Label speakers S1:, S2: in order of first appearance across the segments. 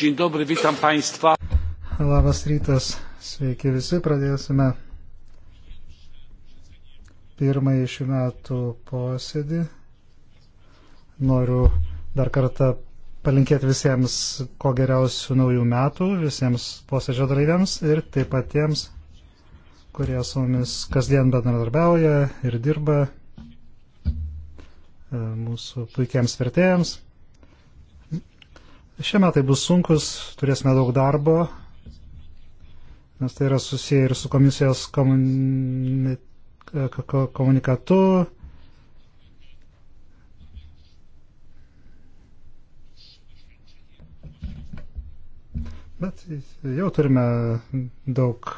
S1: Dzień dobry, witam Państwa.
S2: Labas rytas, sveiki visi, pradėsime pirmąjį šių metų posėdį. Noriu dar kartą palinkėti visiems ko geriausių naujų metų, visiems posėdžio dalyviams ir taip pat tiems, kurie su mumis kasdien bendradarbiauja ir dirba e, mūsų puikiems vertėjams. Šie metai bus sunkus, turėsime daug darbo, nes tai yra susiję ir su komisijos komuni... E, komunikatu. Bet jau turime daug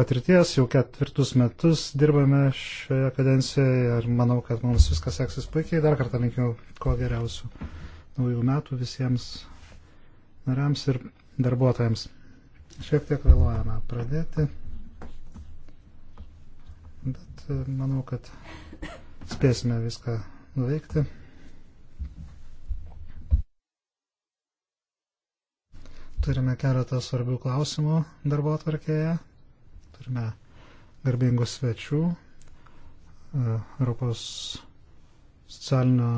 S2: patirties, jau ketvirtus metus dirbame šioje kadencijoje ir manau, kad mums viskas seksis puikiai. Dar kartą linkiu kuo geriausių naujų metų visiems nariams ir darbuotojams. Šiek tiek vėluojame pradėti, bet e, manau, kad spėsime viską nuveikti. Turime keletą svarbių klausimų darbo atvarkėje. Turime garbingų svečių e, Europos socialinio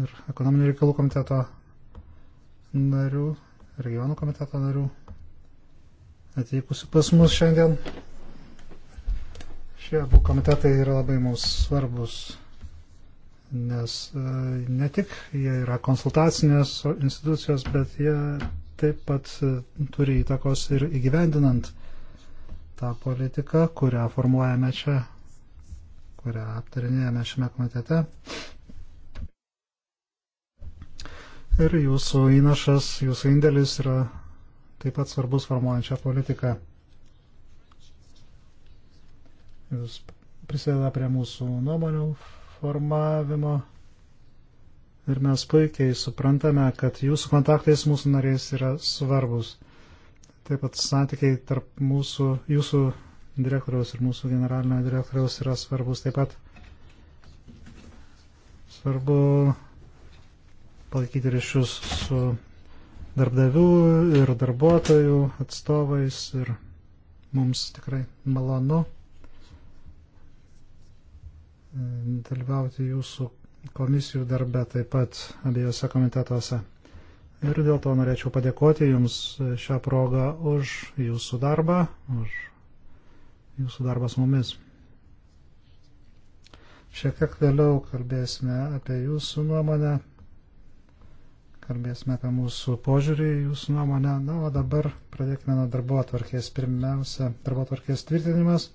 S2: ir ekonominių reikalų komiteto narių, regionų komiteto narių atvykusių pas mus šiandien. Šie abu komitetai yra labai mums svarbus, nes e, ne tik jie yra konsultacinės institucijos, bet jie taip pat e, turi įtakos ir įgyvendinant tą politiką, kurią formuojame čia, kurią aptarinėjame šiame komitete ir jūsų įnašas, jūsų indėlis yra taip pat svarbus formuojančią politiką. Jūs prisideda prie mūsų nuomonių formavimo ir mes puikiai suprantame, kad jūsų kontaktai su mūsų nariais yra svarbus. Taip pat santykiai tarp mūsų, jūsų direktoriaus ir mūsų generalinio direktoriaus yra svarbus. Taip pat svarbu palaikyti ryšius su darbdavių ir darbuotojų atstovais ir mums tikrai malonu e, dalyvauti jūsų komisijų darbe taip pat abiejose komitetuose. Ir dėl to norėčiau padėkoti Jums šią progą už Jūsų darbą, už Jūsų darbą su mumis. Šiek tiek vėliau kalbėsime apie Jūsų nuomonę kalbėsime apie mūsų požiūrį, jūsų nuomonę. Na, o dabar pradėkime nuo darbo atvarkės. Pirmiausia, darbo atvarkės tvirtinimas.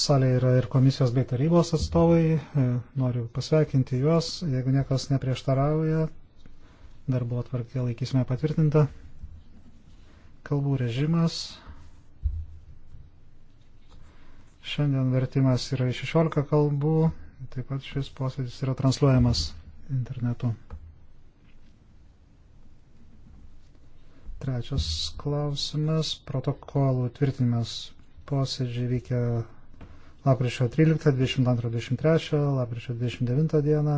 S2: Salė yra ir komisijos bei tarybos atstovai. E, noriu pasveikinti juos. Jeigu niekas neprieštarauja, darbo atvarkė laikysime patvirtintą. Kalbų režimas. Šiandien vertimas yra 16 kalbų, Taip pat šis posėdis yra transliuojamas internetu. Trečias klausimas - protokolų tvirtinimas. Posėdžiai vykia lapkričio 13, 22, 23, lapkričio 29 dieną,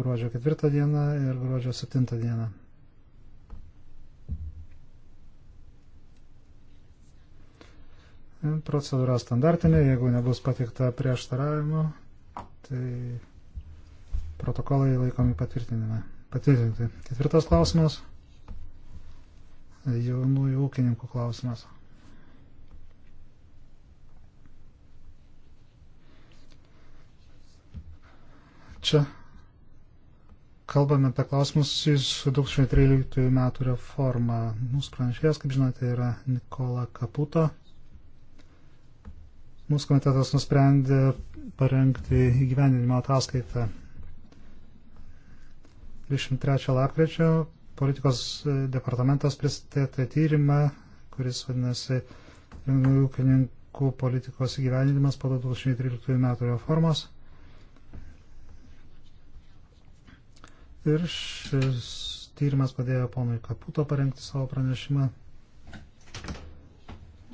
S2: gruodžio 4 dieną ir gruodžio 7 dieną. Procedūra standartinė, jeigu nebus patikta prieštaravimo, Tai protokolai laikomi patvirtinime. Patvirtinti. Ketvirtas klausimas. Jaunųjų ūkininkų klausimas. Čia kalbame apie klausimus su 2013 metų reforma. Mūsų pranešėjas, kaip žinote, yra Nikola Kaputo. Mūsų komitetas nusprendė parengti įgyvendinimo ataskaitą 23 lapkričio. Politikos e, departamentas pristatė tyrimą, kuris vadinasi ūkininkų politikos įgyvendinimas po 2013 metų reformos. Ir šis tyrimas padėjo ponui Kaputo parengti savo pranešimą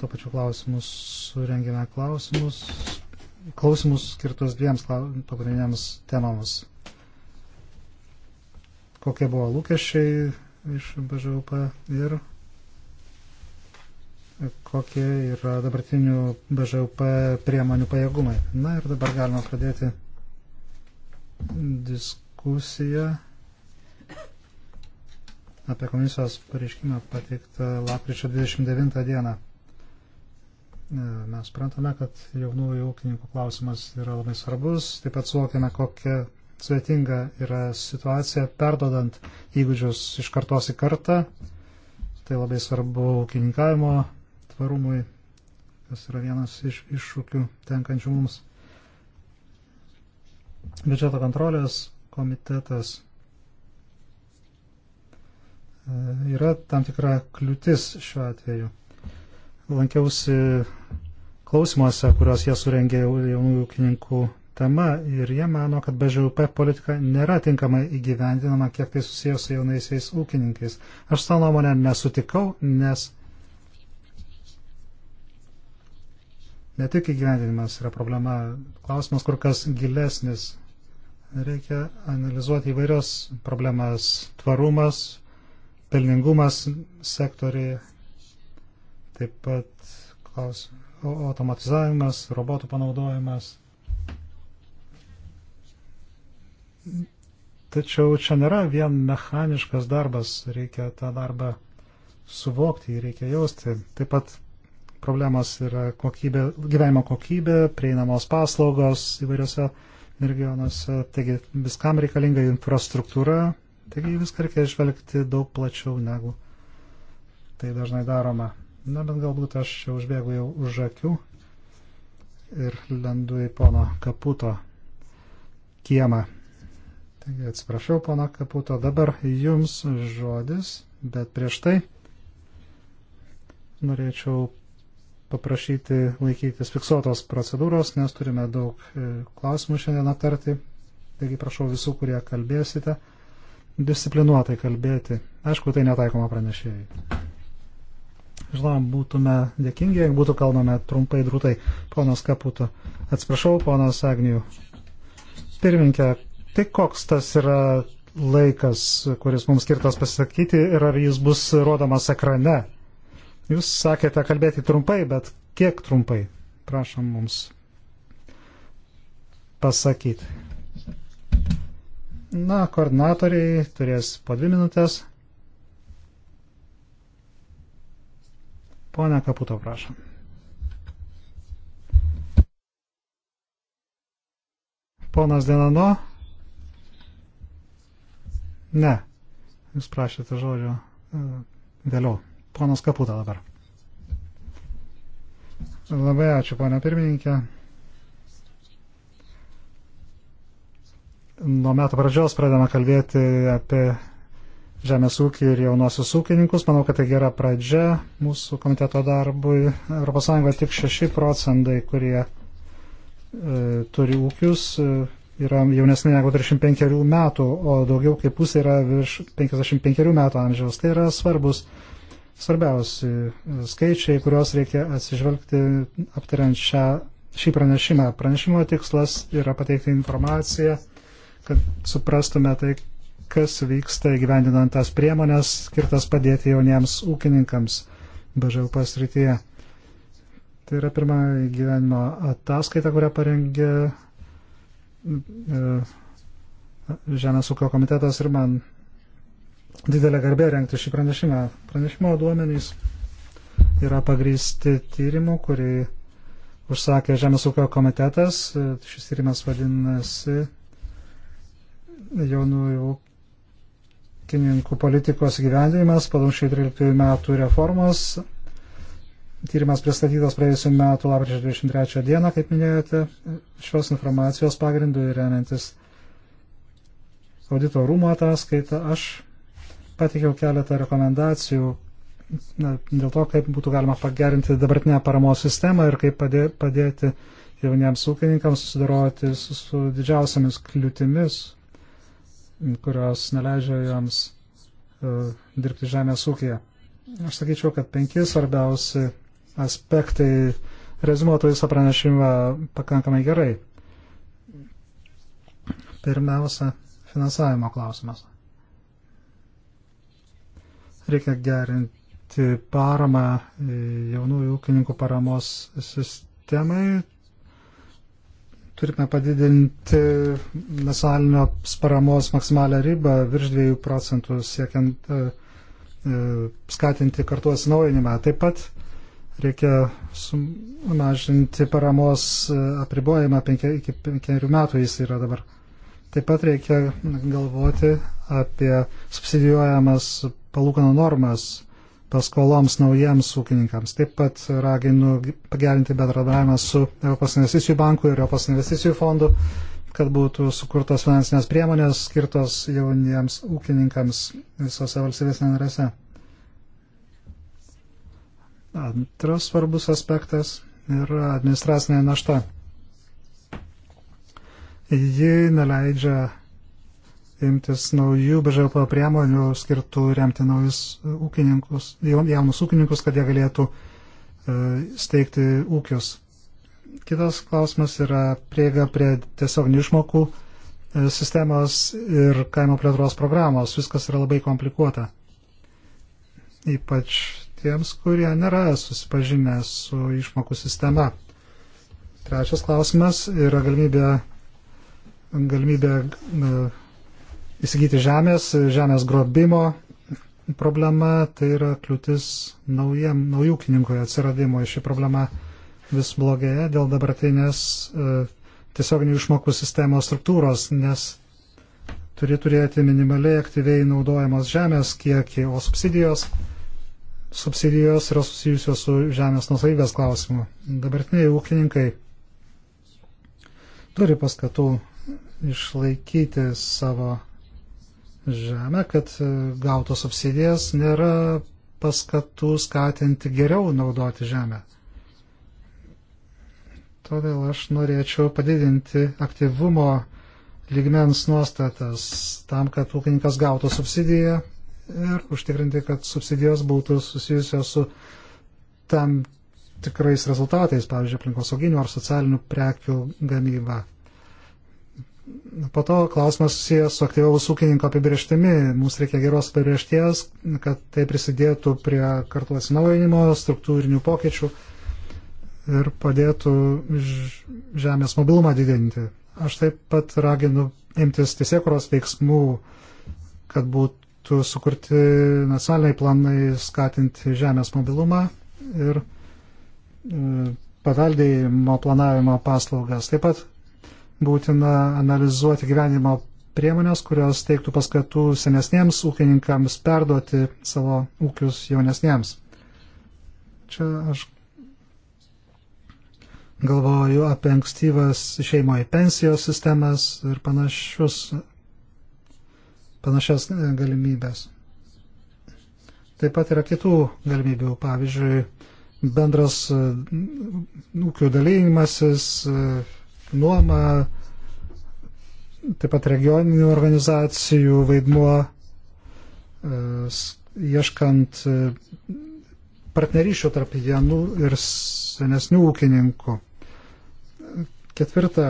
S2: tuo pačiu klausimus surengėme klausimus, klausimus skirtus dviems pagrindiniams temams. Kokie buvo lūkesčiai iš BŽUP ir kokie yra dabartinių BŽUP priemonių pajėgumai. Na ir dabar galima pradėti diskusiją apie komisijos pareiškimą pateiktą lapkričio 29 dieną. Mes suprantame, kad jaunųjų ūkininkų klausimas yra labai svarbus, taip pat suvokiame, kokia svetinga yra situacija perdodant įgūdžius iš kartos į kartą. Tai labai svarbu ūkininkavimo tvarumui, kas yra vienas iš iššūkių tenkančių mums. Biudžeto kontrolės komitetas e, yra tam tikra kliūtis šiuo atveju lankiausi klausimuose, kuriuos jie surengė jaunųjų ūkininkų tema ir jie mano, kad BŽUP politika nėra tinkamai įgyvendinama, kiek tai susijęs su jaunaisiais ūkininkais. Aš tą nuomonę nesutikau, nes ne tik įgyvendinimas yra problema, klausimas kur kas gilesnis. Reikia analizuoti įvairios problemas - tvarumas, pelningumas sektoriai Taip pat klaus, automatizavimas, robotų panaudojimas. Tačiau čia nėra vien mechaniškas darbas, reikia tą darbą suvokti, jį reikia jausti. Taip pat problemas yra kokybė, gyvenimo kokybė, prieinamos paslaugos įvairiose regionuose, taigi viskam reikalinga infrastruktūra, taigi viską reikia žvelgti daug plačiau negu tai dažnai daroma. Na, bet galbūt aš čia užbėgu jau už akių ir lendu į pono Kaputo kiemą. Taigi atsiprašau, pono Kaputo, dabar jums žodis, bet prieš tai norėčiau paprašyti laikytis fiksuotos procedūros, nes turime daug e, klausimų šiandien aptarti. Taigi prašau visų, kurie kalbėsite, disciplinuotai kalbėti. Aišku, tai netaikoma pranešėjai. Žinoma, būtume dėkingi, jeigu būtų kalbame trumpai drūtai. Ponas Kaputo, atsiprašau, ponas Agnijų. Pirminkė, tai koks tas yra laikas, kuris mums skirtas pasisakyti ir ar jis bus rodomas ekrane? Jūs sakėte kalbėti trumpai, bet kiek trumpai? Prašom mums pasakyti. Na, koordinatoriai turės po dvi minutės. Pone Kaputo, prašom. Ponas Denano? Ne. Jūs prašėte žodžio e, vėliau. Ponas Kaputa dabar. Labai ačiū, ponia pirmininkė. Nuo metų pradžios pradėjome kalbėti apie žemės ūkį ir jaunosius ūkininkus. Manau, kad tai gera pradžia mūsų komiteto darbui. ES tik 6 procentai, kurie e, turi ūkius, e, yra jaunesni negu 35 metų, o daugiau kaip pusė yra virš 55 metų amžiaus. Tai yra svarbus, svarbiausi e, skaičiai, kuriuos reikia atsižvelgti aptariant šią, šį pranešimą. Pranešimo tikslas yra pateikti informaciją, kad suprastume tai, kas vyksta įgyvendinant tas priemonės, skirtas padėti jauniems ūkininkams BŽLP srityje. Tai yra pirma gyvenimo ataskaita, kurią parengė e, Žemės ūkio komitetas ir man didelė garbė rengti šį pranešimą. Pranešimo duomenys yra pagrysti tyrimu, kurį užsakė Žemės ūkio komitetas. Šis tyrimas vadinasi jaunųjų ūkininkų politikos gyvendinimas, panašiai 13 metų reformos. Tyrimas pristatytas praėjusiu metu lapkričio 23 dieną, kaip minėjote, šios informacijos pagrindų ir remiantis audito rūmo ataskaitą, aš pateikiau keletą rekomendacijų na, dėl to, kaip būtų galima pagerinti dabartinę paramos sistemą ir kaip padė, padėti jauniems ūkininkams susidoroti su, su didžiausiamis kliūtimis, kurios neleidžia joms e, dirbti žemės ūkėje. Aš sakyčiau, kad penki svarbiausi aspektai rezumuotų visą pranešimą pakankamai gerai. Pirmiausia, finansavimo klausimas. Reikia gerinti paramą jaunųjų ūkininkų paramos sistemai, turime padidinti nacionalinio paramos maksimalę ribą virš 2 procentų siekiant e, e, skatinti kartu atsinaujinimą. Taip pat reikia sumažinti paramos e, apribojimą penkia, iki penkerių metų jis yra dabar. Taip pat reikia galvoti apie subsidijuojamas palūkanų normas paskoloms naujiems ūkininkams. Taip pat raginu pagerinti bendradarbiavimą su Europos investicijų banku ir Europos investicijų fondu, kad būtų sukurtos finansinės priemonės skirtos jauniems ūkininkams visose valstybės narėse. Antras svarbus aspektas yra administracinė našta. Ji neleidžia imtis naujų BŽP priemonių skirtų remti naujus ūkininkus, jaunus ūkininkus, kad jie galėtų e, steigti ūkius. Kitas klausimas yra prieiga prie tiesioginių išmokų e, sistemos ir kaimo plėtros programos. Viskas yra labai komplikuota. Ypač tiems, kurie nėra susipažinę su išmokų sistema. Trečias klausimas yra galimybė, galimybė e, įsigyti žemės, žemės grobimo problema, tai yra kliūtis naujam, naujų knygų atsiradimui. Ši problema vis blogėja dėl dabartinės e, tiesioginių išmokų sistemos struktūros, nes turi turėti minimaliai aktyviai naudojamos žemės kiekį, o subsidijos, subsidijos yra susijusios su žemės nusavybės klausimu. Dabartiniai ūkininkai turi paskatų išlaikyti savo žemę, kad e, gautos subsidijas nėra paskatų skatinti geriau naudoti žemę. Todėl aš norėčiau padidinti aktyvumo lygmens nuostatas tam, kad ūkininkas gautų subsidiją ir užtikrinti, kad subsidijos būtų susijusios su tam tikrais rezultatais, pavyzdžiui, aplinkosauginių ar socialinių prekių gamyba. Po to klausimas susijęs su aktyvaus ūkininko apibrieštimi. Mums reikia geros apibriešties, kad tai prisidėtų prie kartu atsinaujinimo, struktūrinių pokyčių ir padėtų žemės mobilumą didinti. Aš taip pat raginu imtis tiesiekuros veiksmų, kad būtų sukurti nacionaliniai planai skatinti žemės mobilumą ir e, paveldėjimo planavimo paslaugas. Taip pat būtina analizuoti gyvenimo priemonės, kurios teiktų paskatų senesniems ūkininkams perduoti savo ūkius jaunesniems. Čia aš galvoju apie ankstyvas šeimo į pensijos sistemas ir panašius, panašias galimybės. Taip pat yra kitų galimybių, pavyzdžiui, bendras ūkių dalymasis, nuoma, taip pat regioninių organizacijų vaidmuo e, ieškant e, partnerysčių tarp jenų ir senesnių ūkininkų. Ketvirta,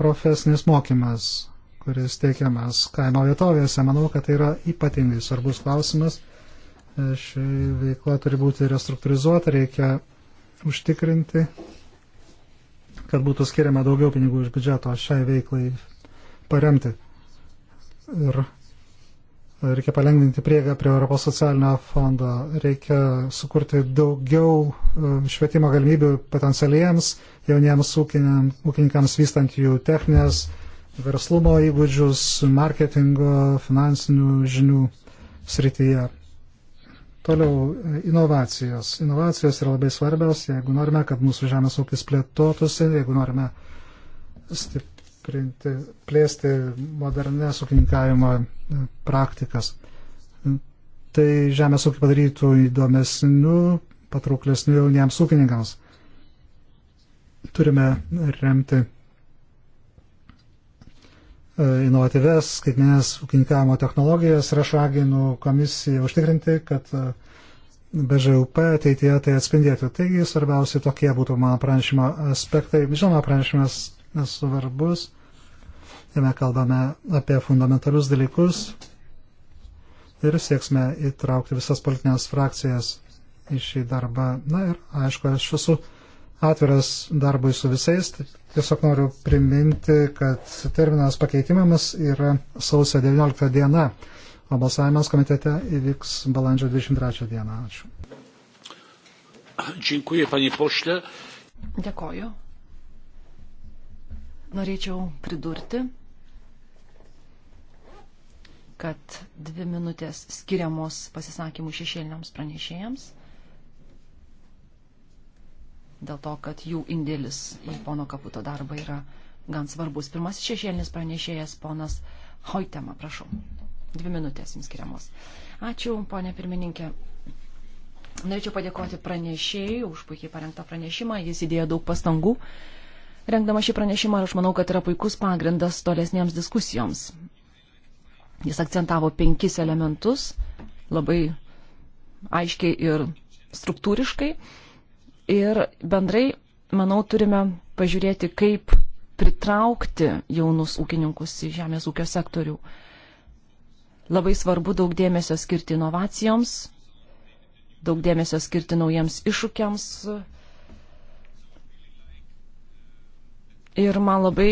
S2: profesinis mokymas, kuris teikiamas kaimo vietovėse. Manau, kad tai yra ypatingai svarbus klausimas. E, ši veikla turi būti restruktūrizuota, reikia užtikrinti, kad būtų skiriama daugiau pinigų iš biudžeto šiai veiklai paremti. Ir reikia palengvinti prieigą prie Europos socialinio fondo, reikia sukurti daugiau e, švietimo galimybių potencialiems jauniems ūkininkams vystant jų techninės verslumo įgūdžius, marketingo, finansinių žinių srityje. Toliau e, inovacijos. Inovacijos yra labai svarbios, jeigu norime, kad mūsų žemės ūkis plėtotųsi, jeigu norime stiprinti, plėsti modernės ūkininkavimo e, praktikas. Tai žemės ūkį padarytų įdomesnių, patrauklesnių jauniems ūkininkams. Turime remti E, inovatyves skaitminės ūkininkavimo technologijas ir aš raginu komisiją užtikrinti, kad e, BŽUP ateityje tai atspindėtų. Taigi svarbiausi tokie būtų mano pranešimo aspektai. Žinoma, pranešimas svarbus. Jame kalbame apie fundamentalius dalykus ir sieksime įtraukti visas politinės frakcijas į šį darbą. Na ir aišku, aš esu atviras darbui su visais. Tai tiesiog noriu priminti, kad terminas pakeitimams yra sausio 19 diena, o balsavimas komitete įvyks balandžio 23 dieną. Ačiū.
S1: Dziękuję, panie pośle.
S2: Dėkoju.
S3: Norėčiau pridurti, kad dvi minutės skiriamos pasisakymų šešėliniams pranešėjams dėl to, kad jų indėlis į pono Kaputo darbą yra gan svarbus. Pirmasis šešėlinis pranešėjas ponas Hoitema, prašau. Dvi minutės jums skiriamos. Ačiū, ponė pirmininkė. Norėčiau padėkoti pranešėjai už puikiai parengtą pranešimą. Jis įdėjo daug pastangų. Rengdama šį pranešimą, aš manau, kad yra puikus pagrindas tolesniems diskusijoms. Jis akcentavo penkis elementus labai aiškiai ir struktūriškai. Ir bendrai, manau, turime pažiūrėti, kaip pritraukti jaunus ūkininkus į žemės ūkio sektorių. Labai svarbu daug dėmesio skirti inovacijoms, daug dėmesio skirti naujiems iššūkiams. Ir man labai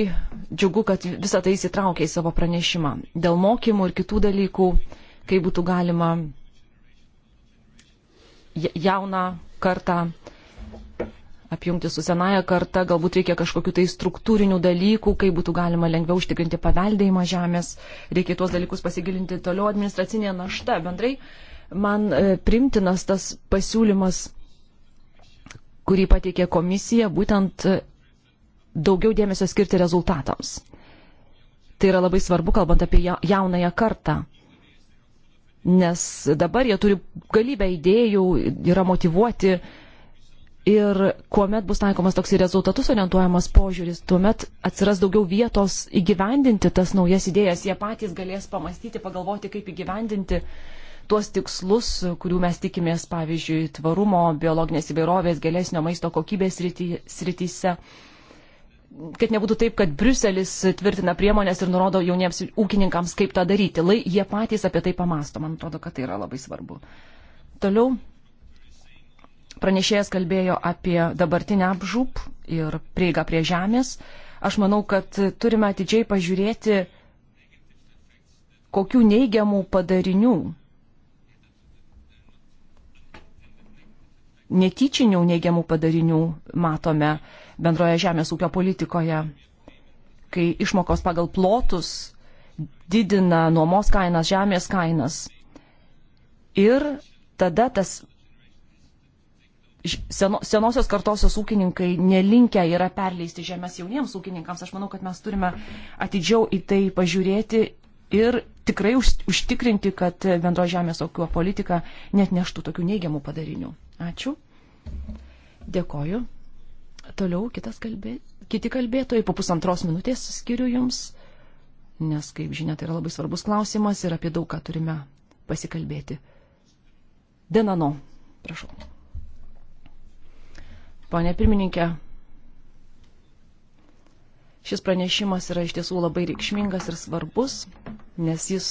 S3: džiugu, kad visą tai įsitraukia į savo pranešimą. Dėl mokymų ir kitų dalykų, kaip būtų galima jauną kartą apjungti su senaja karta, galbūt reikia kažkokių tai struktūrinių dalykų, kaip būtų galima lengviau užtikrinti paveldėjimą žemės, reikia tuos dalykus pasigilinti toliau administracinė našta. Bendrai man e, primtinas tas pasiūlymas, kurį pateikė komisija, būtent e, daugiau dėmesio skirti rezultatams. Tai yra labai svarbu, kalbant apie jaunąją kartą nes dabar jie turi galybę idėjų, yra motivuoti, Ir kuomet bus taikomas toks į rezultatus orientuojamas požiūris, tuomet atsiras daugiau vietos įgyvendinti tas naujas idėjas. Jie patys galės pamastyti, pagalvoti, kaip įgyvendinti tuos tikslus, kurių mes tikimės, pavyzdžiui, tvarumo, biologinės įvairovės, gelesnio maisto kokybės srityse. Kad nebūtų taip, kad Briuselis tvirtina priemonės ir nurodo jauniems ūkininkams, kaip tą daryti. Lai jie patys apie tai pamasto. Man atrodo, kad tai yra labai svarbu. Toliau Pranešėjas kalbėjo apie dabartinę apžūp ir prieigą prie žemės. Aš manau, kad turime atidžiai pažiūrėti, kokių neigiamų padarinių, netyčinių neigiamų padarinių matome bendroje žemės ūkio politikoje, kai išmokos pagal plotus didina nuomos kainas, žemės kainas. Ir tada tas seno, senosios kartosios ūkininkai nelinkę yra perleisti žemės jauniems ūkininkams. Aš manau, kad mes turime atidžiau į tai pažiūrėti ir tikrai už, užtikrinti, kad bendro žemės ūkio politika net neštų tokių neigiamų padarinių. Ačiū. Dėkoju. Toliau kitas kalbė, kiti kalbėtojai po pusantros minutės skiriu jums, nes, kaip žinia, tai yra labai svarbus klausimas ir apie daug ką turime pasikalbėti. Denano, prašau. Pone pirmininkė, šis pranešimas yra iš tiesų labai reikšmingas ir svarbus, nes jis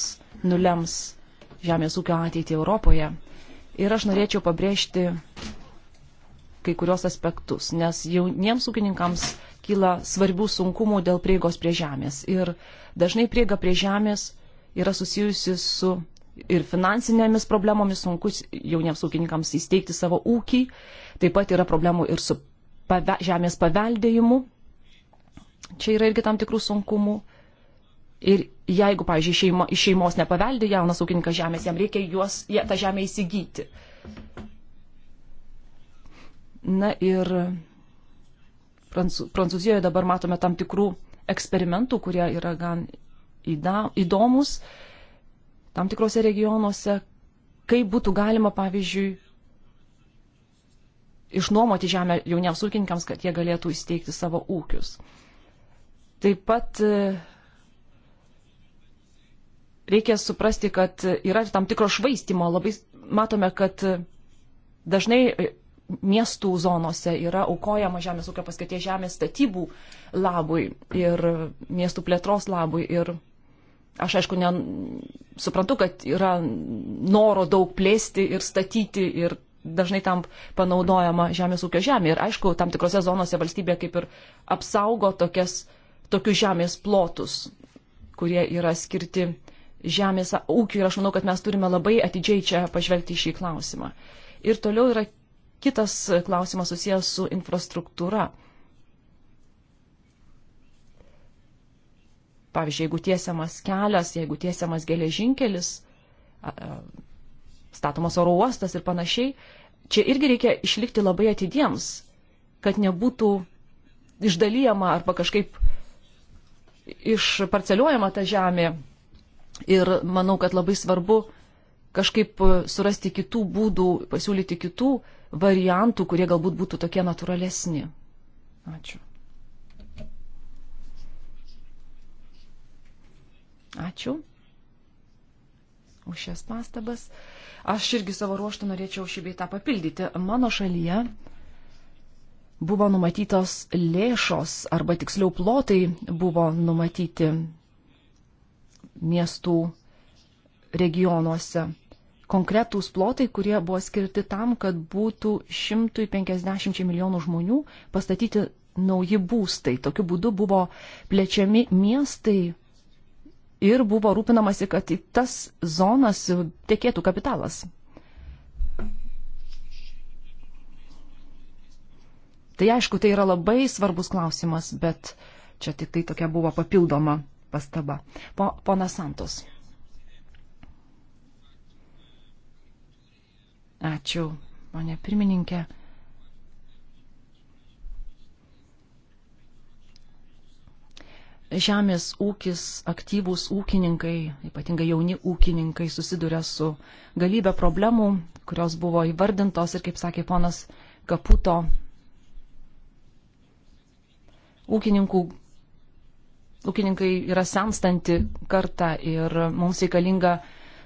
S3: nulems žemės ūkio ateitį Europoje. Ir aš norėčiau pabrėžti kai kurios aspektus, nes jauniems ūkininkams kyla svarbių sunkumų dėl prieigos prie žemės. Ir dažnai prieiga prie žemės yra susijusi su ir finansinėmis problemomis, sunkus jauniems ūkininkams įsteigti savo ūkį, Taip pat yra problemų ir su pave žemės paveldėjimu. Čia yra irgi tam tikrų sunkumų. Ir jeigu, pavyzdžiui, šeima, iš šeimos nepaveldi jaunas ūkininkas žemės, jam reikia juos, jie, tą žemę įsigyti. Na ir Prancūzijoje dabar matome tam tikrų eksperimentų, kurie yra gan įdomus tam tikrose regionuose, kaip būtų galima, pavyzdžiui, išnuomoti žemę jauniems ūkininkams, kad jie galėtų įsteigti savo ūkius. Taip pat e, reikia suprasti, kad yra tam tikro švaistimo. Labai matome, kad e, dažnai e, miestų zonose yra aukojama žemės ūkio paskatė žemės statybų labui ir miestų plėtros labui. Ir aš aišku, ne, suprantu, kad yra noro daug plėsti ir statyti ir dažnai tam panaudojama žemės ūkio žemė. Ir aišku, tam tikrose zonose valstybė kaip ir apsaugo tokias, tokius žemės plotus, kurie yra skirti žemės ūkiui. Ir aš manau, kad mes turime labai atidžiai čia pažvelgti į šį klausimą. Ir toliau yra kitas klausimas susijęs su infrastruktūra. Pavyzdžiui, jeigu tiesiamas kelias, jeigu tiesiamas geležinkelis, statomas oro uostas ir panašiai, čia irgi reikia išlikti labai atidiems, kad nebūtų išdalyjama arba kažkaip išparceliuojama ta žemė. Ir manau, kad labai svarbu kažkaip surasti kitų būdų, pasiūlyti kitų variantų, kurie galbūt būtų tokie natūralesni. Ačiū. Ačiū už šias pastabas. Aš irgi savo ruoštų norėčiau šį beitą papildyti. Mano šalyje buvo numatytos lėšos, arba tiksliau plotai buvo numatyti miestų regionuose. Konkretūs plotai, kurie buvo skirti tam, kad būtų 150 milijonų žmonių pastatyti nauji būstai. Tokiu būdu buvo plečiami miestai ir buvo rūpinamasi, kad į tas zonas tekėtų kapitalas. Tai aišku, tai yra labai svarbus klausimas, bet čia tik tai tokia buvo papildoma pastaba. Po, pona Santos. Ačiū, ponė pirmininkė. žemės ūkis, aktyvūs ūkininkai, ypatingai jauni ūkininkai susiduria su galybė problemų, kurios buvo įvardintos ir, kaip sakė ponas Kaputo, ūkininkų, ūkininkai yra senstanti karta ir mums reikalinga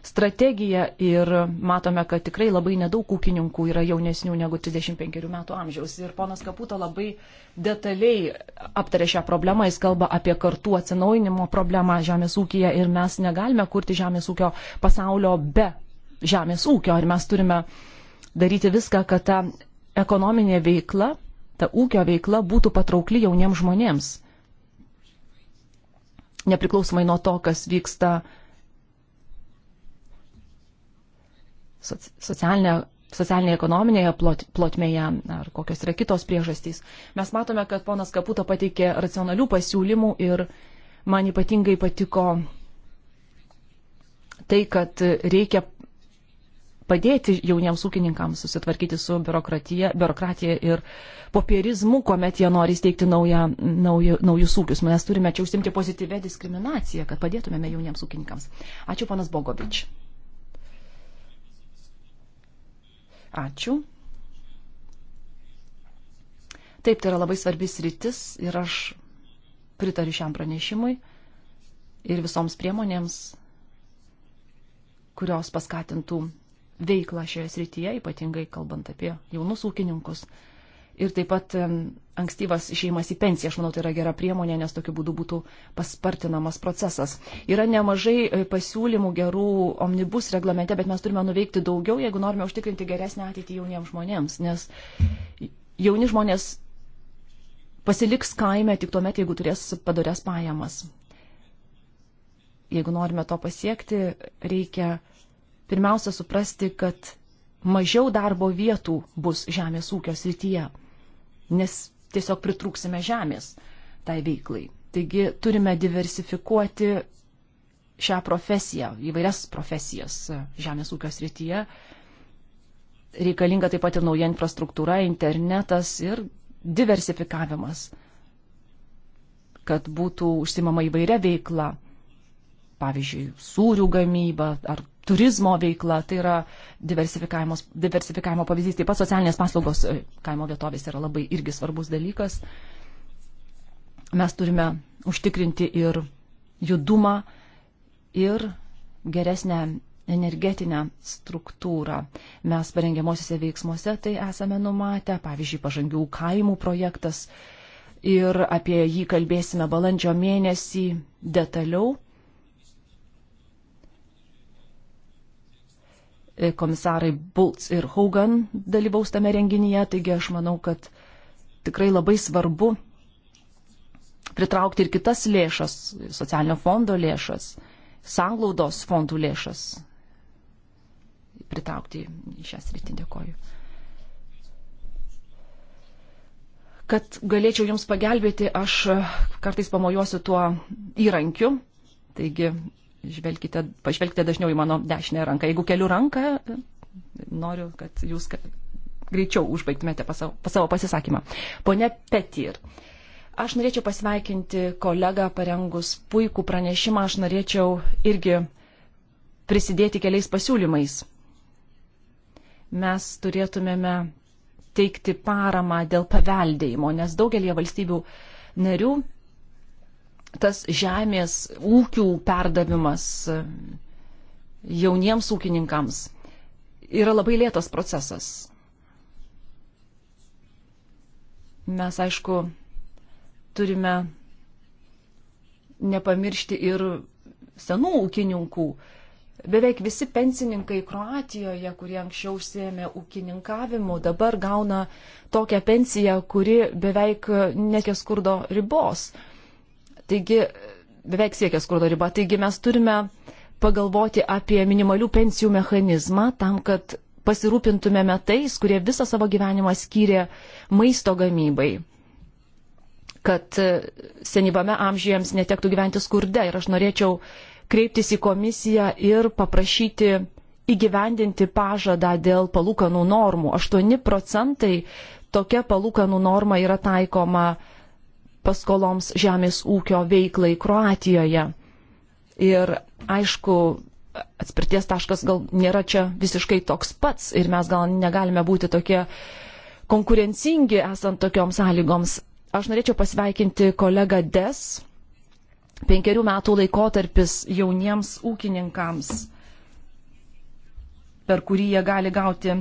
S3: strategiją ir matome, kad tikrai labai nedaug ūkininkų yra jaunesnių negu 35 metų amžiaus. Ir ponas Kaputo labai detaliai aptarė šią problemą, jis kalba apie kartų atsinaujinimo problemą žemės ūkija ir mes negalime kurti žemės ūkio pasaulio be žemės ūkio ir mes turime daryti viską, kad ta ekonominė veikla, ta ūkio veikla būtų patraukli jauniems žmonėms. Nepriklausomai nuo to, kas vyksta socialinė, socialinėje ekonominėje plot, plotmėje ar kokios yra kitos priežastys. Mes matome, kad ponas Kaputo pateikė racionalių pasiūlymų ir man ypatingai patiko tai, kad reikia padėti jauniems ūkininkams susitvarkyti su biurokratija, biurokratija ir popierizmu, kuomet jie nori įsteigti naują, nauju, naujus ūkius. Mes turime čia užsimti pozityvę diskriminaciją, kad padėtumėme jauniems ūkininkams. Ačiū, panas Bogovič. Ačiū. Taip, tai yra labai svarbis rytis ir aš pritariu šiam pranešimui ir visoms priemonėms, kurios paskatintų veiklą šioje srityje, ypatingai kalbant apie jaunus ūkininkus ir taip pat ankstyvas išeimas į pensiją. Aš manau, tai yra gera priemonė, nes tokiu būdu būtų paspartinamas procesas. Yra nemažai e, pasiūlymų gerų omnibus reglamente, bet mes turime nuveikti daugiau, jeigu norime užtikrinti geresnę ateitį jauniems žmonėms, nes jauni žmonės pasiliks kaime tik tuomet, jeigu turės padorės pajamas. Jeigu norime to pasiekti, reikia pirmiausia suprasti, kad mažiau darbo vietų bus žemės ūkio srityje nes tiesiog pritrūksime žemės tai veiklai. Taigi turime diversifikuoti šią profesiją, įvairias profesijas žemės ūkio srityje. Reikalinga taip pat ir nauja infrastruktūra, internetas ir diversifikavimas, kad būtų užsimama įvairia veikla, pavyzdžiui, sūrių gamyba ar turizmo veikla, tai yra diversifikavimo pavyzdys. Taip pat socialinės paslaugos e, kaimo vietovės yra labai irgi svarbus dalykas. Mes turime užtikrinti ir judumą, ir geresnę energetinę struktūrą. Mes parengiamosiose veiksmuose tai esame numatę, pavyzdžiui, pažangių kaimų projektas ir apie jį kalbėsime balandžio mėnesį detaliau komisarai Bultz ir Hogan dalyvaus tame renginyje, taigi aš manau, kad tikrai labai svarbu pritraukti ir kitas lėšas, socialinio fondo lėšas, sanglaudos fondų lėšas, pritraukti į šią sritį. Dėkoju. Kad galėčiau Jums pagelbėti, aš kartais pamojuosiu tuo įrankiu. Taigi žvelkite, pažvelkite dažniau į mano dešinę ranką. Jeigu keliu ranką, noriu, kad jūs greičiau užbaigtumėte pas savo, pas savo pasisakymą. Pone Petir, aš norėčiau pasveikinti kolegą parengus puikų pranešimą, aš norėčiau irgi prisidėti keliais pasiūlymais. Mes turėtumėme teikti paramą dėl paveldėjimo, nes daugelie valstybių narių tas žemės ūkių perdavimas e, jauniems ūkininkams yra labai lėtas procesas. Mes, aišku, turime nepamiršti ir senų ūkininkų. Beveik visi pensininkai Kroatijoje, kurie anksčiau užsėmė ūkininkavimu, dabar gauna tokią pensiją, kuri beveik nekia skurdo ribos. Taigi, beveik siekia skurdo riba. Taigi mes turime pagalvoti apie minimalių pensijų mechanizmą tam, kad pasirūpintumėme tais, kurie visą savo gyvenimą skyrė maisto gamybai kad e, senyvame amžiuje jiems netektų gyventi skurde. Ir aš norėčiau kreiptis į komisiją ir paprašyti įgyvendinti pažadą dėl palūkanų normų. 8 procentai tokia palūkanų norma yra taikoma uh, paskoloms žemės ūkio veiklai Kroatijoje. Ir aišku, atspirties taškas gal nėra čia visiškai toks pats ir mes gal negalime būti tokie konkurencingi esant tokioms sąlygoms. Aš norėčiau pasveikinti kolegą Des. Penkerių metų laikotarpis jauniems ūkininkams, per kurį jie gali gauti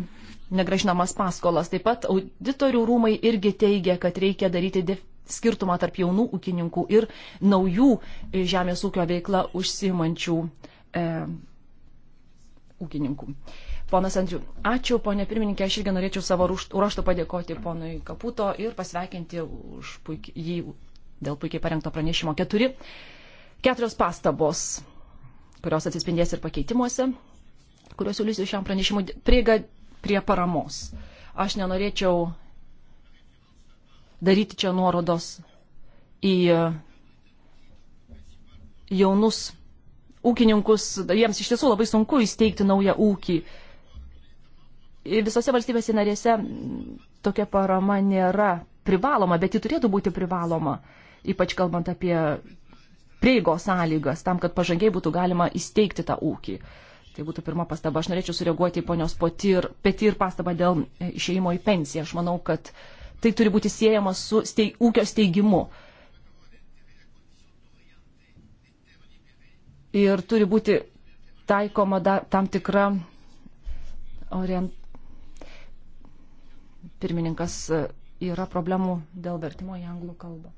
S3: negražinamas paskolas. Taip pat auditorių rūmai irgi teigia, kad reikia daryti skirtumą tarp jaunų ūkininkų ir naujų e, žemės ūkio veiklą užsimančių e, ūkininkų. Ponas Andriu, ačiū, ponė pirmininkė, aš irgi norėčiau savo ruoštų padėkoti ponui Kaputo ir pasveikinti už puik, jį dėl puikiai parengto pranešimo. Keturi, keturios pastabos, kurios atsispindės ir pakeitimuose, kuriuos siūlysiu šiam pranešimui, prieiga prie paramos. Aš nenorėčiau daryti čia nuorodos į e, jaunus ūkininkus, jiems iš tiesų labai sunku įsteigti naują ūkį. Visose valstybėse narėse tokia parama nėra privaloma, bet ji turėtų būti privaloma, ypač kalbant apie prieigos sąlygas, tam, kad pažangiai būtų galima įsteigti tą ūkį. Tai būtų pirma pastaba. Aš norėčiau sureaguoti į ponios Petir pastabą dėl e, išėjimo į pensiją. Aš manau, kad uh, tai turi būti siejama su steig, ūkio steigimu. Ir turi būti taikoma da, tam tikra orient... Pirmininkas e, yra problemų dėl vertimo į anglų kalbą.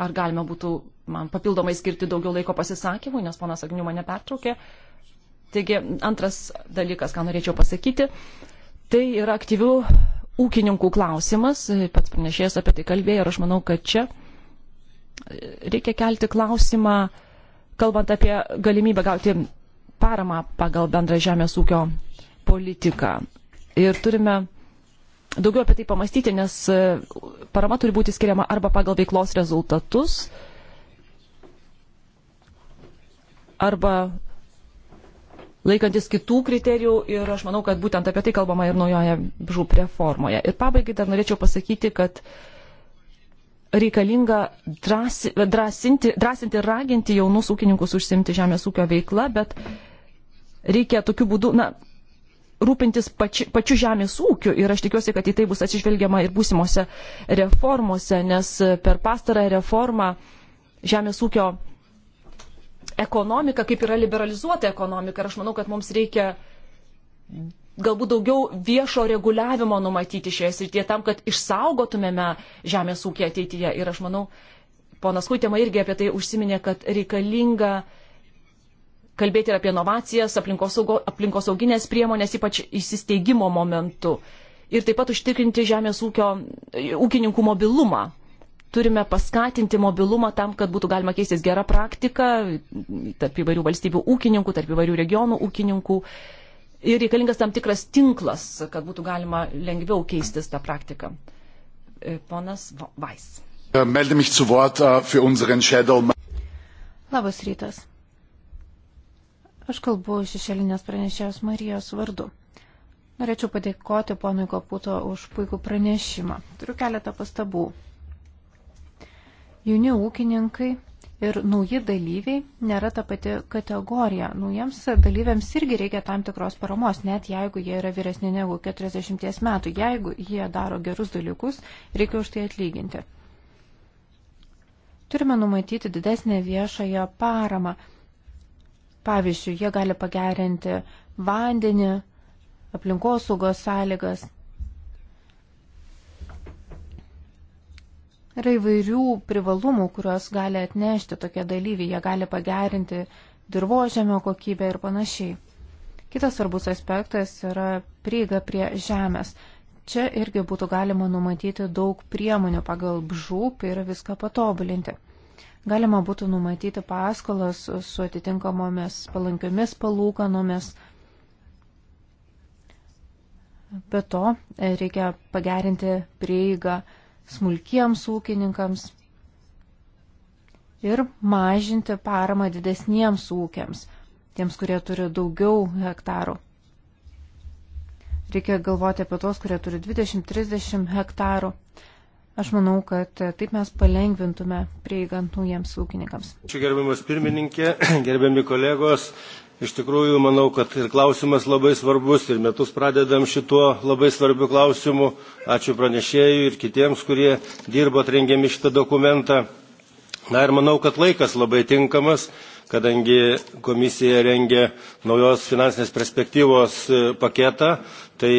S3: Ar galima būtų man papildomai skirti daugiau laiko pasisakymui, nes ponas Agniu mane pertraukė. Taigi, antras dalykas, ką norėčiau pasakyti, tai yra aktyvių ūkininkų klausimas. Pats pranešėjas apie tai kalbėjo ir aš manau, kad čia reikia kelti klausimą, kalbant apie galimybę gauti paramą pagal bendrą žemės ūkio politiką. Ir turime daugiau apie tai pamastyti, nes e, parama turi būti skiriama arba pagal veiklos rezultatus, arba laikantis kitų kriterijų ir aš manau, kad būtent apie tai kalbama ir naujoje žūp reformoje. Ir pabaigai dar norėčiau pasakyti, kad reikalinga drąsi, drąsinti, drąsinti ir raginti jaunus ūkininkus užsimti žemės ūkio veiklą, bet reikia tokiu būdu, na, rūpintis pači, pačiu žemės ūkiu ir aš tikiuosi, kad į tai bus atsižvelgiama ir būsimose reformose, nes per pastarą reformą žemės ūkio ekonomika kaip yra liberalizuota ekonomika ir aš manau, kad mums reikia galbūt daugiau viešo reguliavimo numatyti šioje srityje tam, kad išsaugotumėme žemės ūkį ateityje. Ir aš manau, ponas Kutėma irgi apie tai užsiminė, kad reikalinga uh, kalbėti ir apie inovacijas, aplinkosauginės aplinkos priemonės, ypač įsisteigimo momentu. Ir taip pat užtikrinti žemės ūkio, e, ūkininkų mobilumą. Turime paskatinti mobilumą tam, kad būtų galima keistis gerą praktiką tarp įvairių valstybių ūkininkų, tarp įvairių regionų ūkininkų. Ir reikalingas tam tikras tinklas, kad būtų galima lengviau keistis tą praktiką. E, ponas Vais.
S2: Äh,
S4: Labas rytas. Aš kalbu šešėlinės pranešėjos Marijos vardu. Norėčiau padėkoti ponui Kaputo už puikų pranešimą. Turiu keletą pastabų. Jauni ūkininkai ir nauji dalyviai nėra ta pati kategorija. Naujiems dalyviams irgi reikia tam tikros paramos, net jeigu jie yra vyresni negu 40 metų. Jeigu jie daro gerus dalykus, reikia už tai atlyginti. Turime numatyti didesnę viešąją paramą Pavyzdžiui, jie gali pagerinti vandenį, aplinkosaugos sąlygas. Yra įvairių privalumų, kuriuos gali atnešti tokie dalyviai. Jie gali pagerinti dirbožėmio kokybę ir panašiai. Kitas svarbus aspektas yra prieiga prie žemės. Čia irgi būtų galima numatyti daug priemonių pagal bžūp ir viską patobulinti galima būtų numatyti paskolas su atitinkamomis palankiomis palūkanomis. Be to, e, reikia pagerinti prieigą smulkiems ūkininkams ir mažinti paramą didesniems ūkiams, tiems, kurie turi daugiau hektarų. Reikia galvoti apie tos, kurie turi 20-30 hektarų. Aš manau, kad taip mes palengvintume prieigą naujiems ūkininkams.
S1: Ačiū gerbiamas pirmininkė, gerbiami kolegos. Iš tikrųjų, manau, kad ir klausimas labai svarbus ir metus pradedam šituo labai svarbiu klausimu. Ačiū pranešėjui ir kitiems, kurie dirbo atrengiami šitą dokumentą. Na ir manau, kad laikas labai tinkamas, kadangi komisija rengia naujos finansinės perspektyvos e, paketą, tai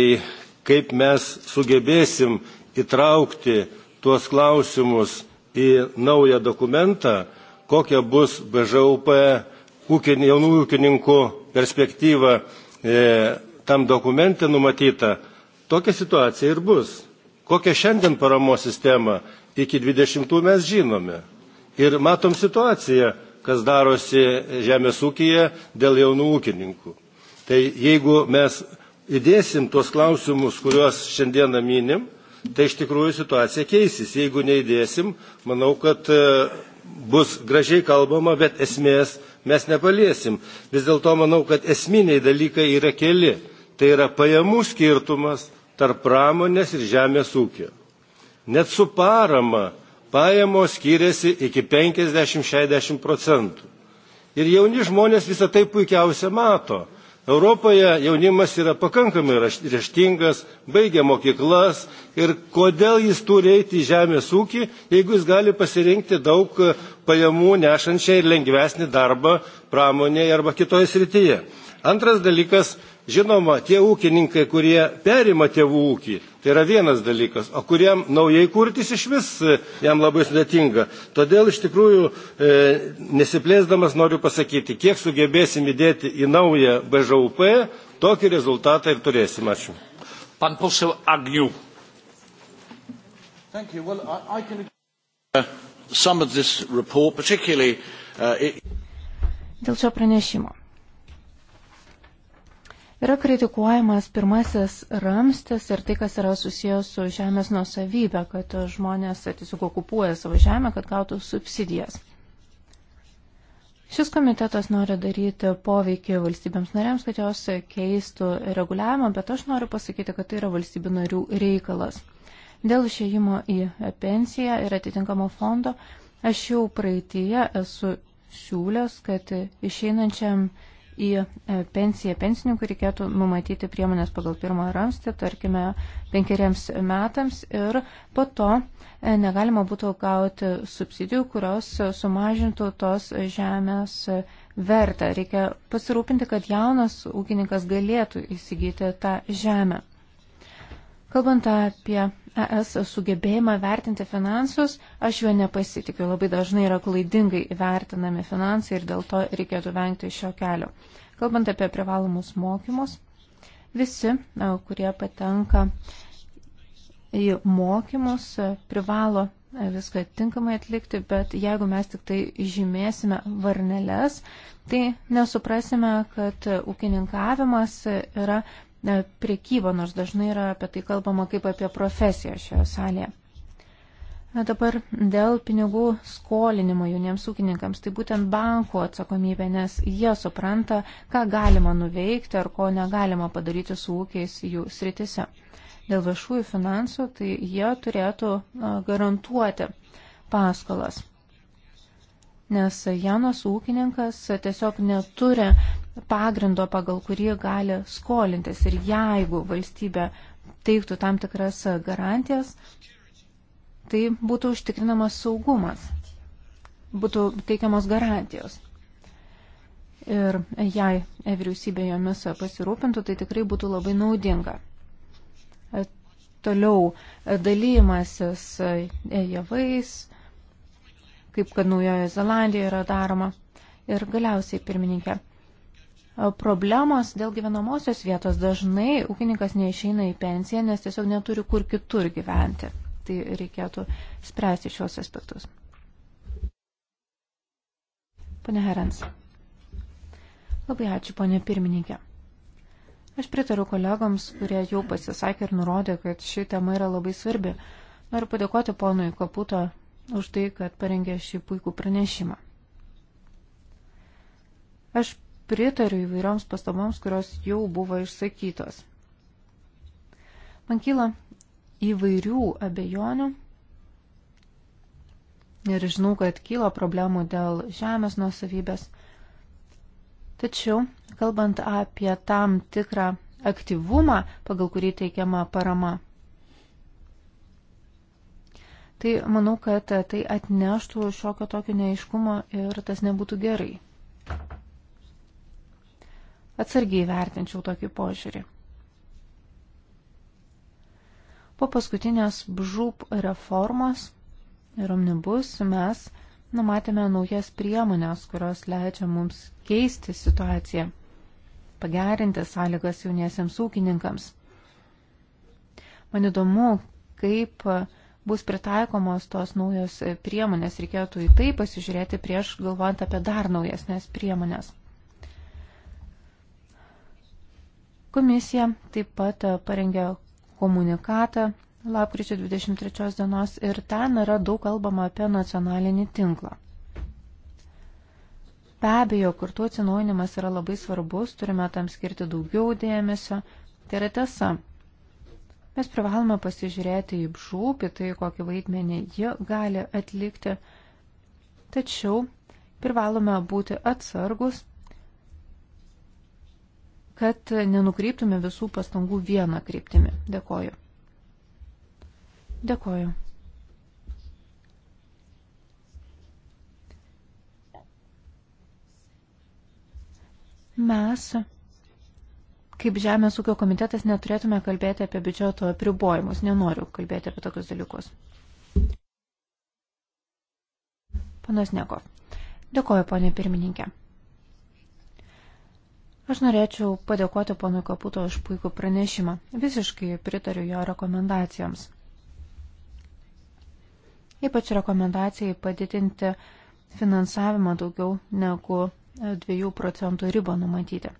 S1: kaip mes sugebėsim įtraukti tuos klausimus į naują dokumentą, kokia bus BŽUP ūkin, jaunų ūkininkų perspektyva e, tam dokumente numatyta, tokia situacija ir bus. Kokią šiandien paramos sistemą iki 20 mes žinome. Ir matom situaciją, kas darosi žemės ūkyje dėl jaunų ūkininkų. Tai jeigu mes įdėsim tuos klausimus, kuriuos šiandieną minim, tai iš tikrųjų situacija keisis. Jeigu neįdėsim, manau, kad e, bus gražiai kalbama, bet esmės mes nepaliesim. Vis dėlto manau, kad esminiai dalykai yra keli. Tai yra pajamų skirtumas tarp pramonės ir žemės ūkio. Net su parama pajamos skiriasi iki 50-60 procentų. Ir jauni žmonės visą tai puikiausia mato. Europoje jaunimas yra pakankamai raštingas, baigia mokyklas ir kodėl jis turi eiti į žemės ūkį, jeigu jis gali pasirinkti daug pajamų nešančią ir lengvesnį darbą pramonėje arba kitoje srityje. Antras dalykas Žinoma, tie ūkininkai, kurie perima tėvų ūkį, tai yra vienas dalykas, o kuriam naujai kurtis iš vis e, jam labai sudėtinga. Todėl iš tikrųjų, e, nesiplėsdamas noriu pasakyti, kiek sugebėsim įdėti į naują BŽUP, tokį rezultatą ir turėsim. Ačiū. Pan posel Agnių.
S3: Thank you. Well, I, I can...
S1: uh, some of this report, particularly... Uh, it...
S4: Dėl šio pranešimo. Yra kritikuojamas pirmasis ramstis ir tai, kas yra susijęs su žemės nusavybė, kad žmonės tiesiog okupuoja savo žemę, kad gautų subsidijas. Šis komitetas nori daryti poveikį valstybėms nariams, kad jos keistų reguliavimą, bet aš noriu pasakyti, kad tai yra valstybių narių reikalas. Dėl išėjimo į pensiją ir atitinkamo fondo aš jau praeitįje esu siūlęs, kad išeinančiam į e, pensiją pensininkų reikėtų numatyti priemonės pagal pirmąją ramstį, tarkime, penkeriems metams ir po to e, negalima būtų gauti subsidijų, kurios sumažintų tos žemės vertę. Reikia pasirūpinti, kad jaunas ūkininkas galėtų įsigyti tą žemę. Kalbant apie ES sugebėjimą vertinti finansus, aš juo nepasitikiu. Labai dažnai yra klaidingai vertinami finansai ir dėl to reikėtų vengti šio kelio. Kalbant apie privalomus mokymus, visi, e, kurie patenka į mokymus, e, privalo e, viską tinkamai atlikti, bet jeigu mes tik tai žymėsime varneles, tai nesuprasime, kad ūkininkavimas yra priekybą, nors dažnai yra apie tai kalbama kaip apie profesiją šioje salėje. Na dabar dėl pinigų skolinimo jauniems ūkininkams, tai būtent bankų atsakomybė, nes jie supranta, ką galima nuveikti ar ko negalima padaryti su ūkiais jų sritise. Dėl viešųjų finansų, tai jie turėtų garantuoti paskolas, nes jaunas ūkininkas tiesiog neturi pagrindo, pagal kurį gali skolintis. Ir jeigu valstybė teiktų tam tikras garantijas, tai būtų užtikrinamas saugumas, būtų teikiamos garantijos. Ir jei vyriausybė jomis pasirūpintų, tai tikrai būtų labai naudinga. Toliau dalymasis javais, kaip kad Naujojo Zelandijoje yra daroma. Ir galiausiai, pirmininkė, problemos dėl gyvenamosios vietos. Dažnai ūkininkas neišeina į pensiją, nes tiesiog neturi kur kitur gyventi. Tai reikėtų spręsti šios aspektus. Pane Herans. Labai ačiū, ponė pirmininkė. Aš pritariu kolegoms, kurie jau pasisakė ir nurodė, kad ši tema yra labai svarbi. Noriu padėkoti ponui Kaputo už tai, kad parengė šį puikų pranešimą. Aš pritariu įvairioms pastaboms, kurios jau buvo išsakytos. Man kyla įvairių abejonių ir žinau, kad kyla problemų dėl žemės nuosavybės. Tačiau, kalbant apie tam tikrą aktyvumą, pagal kurį teikiama parama, tai manau, kad tai atneštų šiokio tokio neaiškumo ir tas nebūtų gerai. Atsargiai vertinčiau tokį požiūrį. Po paskutinės bžūp reformos ir omnibus mes numatėme naujas priemonės, kurios leidžia mums keisti situaciją, pagerinti sąlygas jauniesiems ūkininkams. Man įdomu, kaip bus pritaikomos tos naujos priemonės, reikėtų į tai pasižiūrėti prieš galvojant apie dar naujesnės priemonės. Komisija taip pat e, parengė komunikatą lapkričio 23 dienos ir ten yra daug kalbama apie nacionalinį tinklą. Be abejo, kartu atsinaujinimas yra labai svarbus, turime tam skirti daugiau dėmesio. Tai yra tiesa. Mes privalome pasižiūrėti į žūpį, tai kokį vaidmenį ji gali atlikti. Tačiau privalome būti atsargus kad nenukreiptume visų pastangų vieną kryptimį. Dėkoju. Dėkoju. Mes, kaip Žemės ūkio komitetas, neturėtume kalbėti apie biudžeto apribojimus. Nenoriu kalbėti apie tokius dalykus. Panas Neko. Dėkoju, ponė pirmininkė. Aš norėčiau padėkoti ponui Kaputo už puikų pranešimą. Visiškai pritariu jo rekomendacijoms. Ypač rekomendacijai padidinti finansavimą daugiau negu 2 procentų ribą numatyti.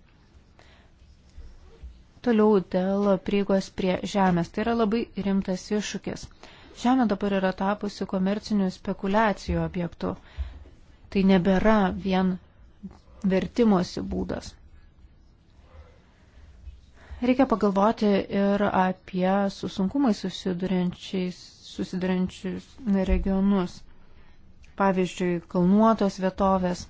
S4: Toliau dėl prieigos prie žemės. Tai yra labai rimtas iššūkis. Žemė dabar yra tapusi komercinių spekulacijų objektu. Tai nebėra vien vertimosi būdas. Reikia pagalvoti ir apie su sunkumai susidurinčius regionus. Pavyzdžiui, kalnuotos vietovės.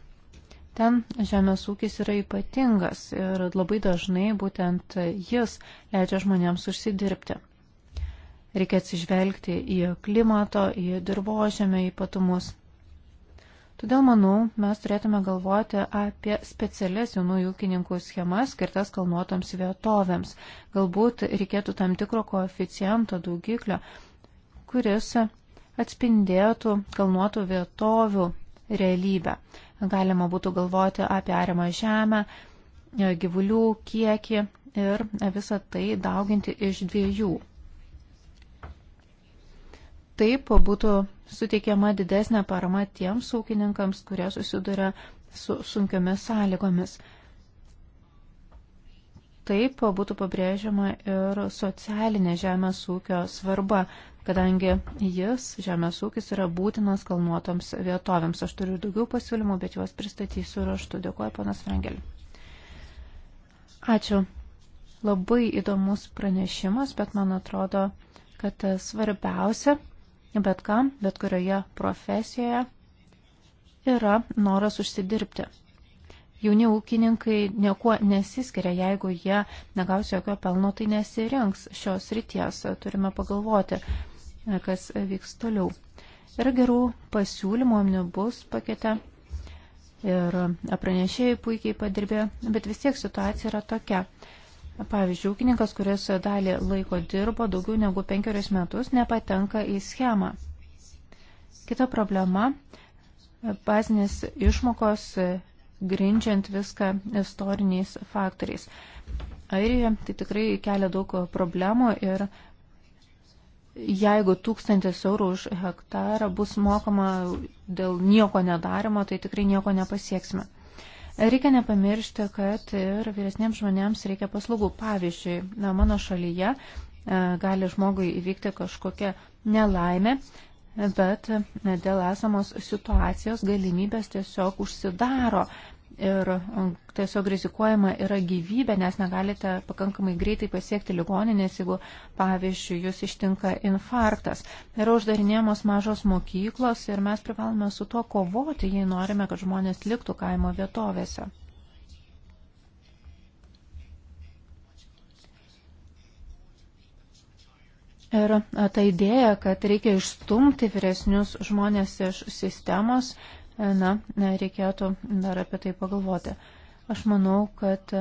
S4: Ten žemės ūkis yra ypatingas ir labai dažnai būtent jis leidžia žmonėms užsidirbti. Reikia atsižvelgti į klimato, į dirbožėmio ypatumus. Todėl, manau, mes turėtume galvoti apie specialias jaunųjų ūkininkų schemas skirtas kalnuotoms vietovėms. Galbūt reikėtų tam tikro koeficiento daugiklio, kuris atspindėtų kalnuotų vietovių realybę. Galima būtų galvoti apie ariamą žemę, gyvulių kiekį ir visą tai dauginti iš dviejų Taip būtų suteikiama didesnė parama tiems ūkininkams, kurie susiduria su sunkiomis sąlygomis. Taip būtų pabrėžiama ir socialinė žemės ūkio svarba, kadangi jis, žemės ūkis, yra būtinas kalnuotoms vietovėms. Aš turiu daugiau pasiūlymų, bet juos pristatysiu raštu. Dėkuoju, panas Frangeli. Ačiū. Labai įdomus pranešimas, bet man atrodo, kad svarbiausia bet kam, bet kurioje profesijoje yra noras užsidirbti. Jauni ūkininkai niekuo nesiskiria, jeigu jie negaus jokio pelno, tai nesirinks šios ryties. Turime pagalvoti, kas vyks toliau. Yra gerų pasiūlymų omnibus pakete ir pranešėjai puikiai padirbė, bet vis tiek situacija yra tokia. Pavyzdžiui, ūkininkas, kuris dalį laiko dirbo daugiau negu penkerius metus, nepatenka į schemą. Kita problema - bazinės išmokos grindžiant viską istoriniais faktoriais. Airijoje tai tikrai kelia daug problemų ir jeigu tūkstantis eurų už hektarą bus mokama dėl nieko nedarimo, tai tikrai nieko nepasieksime. Reikia nepamiršti, kad ir vyresniems žmonėms reikia paslaugų. Pavyzdžiui, na, mano šalyje e, gali žmogui įvykti kažkokia nelaimė, bet e, dėl esamos situacijos galimybės tiesiog užsidaro ir um, tiesiog rizikuojama yra gyvybė, nes negalite pakankamai greitai pasiekti ligoninės, jeigu, pavyzdžiui, jūs ištinka infarktas. Yra uždarinėjamos mažos mokyklos ir mes privalome su tuo kovoti, jei norime, kad žmonės liktų kaimo vietovėse. Ir ta idėja, kad reikia išstumti vyresnius žmonės iš sistemos, na, reikėtų dar apie tai pagalvoti. Aš manau, kad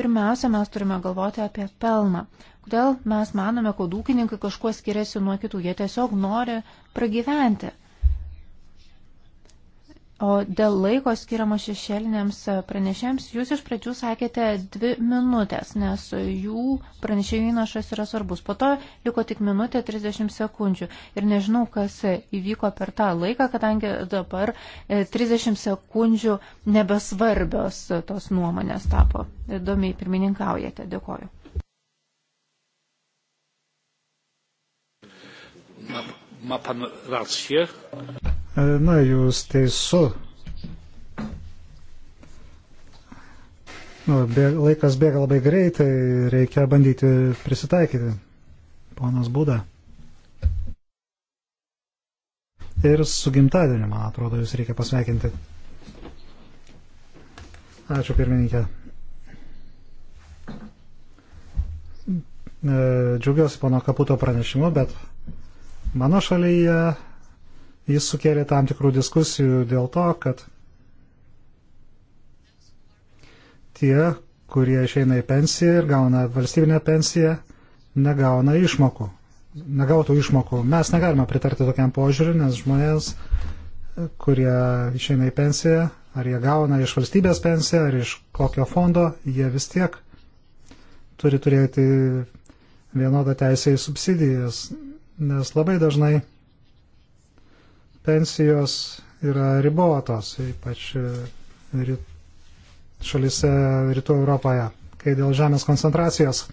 S4: pirmiausia, mes turime galvoti apie pelną. Kodėl mes manome, kad ūkininkai kažkuo skiriasi nuo kitų, jie tiesiog nori pragyventi. O dėl laiko skiriamo šešėliniams pranešėms, jūs iš pradžių sakėte dvi minutės, nes jų pranešėjų įnašas yra svarbus. Po to liko tik minutė 30 sekundžių. Ir nežinau, kas įvyko per tą laiką, kadangi dabar 30 e, sekundžių nebesvarbios tos nuomonės tapo. Įdomiai pirmininkaujate.
S2: Dėkoju.
S1: Ma, ma pan rację.
S2: E, na, jūs teisu. Nu, bė, laikas bėga labai greitai, reikia bandyti prisitaikyti. Ponas Būda. Ir su gimtadieniu, man atrodo, jūs reikia pasveikinti. Ačiū pirmininkė. E, džiaugiuosi pono Kaputo pranešimu, bet mano šalyje Jis sukėlė tam tikrų diskusijų dėl to, kad tie, kurie išeina į pensiją ir gauna valstybinę pensiją, negauna išmokų. Negautų išmokų. Mes negalime pritarti tokiam požiūriu, nes žmonės, kurie išeina į pensiją, ar jie gauna iš valstybės pensiją, ar iš kokio fondo, jie vis tiek turi turėti vienodą teisę į subsidijas, nes labai dažnai pensijos yra ribotos, ypač e, šalise rytų Europoje. Kai dėl žemės koncentracijos,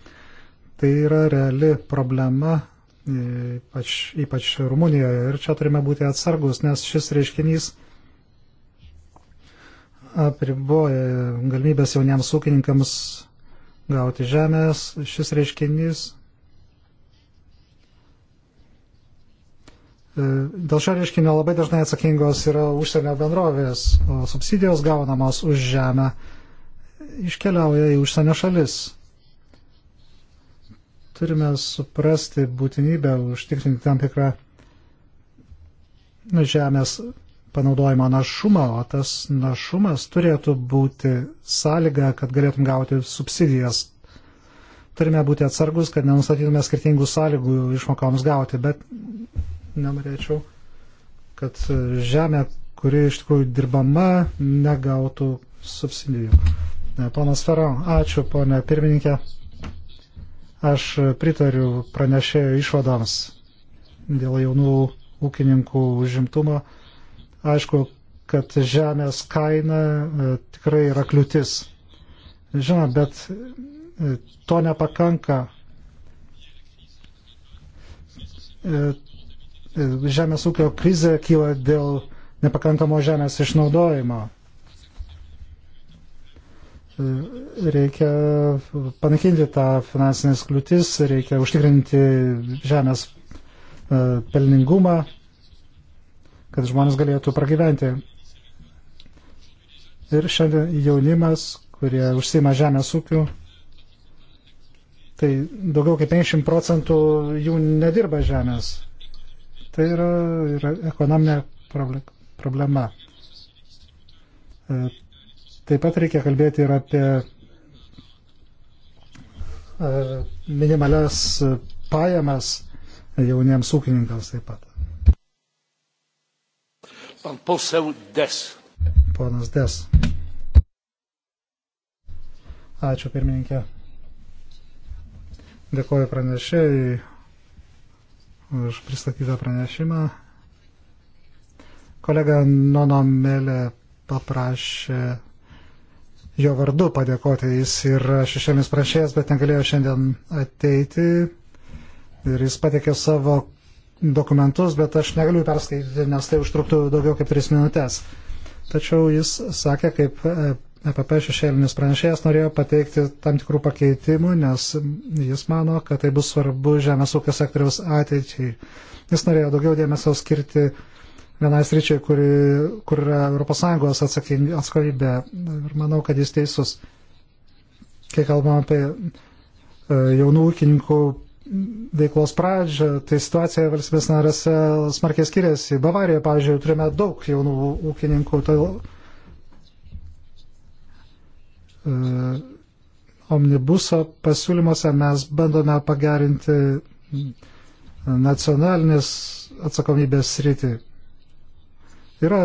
S2: tai yra reali problema, e, ypač, ypač Rumunijoje. Ir čia turime būti atsargus, nes šis reiškinys apriboja galimybės jauniems ūkininkams gauti žemės. Šis reiškinys E, dėl šio reiškinio labai dažnai atsakingos yra užsienio bendrovės, o subsidijos gaunamos už žemę iškeliauja į užsienio šalis. Turime suprasti būtinybę užtikrinti tam tikrą nu, žemės panaudojimo našumą, o tas našumas turėtų būti sąlyga, kad galėtum gauti subsidijas. Turime būti atsargus, kad nenustatytume skirtingų sąlygų išmokoms gauti, bet nenorėčiau, kad žemė, kuri iš tikrųjų dirbama, negautų subsidijų. E, ponas Fero, ačiū, ponė pirmininkė. Aš pritariu pranešėjo išvadoms dėl jaunų ūkininkų užimtumo. Aišku, kad žemės kaina e, tikrai yra kliūtis. Žinoma, bet e, to nepakanka žemės ūkio krizė kyla dėl nepakankamo žemės išnaudojimo. Reikia panaikinti tą finansinės kliūtis, reikia užtikrinti žemės e, pelningumą, kad žmonės galėtų pragyventi. Ir šiandien jaunimas, kurie užsima žemės ūkiu, tai daugiau kaip 50 procentų jų nedirba žemės Tai yra, yra ekonominė problema. E, taip pat reikia kalbėti ir apie e, minimalias pajamas jauniems ūkininkams taip pat.
S1: Pan poseł Des.
S2: Ponas Des. Ačiū pirmininkė. Dėkuoju pranešėjai už pristatytą pranešimą. Kolega Nono Melė paprašė jo vardu padėkoti. Jis yra šešėlis prašėjas, bet negalėjo šiandien ateiti. Ir jis patikė savo dokumentus, bet aš negaliu perskaityti, nes tai užtruktų daugiau kaip tris minutės. Tačiau jis sakė, kaip e, EPP šešėlinis pranešėjas norėjo pateikti tam tikrų pakeitimų, nes jis mano, kad tai bus svarbu žemės ūkio sektoriaus ateičiai. Jis norėjo daugiau dėmesio skirti vienai sričiai, kur, kur yra ES atsakomybė. Ir manau, kad jis teisus. Kai kalbam apie e, jaunų ūkininkų veiklos pradžią, tai situacija valstybės narėse smarkiai skiriasi. Bavarijoje, pavyzdžiui, turime daug jaunų ūkininkų, todėl tai E, omnibuso pasiūlymuose mes bandome pagerinti nacionalinės atsakomybės sritį. Yra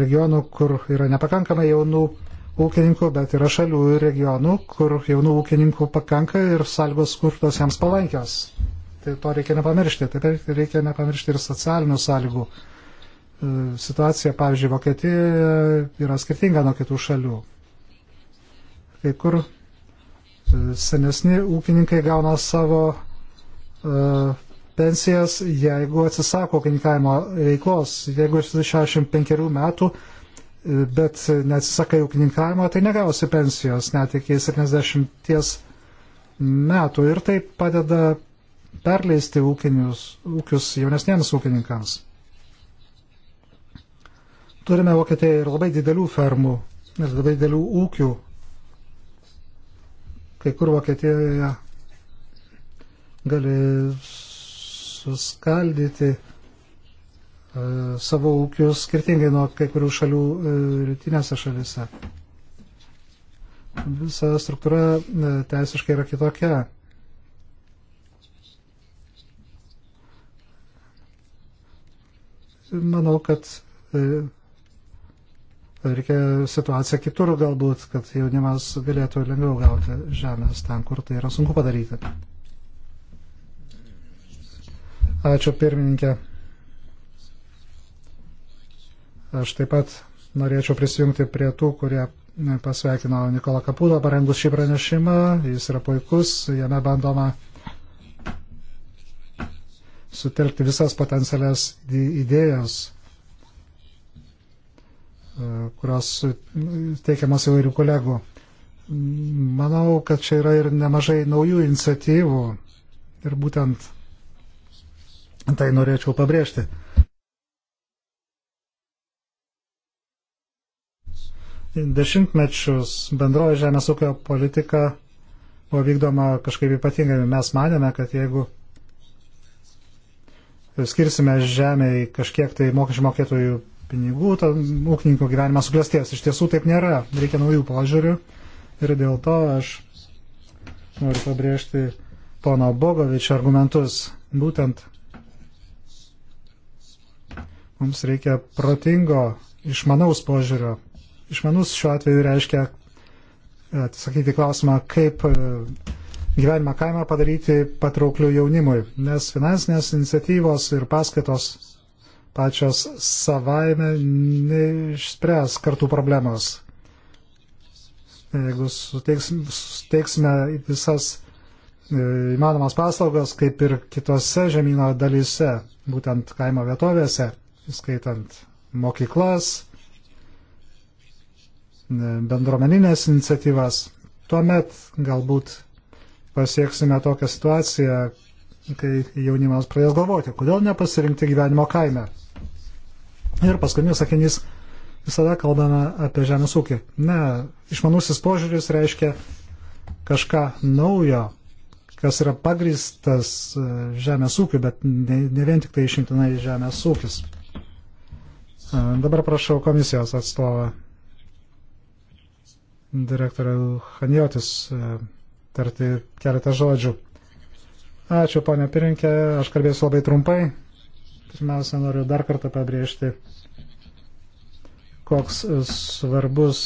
S2: regionų, kur yra nepakankamai jaunų ūkininkų, bet yra šalių ir regionų, kur jaunų ūkininkų pakanka ir sąlygos skurtos jiems palankios. Tai to reikia nepamiršti. Taip reikia nepamiršti ir socialinių sąlygų. E, situacija, pavyzdžiui, Vokietijoje yra skirtinga nuo kitų šalių. Kai kur e, senesni ūkininkai gauna savo uh, pensijas, jeigu atsisako ūkininkavimo veiklos, jeigu esi 65 metų, e, bet neatsisakai ūkininkavimo, tai negausi pensijos net iki 70 metų ir tai padeda perleisti ūkinius, ūkius jaunesniems ūkininkams. Turime Vokietijoje ir labai didelių fermų ir labai didelių ūkių, kai kur Vokietijoje gali suskaldyti e, savo ūkius skirtingai nuo kai kurių šalių e, rytinėse šalise. Visa struktūra e, teisiškai yra kitokia. Manau, kad reikia situaciją kitur galbūt, kad jaunimas galėtų lengviau gauti žemės ten, kur tai yra sunku padaryti. Ačiū pirmininkė. Aš taip pat norėčiau prisijungti prie tų, kurie pasveikino Nikola Kapūdą parengus šį pranešimą. Jis yra puikus, jame bandoma sutelkti visas potencialias idėjas kurios teikiamas įvairių kolegų. Manau, kad čia yra ir nemažai naujų iniciatyvų ir būtent tai norėčiau pabrėžti. Dešimtmečius bendroji žemės ūkio politika buvo vykdoma kažkaip ypatingai. Mes manėme, kad jeigu skirsime žemėj kažkiek tai mokesčių mokėtojų pinigų, tad ūkininko gyvenimas suklestės. Iš tiesų taip nėra, reikia naujų požiūrių ir dėl to aš noriu pabrėžti pono Bogovičio argumentus. Būtent mums reikia protingo, išmanaus požiūrio. Išmanus šiuo atveju reiškia e, atsakyti klausimą, kaip e, gyvenimą kaimą padaryti patraukliu jaunimui, nes finansinės iniciatyvos ir paskaitos pačios savaime neišspręs kartų problemos. Jeigu suteiksime visas e, įmanomas paslaugas, kaip ir kitose žemyno dalyse, būtent kaimo vietovėse, skaitant mokyklas, e, bendruomeninės iniciatyvas, tuomet galbūt pasieksime tokią situaciją, kai jaunimas pradės galvoti, kodėl nepasirinkti gyvenimo kaime. Ir paskutinis sakinys, visada kalbame apie žemės ūkį. Ne, išmanusis požiūris reiškia kažką naujo, kas yra pagristas e, žemės ūkiu, bet ne, ne vien tik tai išimtinai žemės ūkis. E, dabar prašau komisijos atstovą direktorių Hanijotis e, tarti keletą žodžių. Ačiū, ponė Pirinkė, aš kalbėsiu labai trumpai. Pirmiausia, noriu dar kartą pabrėžti, koks svarbus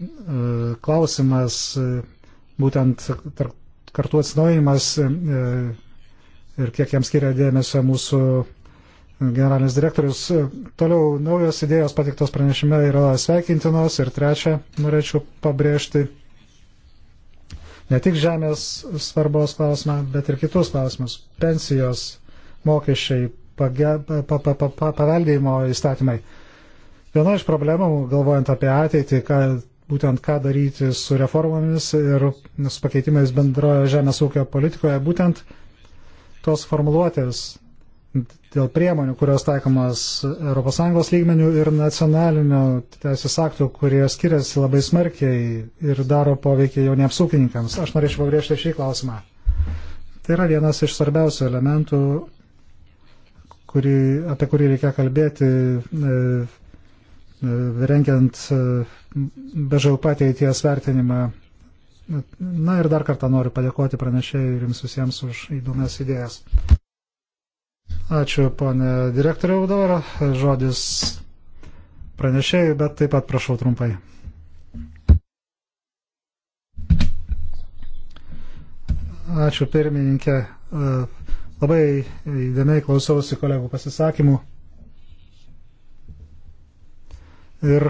S2: e, klausimas, e, būtent kartu atsinojimas e, ir kiek jam skiria dėmesio mūsų generalinis direktorius. Toliau naujos idėjos patiktos pranešime yra sveikintinos ir trečia, norėčiau pabrėžti ne tik žemės svarbos klausimą, bet ir kitus klausimus - pensijos mokesčiai, page, pa, pa, pa, pa, pa, paveldėjimo įstatymai. Viena iš problemų, galvojant apie ateitį, kad būtent ką daryti su reformomis ir su pakeitimais bendrojo žemės ūkio politikoje, būtent tos formuluotės dėl priemonių, kurios taikomas ES lygmenių ir nacionalinių teisės aktų, kurie skiriasi labai smarkiai ir daro poveikį jauniems ūkininkams. Aš norėčiau pabrėžti šį klausimą. Tai yra vienas iš svarbiausių elementų kurį, apie kurį reikia kalbėti, e, e, renkiant e, bežalpą ateities vertinimą. Na ir dar kartą noriu padėkoti pranešėjai ir jums visiems už įdomias idėjas. Ačiū, ponė direktoriau, dabar žodis pranešėjai, bet taip pat prašau trumpai. Ačiū pirmininkė. Uh, Labai įdėmiai klausiausi kolegų pasisakymų ir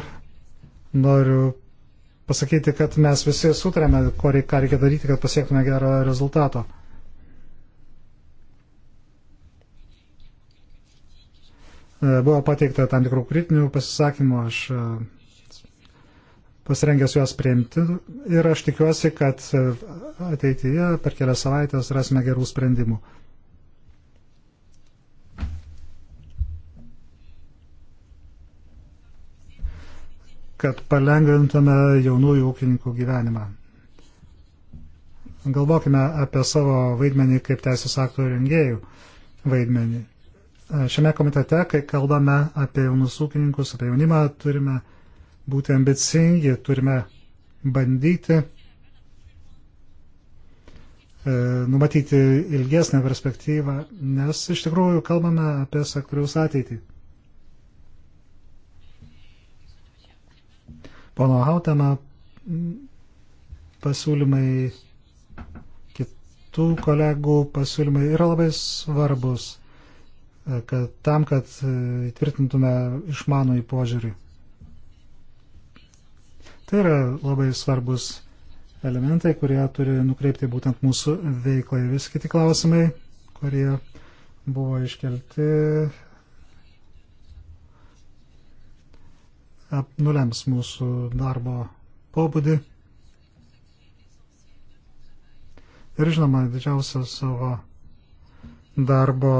S2: noriu pasakyti, kad mes visi sutarėme, ką reikia daryti, kad pasiektume gerą rezultato. E, buvo pateikta tam tikrų kritinių pasisakymų, aš e, pasirengęs juos priimti ir aš tikiuosi, kad e, ateityje per kelias savaitės rasime gerų sprendimų. kad palengvintume jaunųjų ūkininkų gyvenimą. Galvokime apie savo vaidmenį kaip teisės aktų rengėjų vaidmenį. Šiame komitete, kai kalbame apie jaunus ūkininkus, apie jaunimą, turime būti ambicingi, turime bandyti e, numatyti ilgesnę perspektyvą, nes iš tikrųjų kalbame apie sektoriaus ateitį. pono Hautama pasiūlymai, kitų kolegų pasiūlymai yra labai svarbus e, kad tam, kad e, įtvirtintume išmanų į požiūrį. Tai yra labai svarbus elementai, kurie turi nukreipti būtent mūsų veiklai. Vis kiti klausimai, kurie buvo iškelti, nulems mūsų darbo pobūdį. Ir žinoma, didžiausią savo darbo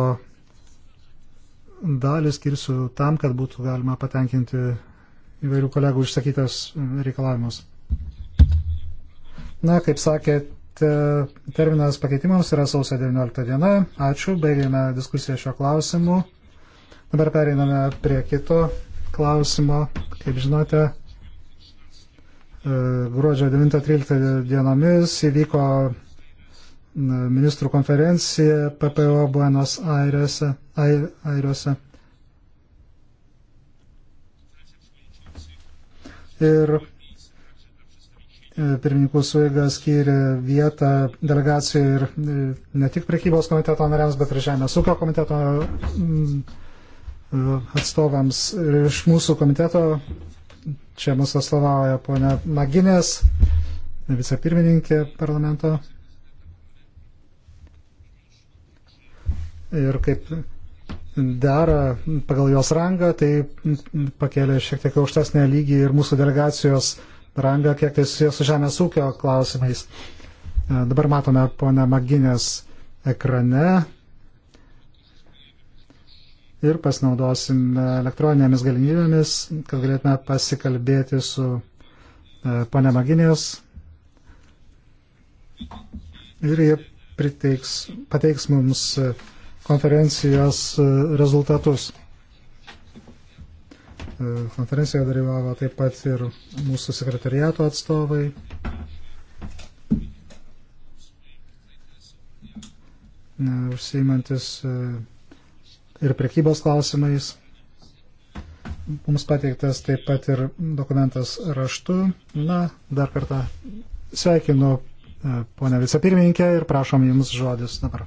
S2: dalį skirsiu tam, kad būtų galima patenkinti įvairių kolegų išsakytas reikalavimus. Na, kaip sakėte, terminas pakeitimams yra sausio 19 diena. Ačiū, baigėme diskusiją šio klausimu. Dabar pereiname prie kito klausimo. Kaip žinote, e, gruodžio 9-13 dienomis įvyko ministrų konferencija PPO Buenos Airese. Airese. Ir e, pirmininkų suėga skyrė vietą delegacijai ir e, ne tik prekybos komiteto nariams, bet ir Žemės ūkio komiteto atstovams ir iš mūsų komiteto. Čia mūsų atstovauja ponia Maginės, vicepirmininkė parlamento. Ir kaip dera pagal jos rangą, tai pakėlė šiek tiek aukštesnį lygį ir mūsų delegacijos rangą, kiek tai susijęs su žemės ūkio klausimais. Dabar matome ponę Maginės ekrane, ir pasinaudosime elektroninėmis galimybėmis, kad galėtume pasikalbėti su pane Maginės ir jie priteiks, pateiks mums e, konferencijos e, rezultatus. E, konferencijoje dalyvavo taip pat ir mūsų sekretariato atstovai. Užsiimantis ir prekybos klausimais. Mums pateiktas taip pat ir dokumentas raštu. Na, dar kartą sveikinu e, ponę vicepirmininkę ir prašom Jums žodis dabar.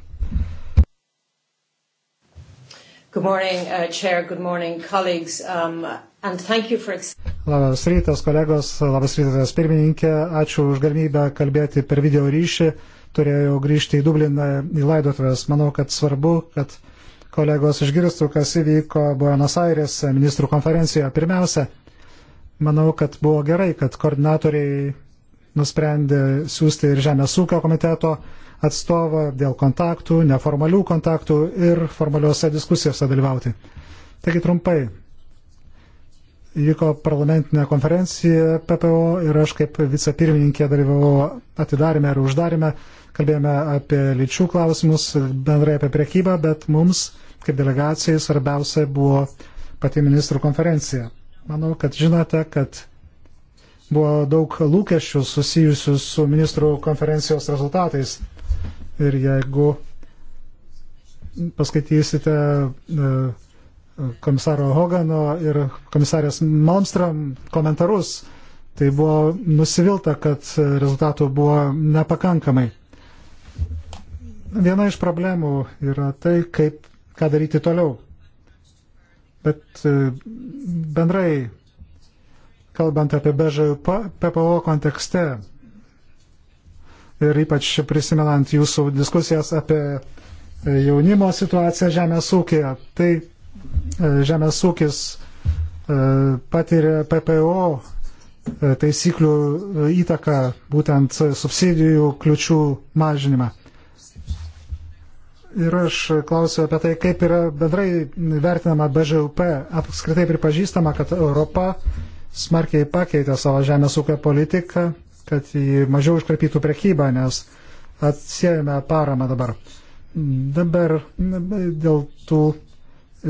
S3: Good morning, uh, Chair. Good morning, colleagues. Um, and thank you for.
S2: Labas rytas, kolegos. Labas rytas, pirmininkė. Ačiū už galimybę kalbėti per video ryšį. Turėjau grįžti į Dubliną į laidotuvės. Manau, kad svarbu, kad uh, kolegos išgirstų, kas įvyko Buenos Aires ministrų konferencijoje. Pirmiausia, manau, kad buvo gerai, kad koordinatoriai nusprendė siūsti ir Žemės ūkio komiteto atstovą dėl kontaktų, neformalių kontaktų ir formaliuose diskusijose dalyvauti. Taigi trumpai. Vyko parlamentinė konferencija PPO ir aš kaip vicepirmininkė dalyvavau atidarime ir uždarime kalbėjome apie lyčių klausimus, bendrai apie priekybą, bet mums kaip delegacijai svarbiausia buvo pati ministrų konferencija. Manau, kad žinote, kad buvo daug lūkesčių susijusių su ministrų konferencijos rezultatais. Ir jeigu paskaitysite e, komisaro Hogano ir komisarės Malmstrom komentarus, tai buvo nusivilta, kad rezultatų buvo nepakankamai. Viena iš problemų yra tai, kaip ką daryti toliau. Bet e, bendrai, kalbant apie BŽP, PPO kontekste ir ypač prisimenant jūsų diskusijas apie e, jaunimo situaciją žemės ūkėje, tai e, žemės ūkis patiria PPO taisyklių įtaką, būtent subsidijų kliučių mažinimą ir aš klausiu apie tai, kaip yra bendrai vertinama BŽUP, apskritai pripažįstama, kad Europa smarkiai pakeitė savo žemės ūkio politiką, kad jį mažiau iškarpytų prekybą, nes atsiejame paramą dabar. Dabar dėl tų,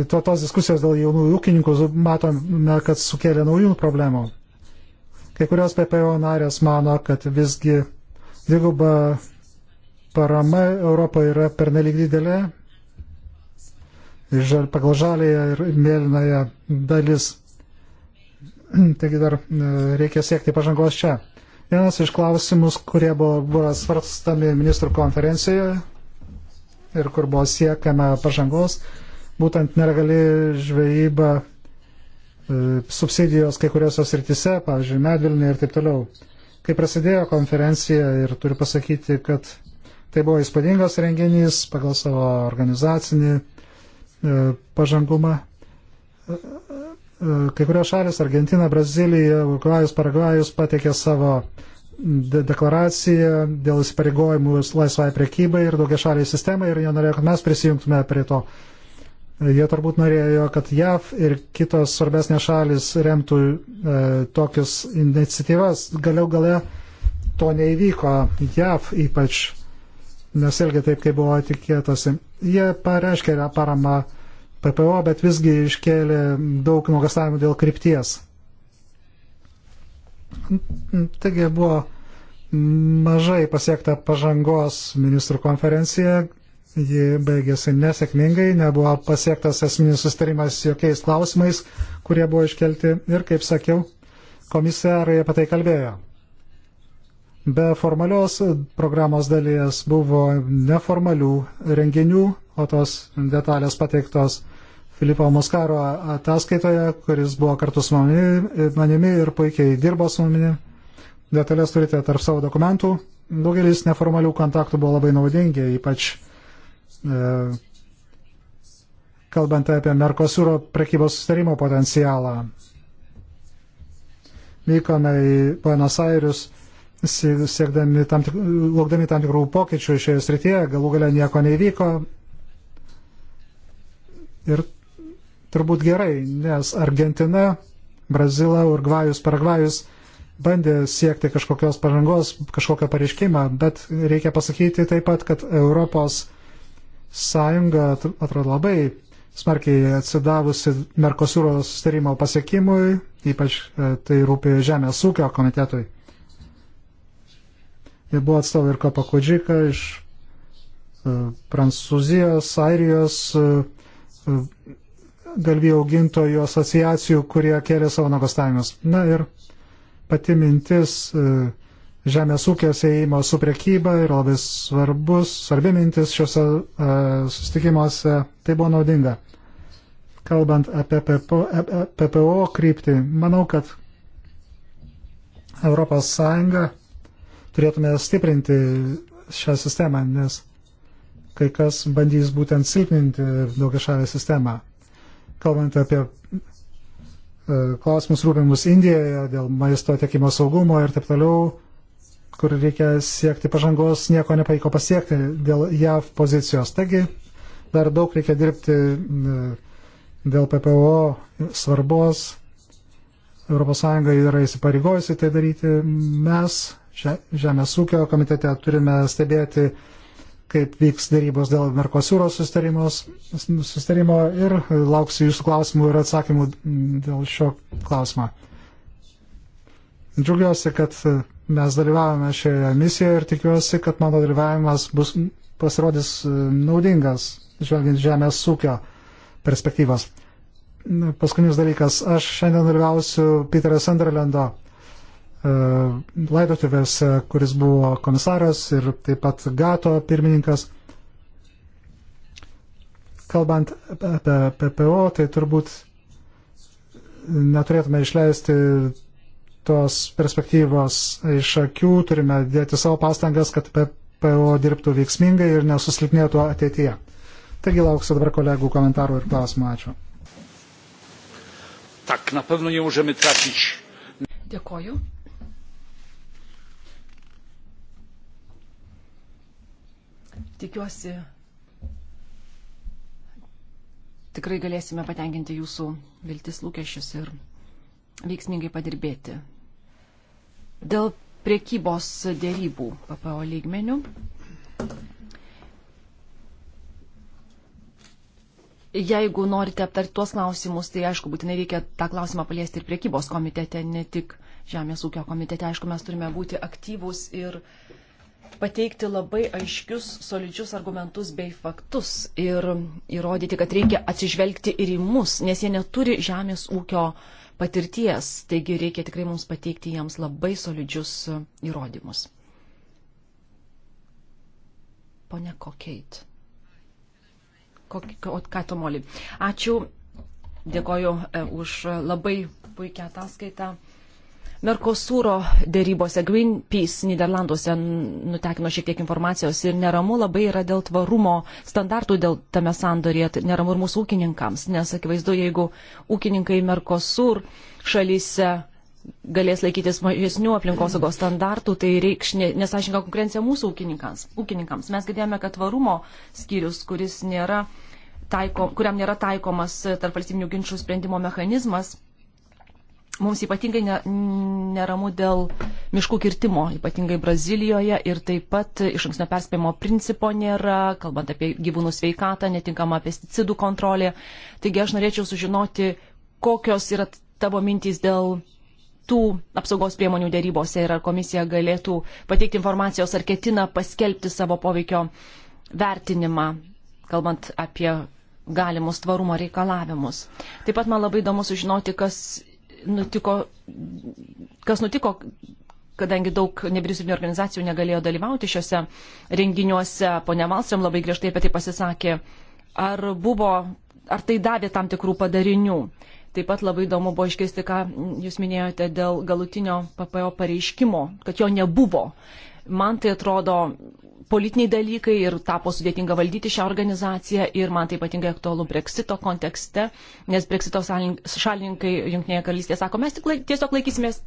S2: to, tos diskusijos dėl jaunųjų ūkininkų matome, kad sukėlė naujų problemų. Kai kurios PPO narės mano, kad visgi dviguba parama Europoje yra pernelyg didelė. Žal, pagal žalėje ir mėlynoje dalis. Taigi dar e, reikia siekti pažangos čia. Vienas iš klausimus, kurie buvo, buvo svarstami ministrų konferencijoje ir kur buvo siekiama pažangos, būtent neregali žvejyba e, subsidijos kai kuriuose srityse, pavyzdžiui, medvilnė ir taip toliau. Kai prasidėjo konferencija ir turiu pasakyti, kad Tai buvo įspūdingas renginys pagal savo organizacinį e, pažangumą. E, e, kai kurios šalis - Argentina, Brazilija, Urugvajus, Paragvajus - pateikė savo de deklaraciją dėl įsipareigojimų laisvai prekybai ir daugia šaliai sistemai ir jie norėjo, kad mes prisijungtume prie to. Jie turbūt norėjo, kad JAV ir kitos svarbesnės šalis remtų e, tokius iniciatyvas. Galiau gale to neįvyko. JAV ypač nesielgia taip, kaip buvo tikėtasi. Jie pareiškė paramą PPO, bet visgi iškėlė daug nuogastavimų dėl krypties. Taigi buvo mažai pasiekta pažangos ministrų konferencija, ji baigėsi nesėkmingai, nebuvo pasiektas esminis sustarimas jokiais klausimais, kurie buvo iškelti ir, kaip sakiau, komisarai apie tai kalbėjo. Be formalios programos dalies buvo neformalių renginių, o tos detalės pateiktos Filipo Muskaro ataskaitoje, kuris buvo kartu su manimi, manimi ir puikiai dirbo su manimi. Detalės turite tarp savo dokumentų. Daugelis neformalių kontaktų buvo labai naudingi, ypač e, kalbant apie Merkosūro prekybos sustarimo potencialą. Vykome į Buenos Airius siekdami tam tik, laukdami tam tikrų pokyčių šioje srityje, galų galę nieko nevyko. Ir turbūt gerai, nes Argentina, Brazila, Urugvajus, Paragvajus bandė siekti kažkokios pažangos, kažkokią pareiškimą, bet reikia pasakyti taip pat, kad Europos Sąjunga atrodo labai smarkiai atsidavusi Merkosūro sustarimo pasiekimui, ypač e, tai rūpi Žemės ūkio komitetui. Buvo atstovai ir Kopa Kodžika iš e, Prancūzijos, Airijos e, e, galvijų augintojų asociacijų, kurie kėlė savo nuogastavimus. Na ir pati mintis žemės ūkio sėjimo su priekyba yra labai svarbus, svarbi mintis šiuose e, sustikimuose, tai buvo naudinga. Kalbant apie PPO, PPO kryptį, manau, kad ES turėtume stiprinti šią sistemą, nes kai kas bandys būtent silpninti daugiašalę sistemą. Kalbant apie e, klausimus rūpimus Indijoje dėl maisto tiekimo saugumo ir taip toliau, kur reikia siekti pažangos, nieko nepaiko pasiekti dėl JAV pozicijos. Taigi dar daug reikia dirbti e, dėl PPO svarbos. ES yra įsipareigojusi tai daryti. Mes Žemės ūkio komitete turime stebėti, kaip vyks darybos dėl Merkosūro sustarimo ir lauksiu jūsų klausimų ir atsakymų dėl šio klausimo. Džiugiuosi, kad mes dalyvavome šioje misijoje ir tikiuosi, kad mano dalyvavimas bus pasirodys naudingas, žvelgiant žemės ūkio perspektyvas. Paskutinis dalykas, aš šiandien dalyvausiu Peterio Sunderlando E, laidotuvės, e, kuris buvo komisaras ir taip pat GATO pirmininkas. Kalbant apie PPO, tai turbūt neturėtume išleisti tos perspektyvos iš akių, turime dėti savo pastangas, kad PPO dirbtų veiksmingai ir nesusilpnėtų ateityje. Taigi lauksiu dabar kolegų komentarų ir klausimų. Ačiū.
S1: Tak, na pewno nie możemy tracić. Dėkoju.
S3: Tikiuosi, tikrai galėsime patenkinti jūsų viltis lūkesčius ir veiksmingai padirbėti. Dėl priekybos dėrybų PPO lygmenių. Jeigu norite aptarti tuos klausimus, tai aišku, būtinai reikia tą klausimą paliesti ir priekybos komitete, ne tik Žemės ūkio komitete. Aišku, mes turime būti aktyvūs ir uh, pateikti labai aiškius, solidžius argumentus bei faktus ir įrodyti, kad reikia atsižvelgti ir į mus, nes jie neturi žemės ūkio patirties, taigi reikia tikrai mums pateikti jiems labai solidžius įrodymus. Pone Kokeit. Katomoli. Ačiū, dėkoju e, už e, labai puikią ataskaitą. Merkosūro dėrybose Greenpeace Niderlanduose nutekino šiek tiek informacijos ir neramu labai yra dėl tvarumo standartų dėl tame sandorėje, tai neramu ir mūsų ūkininkams, nes akivaizdu, jeigu ūkininkai Merkosūr šalyse galės laikytis mažesnių aplinkosaugos standartų, tai reikš nesažininką konkurenciją mūsų ūkininkams. ūkininkams. Mes girdėjome, kad tvarumo skyrius, kuris nėra taiko, kuriam nėra taikomas tarp valstybinių ginčių sprendimo mechanizmas, mums ypatingai neramu dėl miškų kirtimo, ypatingai Brazilijoje ir taip pat iš anksnio perspėjimo principo nėra, kalbant apie gyvūnų sveikatą, netinkama pesticidų kontrolė. Taigi aš norėčiau sužinoti, kokios yra tavo mintys dėl tų apsaugos priemonių dėrybose ir ar komisija galėtų pateikti informacijos, ar ketina paskelbti savo poveikio vertinimą, kalbant apie galimus tvarumo reikalavimus. Taip pat man labai įdomu sužinoti, kas nutiko, kas nutiko, kadangi daug nevyriausybinio organizacijų negalėjo dalyvauti šiuose renginiuose, ponia Malsiam labai griežtai apie tai pasisakė, ar buvo, ar tai davė tam tikrų padarinių. Taip pat labai įdomu buvo iškesti, ką jūs minėjote dėl galutinio PPO pareiškimo, kad jo nebuvo. Man tai atrodo politiniai dalykai ir tapo sudėtinga valdyti šią organizaciją ir man tai ypatingai aktualu Brexito kontekste, nes Brexito šalininkai Junktinėje karalystėje sako, mes tik laik, tiesiog laikysimės,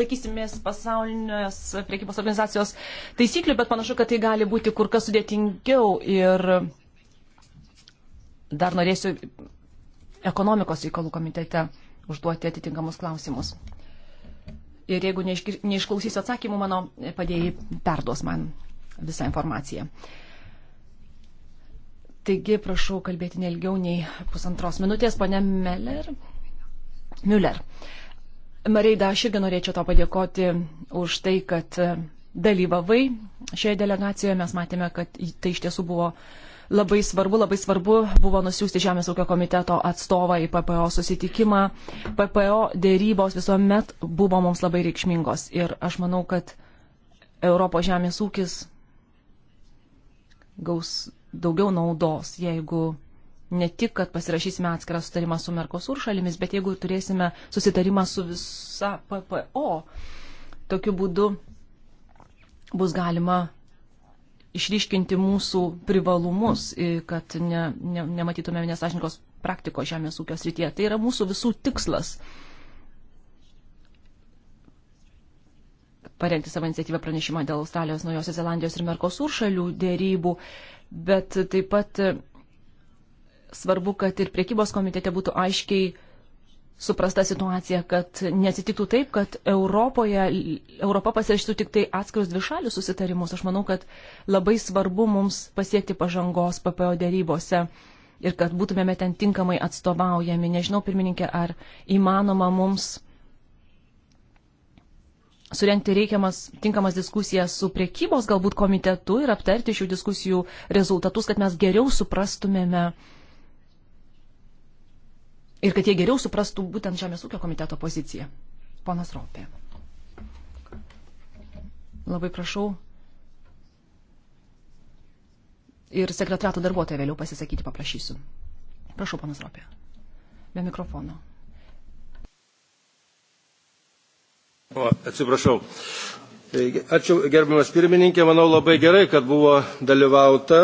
S3: laikysimės pasaulinės priekybos organizacijos taisyklių, bet panašu, kad tai gali būti kur kas sudėtingiau ir dar norėsiu ekonomikos reikalų komitete užduoti atitinkamus klausimus. Ir jeigu neišklausysiu atsakymų, mano padėjai perduos man visą informaciją. Taigi, prašau kalbėti nelgiau nei pusantros minutės, ponė Meller. Müller. Mareida, aš irgi norėčiau to padėkoti už tai, kad dalyvavai šioje delegacijoje. Mes matėme, kad tai iš tiesų buvo labai svarbu, labai svarbu buvo nusiųsti Žemės ūkio komiteto atstovą į PPO susitikimą. PPO dėrybos visuomet buvo mums labai reikšmingos ir aš manau, kad Europos žemės ūkis gaus daugiau naudos, jeigu ne tik, kad pasirašysime atskirą sutarimą su Merkosur šalimis, bet jeigu turėsime susitarimą su visa PPO, tokiu būdu bus galima išryškinti mūsų privalumus, kad ne, ne, nematytume nesažininkos praktikos žemės ūkio srityje. Tai yra mūsų visų tikslas parengti savo iniciatyvą pranešimą dėl Australijos, Naujosios Zelandijos ir Merkosur šalių dėrybų, bet taip pat svarbu, kad ir priekybos komitete būtų aiškiai suprasta situacija, kad nesitiktų taip, kad Europoje, Europa pasirašytų tik tai atskirus dvišalius susitarimus. Aš manau, kad labai svarbu mums pasiekti pažangos PPO dėrybose ir kad būtumėme ten tinkamai atstovaujami. Nežinau, pirmininkė, ar įmanoma mums surenkti reikiamas tinkamas diskusijas su priekybos galbūt komitetu ir aptarti šių diskusijų rezultatus, kad mes geriau suprastumėme ir kad jie geriau suprastų būtent Žemės ūkio komiteto poziciją. Ponas Ropė. Labai prašau. Ir sekretariato darbuotoją vėliau pasisakyti paprašysiu. Prašau, panas Ropė. Be mikrofono.
S1: O, atsiprašau. Ačiū gerbiamas pirmininkė, manau labai gerai, kad buvo dalyvauta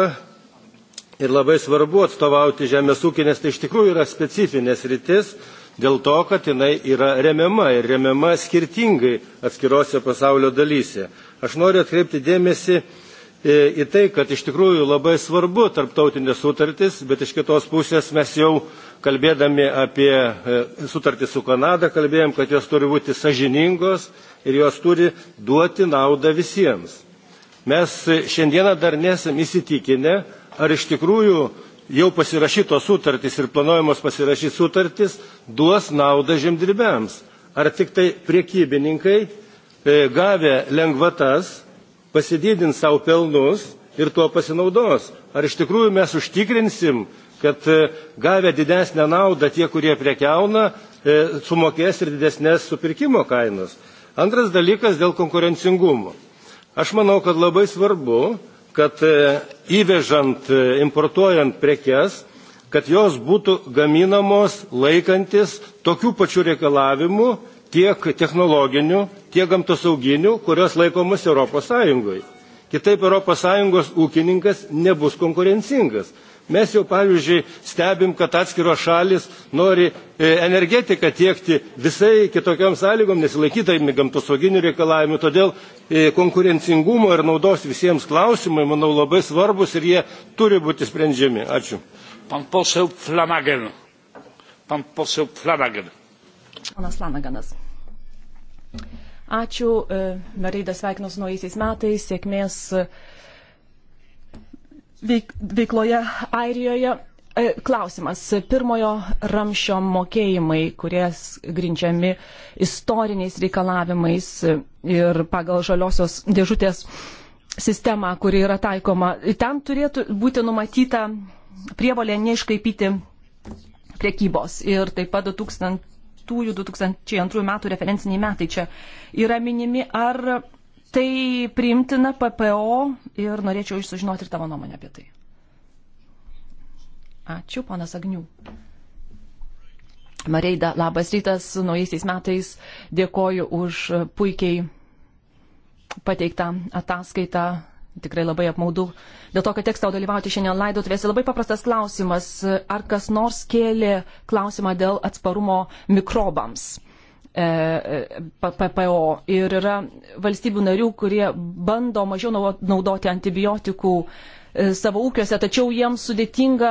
S1: ir labai svarbu atstovauti žemės ūkį, nes tai iš tikrųjų yra specifinės rytis dėl to, kad jinai yra remiama ir remiama skirtingai atskirose pasaulio dalyse. Aš noriu atkreipti dėmesį e, į tai, kad iš tikrųjų labai svarbu tarptautinės sutartys, bet iš kitos pusės mes jau kalbėdami apie e, sutartį su Kanada, kalbėjom, kad jos turi būti sažiningos ir jos turi duoti naudą visiems. Mes šiandieną dar nesam įsitikinę, ar iš tikrųjų jau pasirašytos sutartys ir planuojamos pasirašyti sutartys duos naudą žemdirbėms. Ar tik tai priekybininkai e, gavę lengvatas pasididins savo pelnus ir tuo pasinaudos. Ar iš tikrųjų mes užtikrinsim kad e, gavę didesnę naudą tie, kurie prekiauna, e, sumokės ir didesnės supirkimo kainas. Antras dalykas dėl konkurencingumo. Aš manau, kad labai svarbu, kad e, įvežant, importuojant prekes, kad jos būtų gaminamos laikantis tokių pačių reikalavimų tiek technologinių, tiek gamtosauginių, kurios laikomas ES. Kitaip ES ūkininkas nebus konkurencingas. Mes jau, pavyzdžiui, stebim, kad atskiros šalis nori e, energetiką tiekti visai kitokiam sąlygom, nesilaikydami gamtosauginių reikalavimų. Todėl e, konkurencingumo ir naudos visiems klausimai, manau, labai svarbus ir jie turi būti sprendžiami. Ačiū. Pan posel Flanagan. Pan posel Flanagan.
S3: Panas Flanaganas. Ačiū. E, Merida sveikinu su naujaisiais metais. Sėkmės. E, veik, veikloje Airijoje. E, klausimas. Pirmojo ramšio mokėjimai, kurie grindžiami istoriniais reikalavimais ir pagal žaliosios dėžutės sistemą, kuri yra taikoma, ten turėtų būti numatyta prievalė neiškaipyti priekybos. Ir taip pat 2000, 2002 metų referenciniai metai čia yra minimi. Ar tai priimtina PPO ir norėčiau išsužinoti ir tavo nuomonę apie tai. Ačiū, panas Agnių. Mareida, labas rytas, naujaisiais metais dėkoju už puikiai pateiktą ataskaitą. Tikrai labai apmaudu. Dėl to, kad teks tau dalyvauti šiandien laidotuvėse, labai paprastas klausimas. Ar kas nors kėlė klausimą dėl atsparumo mikrobams? E, PPO ir yra valstybių narių, kurie bando mažiau naudoti antibiotikų e, savo ūkiuose, tačiau jiems sudėtinga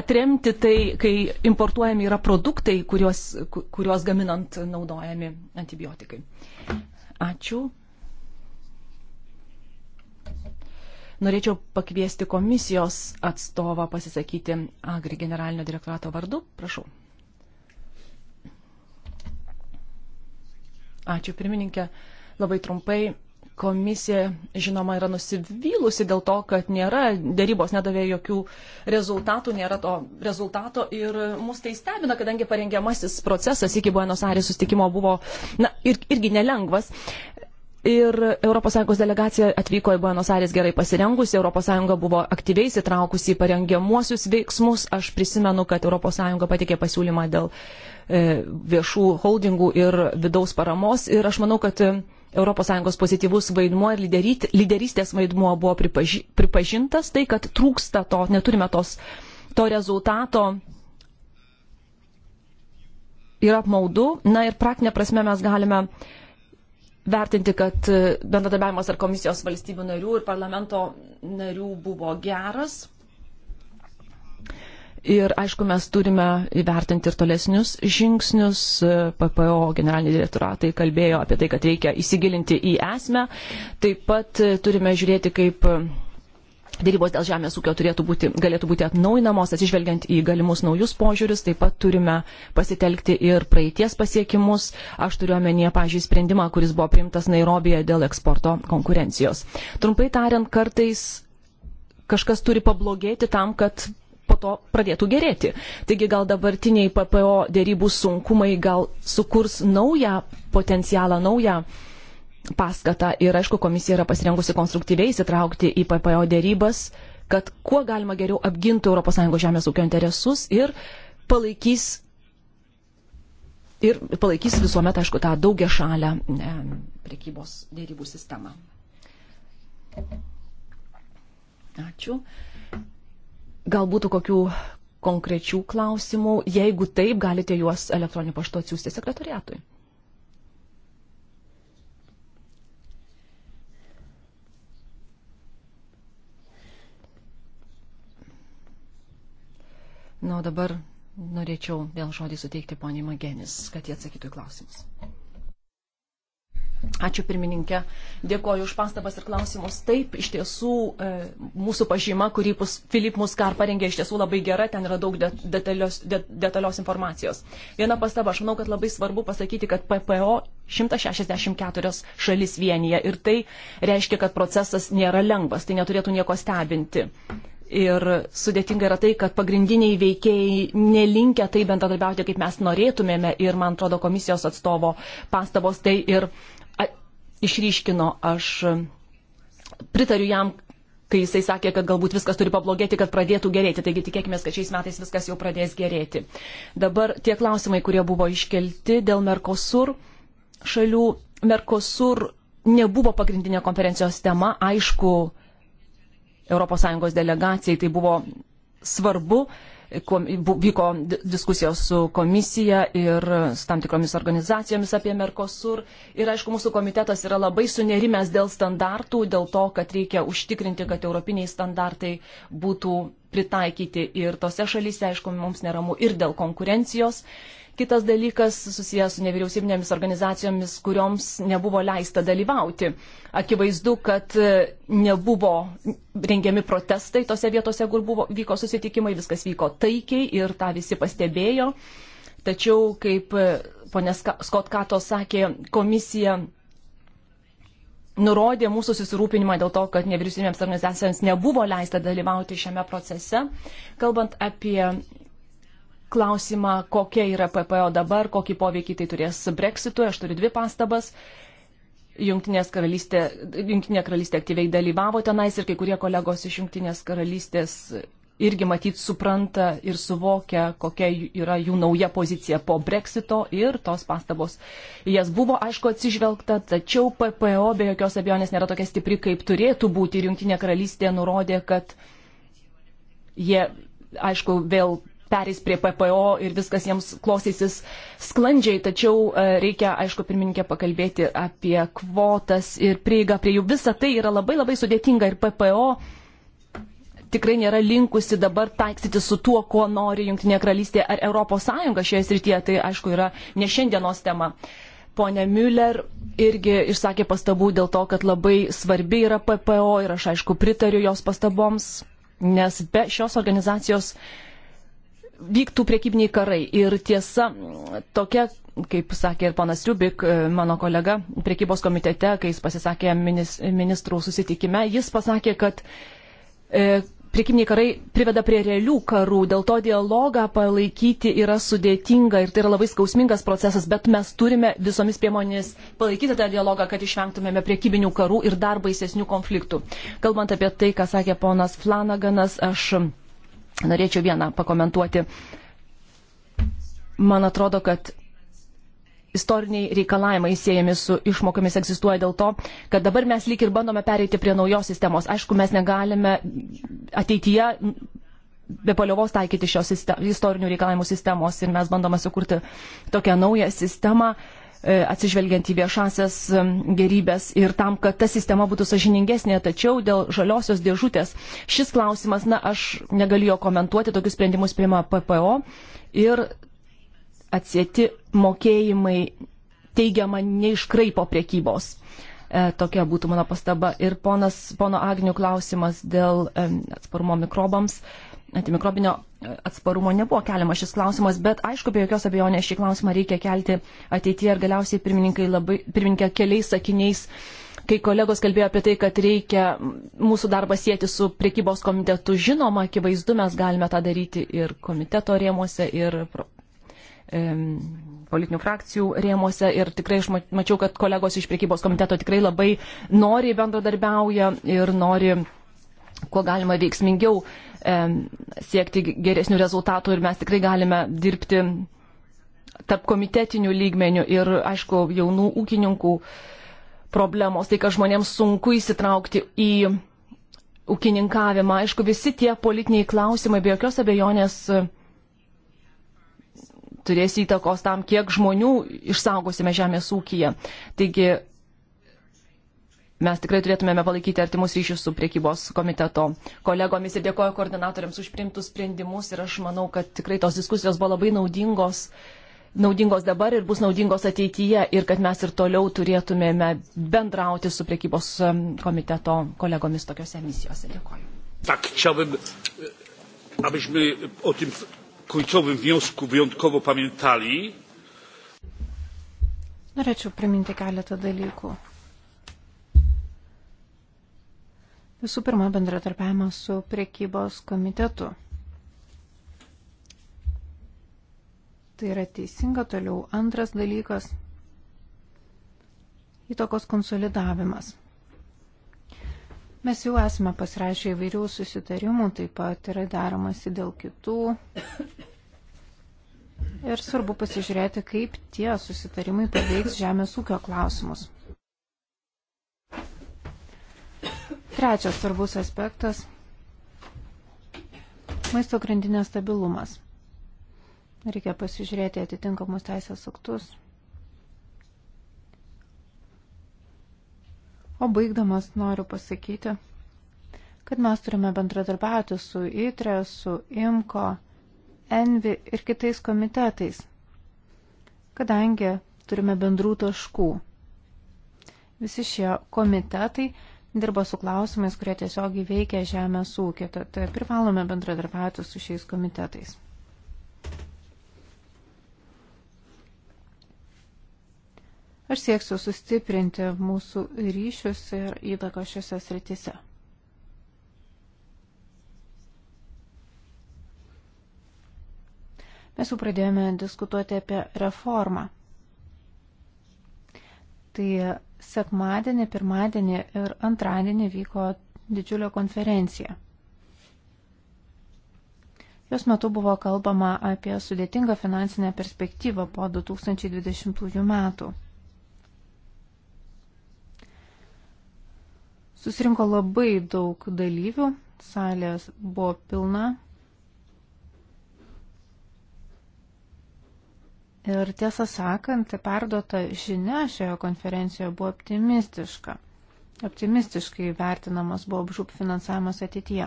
S3: atremti tai, kai importuojami yra produktai, kuriuos, kuriuos gaminant naudojami antibiotikai. Ačiū. Norėčiau pakviesti komisijos atstovą pasisakyti Agri generalinio direktorato vardu. Prašau. Ačiū, pirmininkė. Labai trumpai. Komisija, žinoma, yra nusivylusi dėl to, kad nėra, dėrybos nedavė jokių rezultatų, nėra to rezultato ir mus tai stebina, kadangi parengiamasis procesas iki Buenos Aires sustikimo buvo, na, ir, irgi nelengvas. Ir ES delegacija atvyko į Buenos Aires gerai pasirengusi, ES buvo aktyviai įsitraukusi į parengiamuosius veiksmus. Aš prisimenu, kad ES patikė pasiūlymą dėl E, viešų holdingų ir vidaus paramos. Ir aš manau, kad ES pozityvus vaidmuo ir lyderystės vaidmuo buvo pripaži, pripažintas, tai kad trūksta to, neturime tos, to rezultato. Yra apmaudu. Na ir praktinė prasme mes galime vertinti, kad e, bendradarbiavimas ar komisijos valstybių narių ir parlamento narių buvo geras Ir aišku, mes turime įvertinti ir tolesnius žingsnius. PPO generaliniai direktoratai kalbėjo apie tai, kad reikia įsigilinti į esmę. Taip pat turime žiūrėti, kaip dėrybos dėl žemės ūkio turėtų būti, galėtų būti atnaujinamos, atsižvelgiant į galimus naujus požiūrius. Taip pat turime pasitelkti ir praeities pasiekimus. Aš turiu omenyje, pažiūrėjau, sprendimą, kuris buvo priimtas Nairobėje dėl eksporto konkurencijos. Trumpai tariant, kartais kažkas turi pablogėti tam, kad to pradėtų gerėti. Taigi gal dabartiniai PPO dėrybų sunkumai gal sukurs naują potencialą, naują paskatą ir aišku, komisija yra pasirengusi konstruktyviai įsitraukti į PPO dėrybas, kad kuo galima geriau apgintų ES žemės ūkio interesus ir palaikys. Ir palaikys visuomet, aišku, tą daugia šalę ne, prekybos dėrybų sistemą. Ačiū. Gal būtų kokių konkrečių klausimų? Jeigu taip, galite juos elektroniniu paštu atsiųsti sekretoriatui. Na, o dabar norėčiau vėl žodį suteikti poniai Magenis, kad jie atsakytų į klausimus. Ačiū pirmininkė. Dėkoju už pastabas ir klausimus. Taip, iš tiesų e, mūsų pažyma, kurį Filip Muskar parengė, iš tiesų labai gera, ten yra daug detalios, detalios informacijos. Viena pastaba, aš manau, kad labai svarbu pasakyti, kad PPO 164 šalis vienyje ir tai reiškia, kad procesas nėra lengvas, tai neturėtų nieko stebinti. Ir sudėtinga yra tai, kad pagrindiniai veikėjai nelinkia tai bendradarbiauti, kaip mes norėtumėme ir, man atrodo, komisijos atstovo pastabos tai ir išryškino, aš pritariu jam, kai jisai sakė, kad galbūt viskas turi pablogėti, kad pradėtų gerėti. Taigi tikėkime, kad šiais metais viskas jau pradės gerėti. Dabar tie klausimai, kurie buvo iškelti dėl Merkosur šalių. Merkosur nebuvo pagrindinė konferencijos tema. Aišku, ES delegacijai tai buvo svarbu, vyko diskusijos su komisija ir su tam tikromis organizacijomis apie Mercosur. Ir aišku, mūsų komitetas yra labai sunerimęs dėl standartų, dėl to, kad reikia užtikrinti, kad europiniai standartai būtų pritaikyti ir tose šalyse, aišku, mums neramu ir dėl konkurencijos, Kitas dalykas susijęs su nevyriausybinėmis organizacijomis, kurioms nebuvo leista dalyvauti. Akivaizdu, kad e, nebuvo rengiami protestai tose vietose, kur buvo, vyko susitikimai, viskas vyko taikiai ir tą visi pastebėjo. Tačiau, kaip e, ponė Skotkato sakė, komisija nurodė mūsų susirūpinimą dėl to, kad nevyriausybinėms organizacijoms nebuvo leista dalyvauti šiame procese. Kalbant apie klausimą, kokia yra PPO dabar, kokį poveikį tai turės Brexitui. Aš turiu dvi pastabas. Junktinės karalystė, Junktinė karalystė aktyviai dalyvavo tenais ir kai kurie kolegos iš Junktinės karalystės irgi matyt supranta ir suvokia, kokia yra jų nauja pozicija po breksito ir tos pastabos. Jas buvo, aišku, atsižvelgta, tačiau PPO be jokios abejonės nėra tokia stipri, kaip turėtų būti ir Junktinė karalystė nurodė, kad jie, aišku, vėl perės prie PPO ir viskas jiems klostysis sklandžiai, tačiau e, reikia, aišku, pirmininkė pakalbėti apie kvotas ir prieigą prie jų. Visa tai yra labai labai sudėtinga ir PPO tikrai nėra linkusi dabar taiksyti su tuo, ko nori Junktinė karalystė ar ES šioje srityje. Tai, aišku, yra ne šiandienos tema. Pone Müller irgi išsakė pastabų dėl to, kad labai svarbi yra PPO ir aš, aišku, pritariu jos pastaboms, nes be šios organizacijos uh, vyktų priekybiniai karai. Ir tiesa, tokia, kaip sakė ir panas Riubik, e, mano kolega priekybos komitete, kai jis pasisakė ministrų susitikime, jis pasakė, kad e, priekybiniai karai priveda prie realių karų, dėl to dialogą palaikyti yra sudėtinga ir tai yra labai skausmingas procesas, bet mes turime visomis priemonėmis palaikyti tą dialogą, kad išvengtumėme priekybinių karų ir dar baisesnių konfliktų. Kalbant apie tai, ką sakė ponas Flanaganas, aš Norėčiau vieną pakomentuoti. Man atrodo, kad istoriniai reikalavimai siejami su išmokomis egzistuoja dėl to, kad dabar mes lyg ir bandome pereiti prie naujos sistemos. Aišku, mes negalime ateityje be paliovos taikyti šios istorinių reikalavimų sistemos ir mes bandome sukurti tokią naują sistemą, E, atsižvelgiant į viešasias e, gerybės ir tam, kad ta sistema būtų sažiningesnė, tačiau dėl žaliosios dėžutės šis klausimas, na, aš negaliu jo komentuoti, tokius sprendimus priima PPO ir atsėti mokėjimai teigiama neiškraipo priekybos. E, tokia būtų mano pastaba. Ir ponas, pono Agnių klausimas dėl atsparumo mikrobams antimikrobinio e, atsparumo nebuvo keliamas šis klausimas, bet aišku, be jokios abejonės šį klausimą reikia kelti ateityje ir galiausiai pirmininkai labai, pirmininkė keliais sakiniais, kai kolegos kalbėjo apie tai, kad reikia mūsų darbą sėti su priekybos komitetu, žinoma, akivaizdu mes galime tą daryti ir komiteto rėmuose, ir politinių frakcijų rėmuose ir tikrai aš mačiau, kad kolegos iš priekybos komiteto tikrai labai nori bendradarbiauja ir nori kuo galima veiksmingiau uh, siekti geresnių rezultatų ir mes tikrai galime dirbti tarp komitetinių lygmenių ir, aišku, jaunų ūkininkų problemos, tai kad žmonėms sunku įsitraukti į ūkininkavimą. Aišku, visi tie politiniai klausimai be jokios abejonės e, turės įtakos tam, kiek žmonių išsaugosime žemės ūkiją. Taigi mes tikrai turėtumėme palaikyti artimus ryšius su priekybos komiteto kolegomis ir dėkoju koordinatoriams už priimtus sprendimus ir aš manau, kad tikrai tos diskusijos buvo labai naudingos, naudingos dabar ir bus naudingos ateityje ir kad mes ir toliau turėtumėme bendrauti su priekybos komiteto kolegomis tokiuose misijose. Dėkoju.
S1: Tak, chciałbym, abyśmy o tym końcowym wniosku wyjątkowo pamiętali.
S4: Norėčiau priminti keletą dalykų. Visų pirma, bendratarpiavimas su priekybos komitetu. Tai yra teisinga. Toliau antras dalykas - įtokos konsolidavimas. Mes jau esame pasirašę įvairių susitarimų, taip pat yra daromasi dėl kitų. Ir svarbu pasižiūrėti, kaip tie susitarimai paveiks žemės ūkio klausimus. Trečias svarbus aspektas - maisto grandinės stabilumas. Reikia pasižiūrėti atitinkamus teisės aktus. O baigdamas noriu pasakyti, kad mes turime bendradarbiauti su ITRE, su IMCO, ENVI ir kitais komitetais, kadangi turime bendrų taškų. Visi šie komitetai dirba su klausimais, kurie tiesiog įveikia žemės ūkį, tad e, privalome bendradarbiauti su šiais komitetais. Aš sieksiu sustiprinti mūsų ryšius ir įtaką šiuose srityse. Mes jau pradėjome diskutuoti apie reformą. Tai sekmadienį, pirmadienį ir antradienį vyko didžiulė konferencija. Jos metu buvo kalbama apie sudėtingą finansinę perspektyvą po 2020 metų. Susirinko labai daug dalyvių, salės buvo pilna, Ir tiesą sakant, perduota žinia šioje konferencijoje buvo optimistiška. Optimistiškai vertinamas buvo apžūp finansavimas ateityje.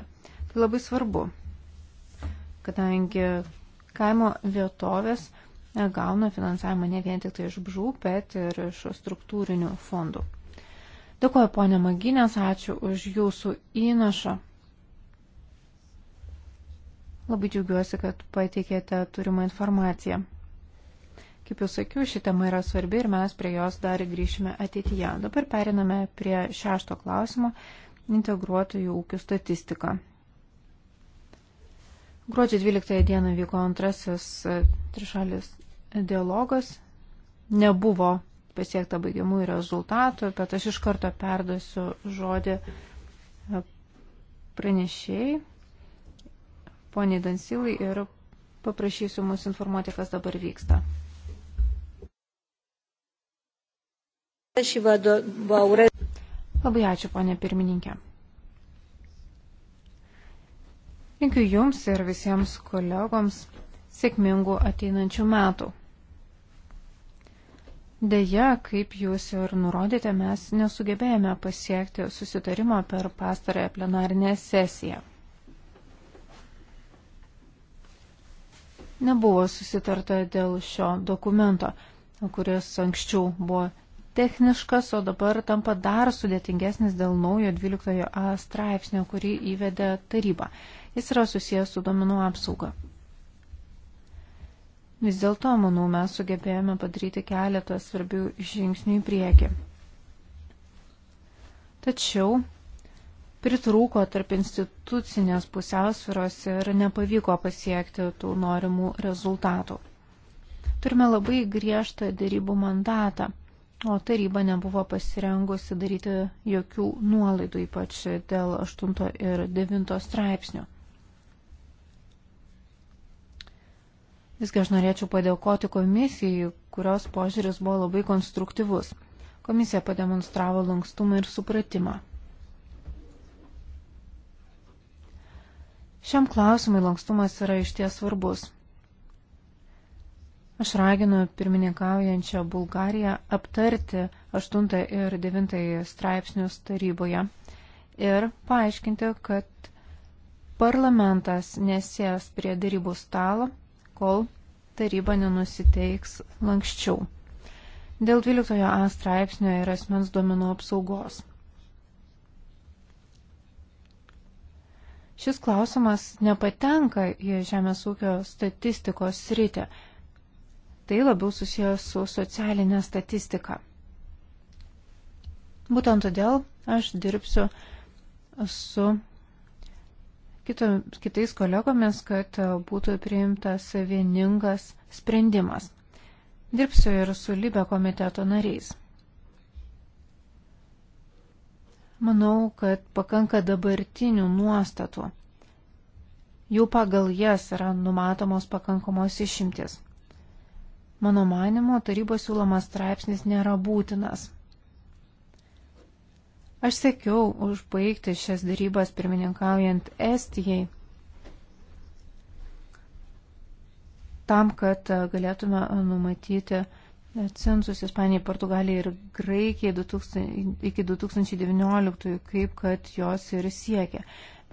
S4: Tai labai svarbu, kadangi kaimo vietovės gauna finansavimą ne vien tik tai iš bžūp, bet ir iš struktūrinių fondų. Dėkuoju, ponė Maginės, ačiū už jūsų įnašą. Labai džiaugiuosi, kad pateikėte turimą informaciją. Kaip jau sakiau, ši tema yra svarbi ir mes prie jos dar grįšime ateityje. Dabar periname prie šešto klausimo - integruotojų ūkių statistika. Gruodžio 12 dieną vyko antrasis e, trišalis dialogas. Nebuvo pasiekta baigiamųjų rezultatų, bet aš iš karto perduosiu žodį e, pranešėjai, poniai Dansilai ir paprašysiu mus informuoti, kas dabar vyksta. Labai ačiū, ponė pirmininkė. Linkiu Jums ir visiems kolegoms sėkmingų ateinančių metų. Deja, kaip Jūs ir nurodėte, mes nesugebėjome pasiekti susitarimo per pastarąją plenarinę sesiją. Nebuvo susitarta dėl šio dokumento, kuris anksčiau buvo techniškas, o dabar tampa dar sudėtingesnis dėl naujo 12a straipsnio, kurį įvedė taryba. Jis yra susijęs su domenų apsauga. Vis dėlto, manau, mes sugebėjome padaryti keletą svarbių žingsnių į priekį. Tačiau pritrūko tarp institucinės pusiausviros ir nepavyko pasiekti tų norimų rezultatų. Turime labai griežtą dėrybų mandatą o taryba nebuvo pasirengusi daryti jokių nuolaidų, ypač dėl 8 ir 9 straipsnių. Visgi aš norėčiau padėkoti komisijai, kurios požiūris buvo labai konstruktyvus. Komisija pademonstravo lankstumą ir supratimą. Šiam klausimui lankstumas yra išties svarbus. Aš raginu pirmininkaujančią Bulgariją aptarti 8 ir 9 straipsnius taryboje ir paaiškinti, kad parlamentas nesės prie darybų stalo, kol taryba nenusiteiks lankščiau. Dėl 12a straipsnio ir asmens duomenų apsaugos. Šis klausimas nepatenka į žemės ūkio statistikos sritę, tai labiau susijęs su socialinė statistika. Būtent todėl aš dirbsiu su kito, kitais kolegomis, kad būtų priimtas vieningas sprendimas. Dirbsiu ir su Libe komiteto nariais. Manau, kad pakanka dabartinių nuostatų. Jau pagal jas yra numatomos pakankamos išimtis. Mano manimo, tarybos siūlomas straipsnis nėra būtinas. Aš sėkiau užbaigti šias darybas pirmininkaujant Estijai, tam, kad galėtume numatyti census Ispanijai, Portugalijai ir Graikijai 2000, iki 2019, kaip kad jos ir siekia.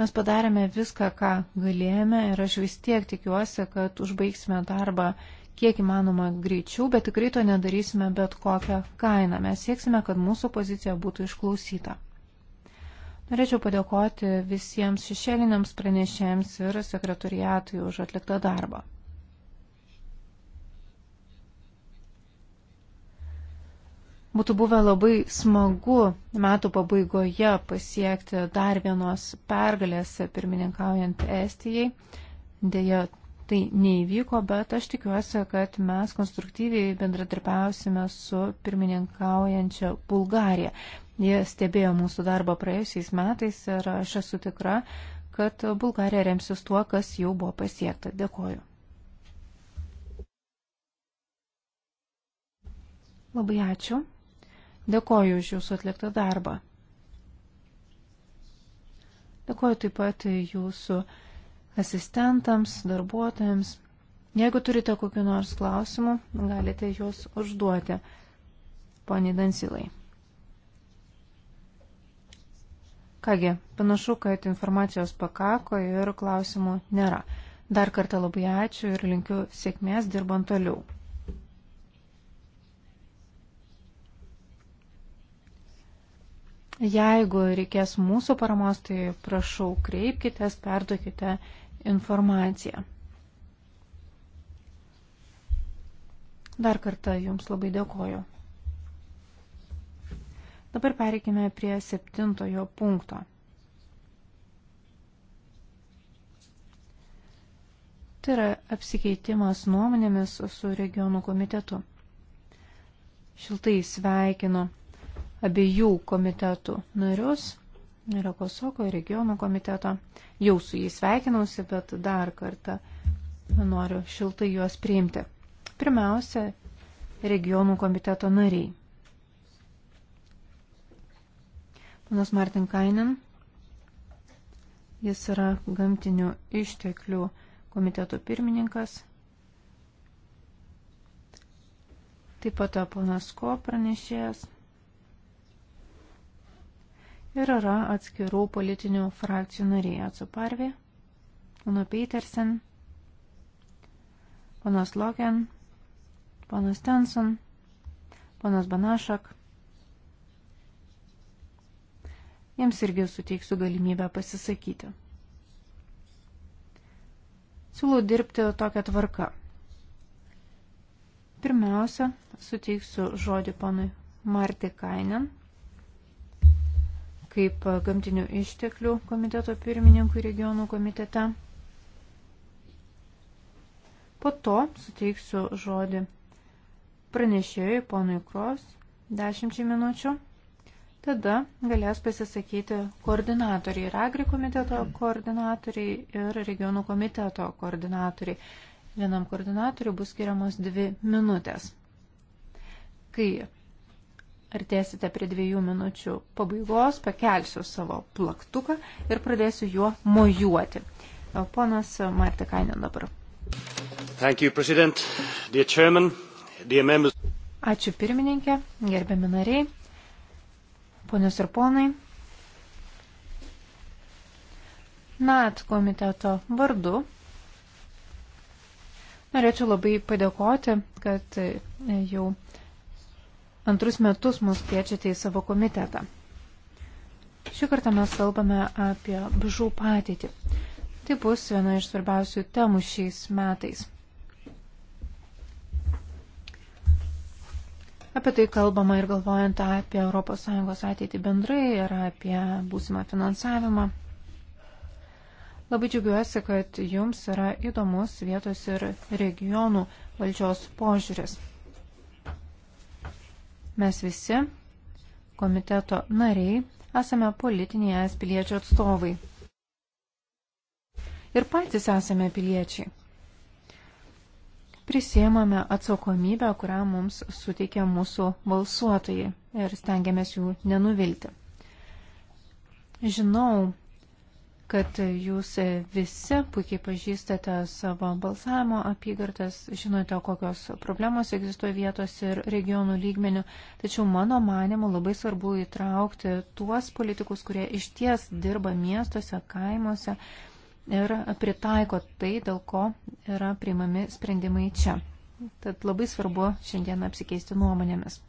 S4: Mes padarėme viską, ką galėjome ir aš vis tiek tikiuosi, kad užbaigsime darbą kiek įmanoma greičiau, bet tikrai to nedarysime bet kokią kainą. Mes sieksime, kad mūsų pozicija būtų išklausyta. Norėčiau padėkoti visiems šešėliniams pranešėjams ir sekretoriatui už atliktą darbą. Būtų buvę labai smagu metų pabaigoje pasiekti dar vienos pergalės pirmininkaujant Estijai. Deja, tai neįvyko, bet aš tikiuosi, kad mes konstruktyviai bendradarbiausime su pirmininkaujančia Bulgarija. Jie stebėjo mūsų darbą praėjusiais metais ir aš esu tikra, kad Bulgarija remsis tuo, kas jau buvo pasiekta. Dėkoju. Labai ačiū. Dėkoju už jūsų atliktą darbą. Dėkoju taip pat jūsų asistentams, darbuotojams. Jeigu turite kokiu nors klausimu, galite juos užduoti, poniai Dansilai. Kągi, panašu, kad informacijos pakako ir klausimų nėra. Dar kartą labai ačiū ir linkiu sėkmės dirbant toliau. Jeigu reikės mūsų paramos, tai prašau kreipkitės, perduokite informaciją. Dar kartą Jums labai dėkoju. Dabar pereikime prie septintojo punkto. Tai yra apsikeitimas nuomonėmis su regionų komitetu. Šiltai sveikinu abiejų komitetų narius Rakosoko regionų komiteto. Jau su jais sveikinausi, bet dar kartą noriu šiltai juos priimti. Pirmiausia, regionų komiteto nariai. Panas Martin Kainin, jis yra gamtinių išteklių komiteto pirmininkas. Taip pat ponas Ko pranešėjas ir yra atskirų politinių frakcijų nariai. Atsuparvi, Uno Petersen, panas Loken, panas Tenson, panas Banašak. Jiems irgi suteiksiu galimybę pasisakyti. Siūlau dirbti tokią tvarką. Pirmiausia, suteiksiu žodį panui Marti Kainen, kaip e, gamtinių išteklių komiteto pirmininkui regionų komitete. Po to suteiksiu žodį pranešėjui ponui Kros 10 minučių. Tada galės pasisakyti koordinatoriai ir agri komiteto koordinatoriai ir regionų komiteto koordinatoriai. Vienam koordinatoriui bus skiriamos dvi minutės. Kai artėsite prie dviejų minučių pabaigos, pakelsiu savo plaktuką ir pradėsiu juo mojuoti. Ponas Martikainen dabar.
S1: Thank you, President. Dear Chairman, dear members.
S4: Ačiū pirmininkė, gerbiami nariai, ponios ir ponai. NAT komiteto vardu norėčiau labai padėkoti, kad jau uh, antrus metus mus kviečiate į savo komitetą. Šį kartą mes kalbame apie bžų patirtį. Tai bus viena iš svarbiausių temų šiais metais. Apie tai kalbama ir galvojant apie ES ateitį bendrai ir apie būsimą finansavimą. Labai džiugiuosi, kad jums yra įdomus vietos ir regionų valdžios požiūris. Mes visi, komiteto nariai, esame politiniai es piliečių atstovai. Ir patys esame piliečiai. Prisėmame atsakomybę, kurią mums suteikia mūsų balsuotojai ir stengiamės jų nenuvilti. Žinau, kad jūs visi puikiai pažįstate savo balsavimo apygardas, žinote, kokios problemos egzistuoja vietos ir regionų lygmenių, tačiau mano manimu labai svarbu įtraukti tuos politikus, kurie iš ties dirba miestuose, kaimuose ir pritaiko tai, dėl ko yra priimami sprendimai čia. Tad labai svarbu šiandien apsikeisti nuomonėmis.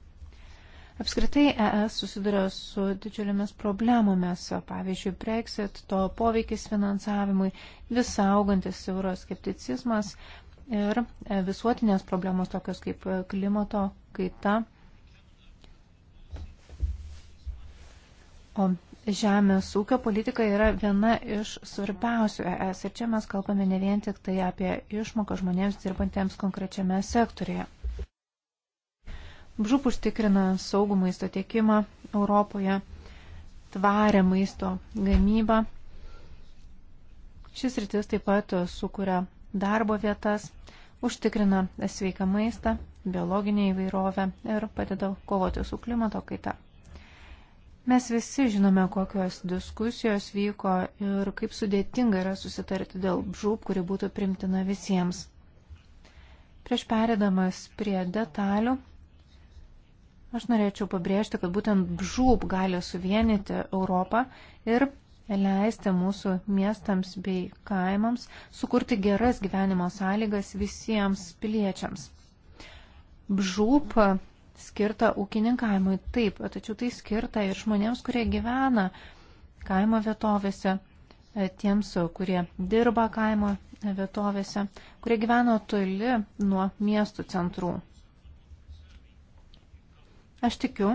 S4: Apskritai ES susiduria su didžiulėmis problemomis, pavyzdžiui, Brexit, to poveikis finansavimui, visa augantis euroskepticizmas ir e, visuotinės problemos tokios kaip klimato kaita. O žemės ūkio politika yra viena iš svarbiausių ES ir čia mes kalbame ne vien tik tai apie išmoką žmonėms dirbantiems konkrečiame sektorėje. Žūp užtikrina saugų maisto tiekimą Europoje, tvarę maisto gamybą. Šis rytis taip pat sukuria darbo vietas, užtikrina sveiką maistą, biologinę įvairovę ir padeda kovoti su klimato kaita. Mes visi žinome, kokios diskusijos vyko ir kaip sudėtinga yra susitarti dėl žūp, kuri būtų primtina visiems. Prieš perėdamas prie detalių, Aš norėčiau pabrėžti, kad būtent žūb gali suvienyti Europą ir leisti mūsų miestams bei kaimams sukurti geras gyvenimo sąlygas visiems piliečiams. Bžūp skirta ūkininkavimui taip, tačiau tai skirta ir žmonėms, kurie gyvena kaimo vietovėse, tiems, kurie dirba kaimo vietovėse, kurie gyvena toli nuo miestų centrų. Aš tikiu,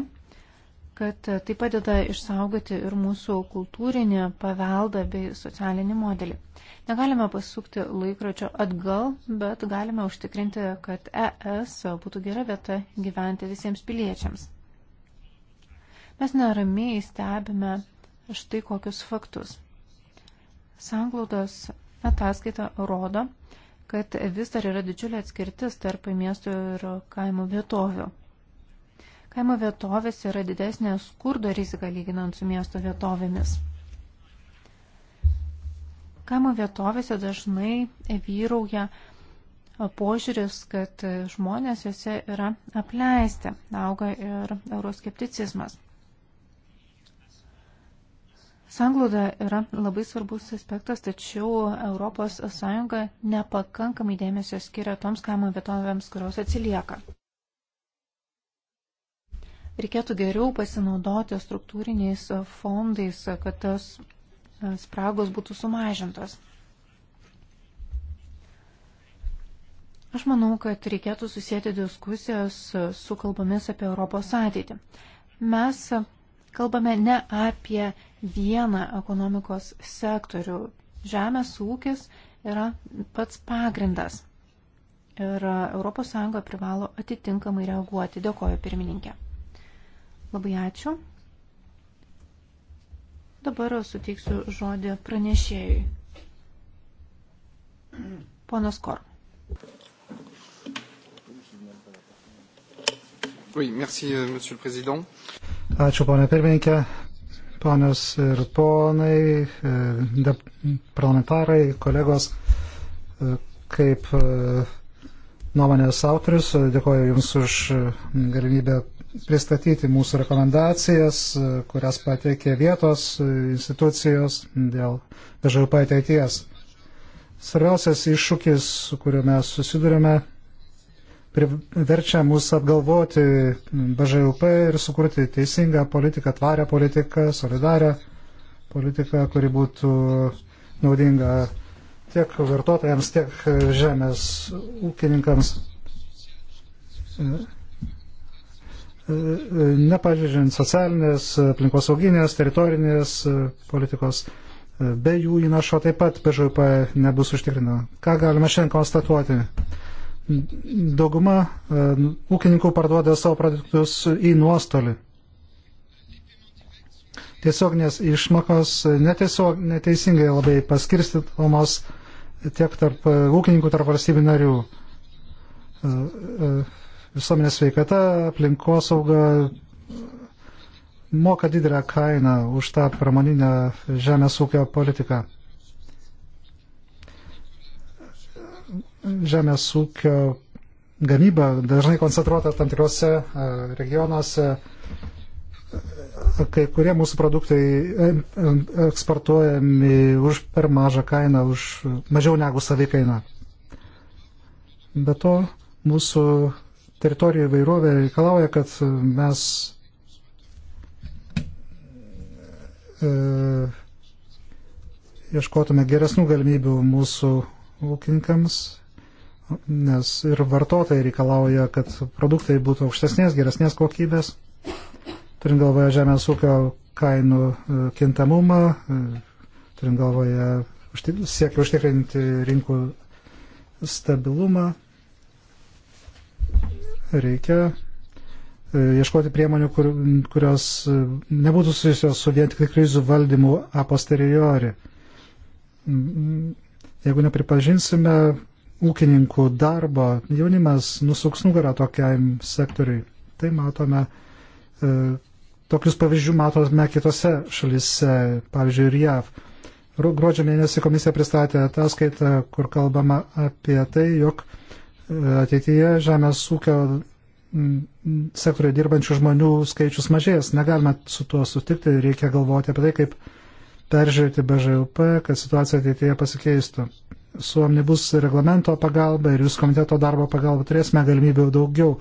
S4: kad tai padeda išsaugoti ir mūsų kultūrinį paveldą bei socialinį modelį. Negalime pasukti laikročio atgal, bet galime užtikrinti, kad ES būtų gera vieta gyventi visiems piliečiams. Mes neramiai stebime štai kokius faktus. Sanglaudos ataskaita rodo, kad vis dar yra didžiulė atskirtis tarp miestų ir kaimo vietovių. Kaimo vietovės yra didesnė skurdo rizika lyginant su miesto vietovėmis. Kaimo vietovėse dažnai vyrauja požiūris, kad žmonės juose yra apleisti, auga ir euroskepticizmas. Sanglauda yra labai svarbus aspektas, tačiau ES nepakankamai dėmesio skiria toms kaimo vietovėms, kurios atsilieka reikėtų geriau pasinaudoti struktūriniais fondais, kad tas e, spragos būtų sumažintos. Aš manau, kad reikėtų susėti diskusijas su kalbomis apie Europos ateitį. Mes kalbame ne apie vieną ekonomikos sektorių. Žemės ūkis yra pats pagrindas. Ir ES privalo atitinkamai reaguoti. Dėkoju pirmininkė. Labai ačiū. Dabar suteiksiu žodį pranešėjui. Ponas Kor.
S2: Oui, merci, euh, monsieur le président. Ačiū, ponė pirmininkė. Ponios ir ponai, e, de, parlamentarai, kolegos, e, kaip e, nuomonės autorius. Dėkuoju Jums už e, galimybę pristatyti mūsų rekomendacijas, e, kurias pateikė vietos e, institucijos dėl BŽP ateities. Svarbiausias iššūkis, su kuriuo mes susidurime, verčia mus apgalvoti BŽUP ir sukurti teisingą politiką, tvarę politiką, solidarią politiką, kuri būtų naudinga tiek vartotojams, tiek e, žemės ūkininkams, e, e, nepažiūrint socialinės, aplinkosauginės, teritorinės politikos. Be jų įnašo taip pat BŽP nebus užtikrinama. Ką galime šiandien konstatuoti? Dauguma ūkininkų parduoda savo produktus į nuostolį tiesioginės išmokos netiesiog, neteisingai labai paskirstytomos tiek tarp e, ūkininkų, tarp valstybių narių. E, e, visuomenės sveikata, aplinkosauga moka didelę kainą už tą pramoninę žemės ūkio politiką. Žemės ūkio gamyba dažnai koncentruota tam tikrose regionuose, kai kurie mūsų produktai e, e, eksportuojami už per mažą kainą, už mažiau negu savikaina. Be to, mūsų teritorijų įvairovė reikalauja, kad mes e, ieškotume geresnių galimybių mūsų ūkininkams, nes ir vartotojai reikalauja, kad produktai būtų aukštesnės, geresnės kokybės turint galvoje žemės ūkio kainų e, kintamumą, e, turint galvoje siekia užtikrinti rinkų stabilumą, reikia e, ieškoti priemonių, kur, kurios nebūtų susijusios su vien tik krizių valdymu a posteriori. Jeigu nepripažinsime ūkininkų darbo, jaunimas nusuks nugarą tokiam sektoriui. Tai matome Tokius pavyzdžių matome kitose šalise, pavyzdžiui, ir JAV. Gruodžio mėnesį komisija pristatė ataskaitą, kur kalbama apie tai, jog e, ateityje žemės ūkio sektoriuje dirbančių žmonių skaičius mažės. Negalime su tuo sutikti, reikia galvoti apie tai, kaip peržiūrėti BŽUP, kad situacija ateityje pasikeistų. Su omnibus reglamento pagalba ir jūsų komiteto darbo pagalba turėsime galimybę daugiau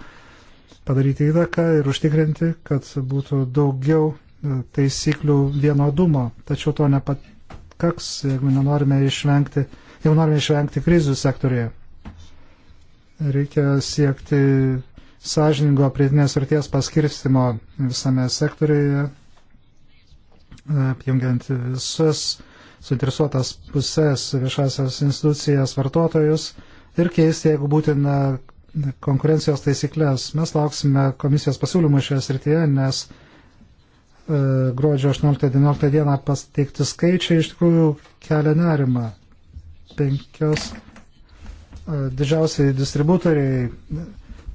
S2: padaryti įtaką ir užtikrinti, kad būtų daugiau e, taisyklių vienodumo. Tačiau to nepakaks, jeigu nenorime išvengti, jeigu norime išvengti krizių sektorėje. Reikia siekti sąžiningo pridinės vertės paskirstimo visame sektorėje, e, apjungiant visas suinteresuotas pusės, viešasias institucijas, vartotojus ir keisti, jeigu būtina, konkurencijos taisyklės. Mes lauksime komisijos pasiūlymų šioje srityje, nes e, gruodžio 18-19 dieną pasteikti skaičiai iš tikrųjų kelia nerimą. Penkios e, didžiausiai distributoriai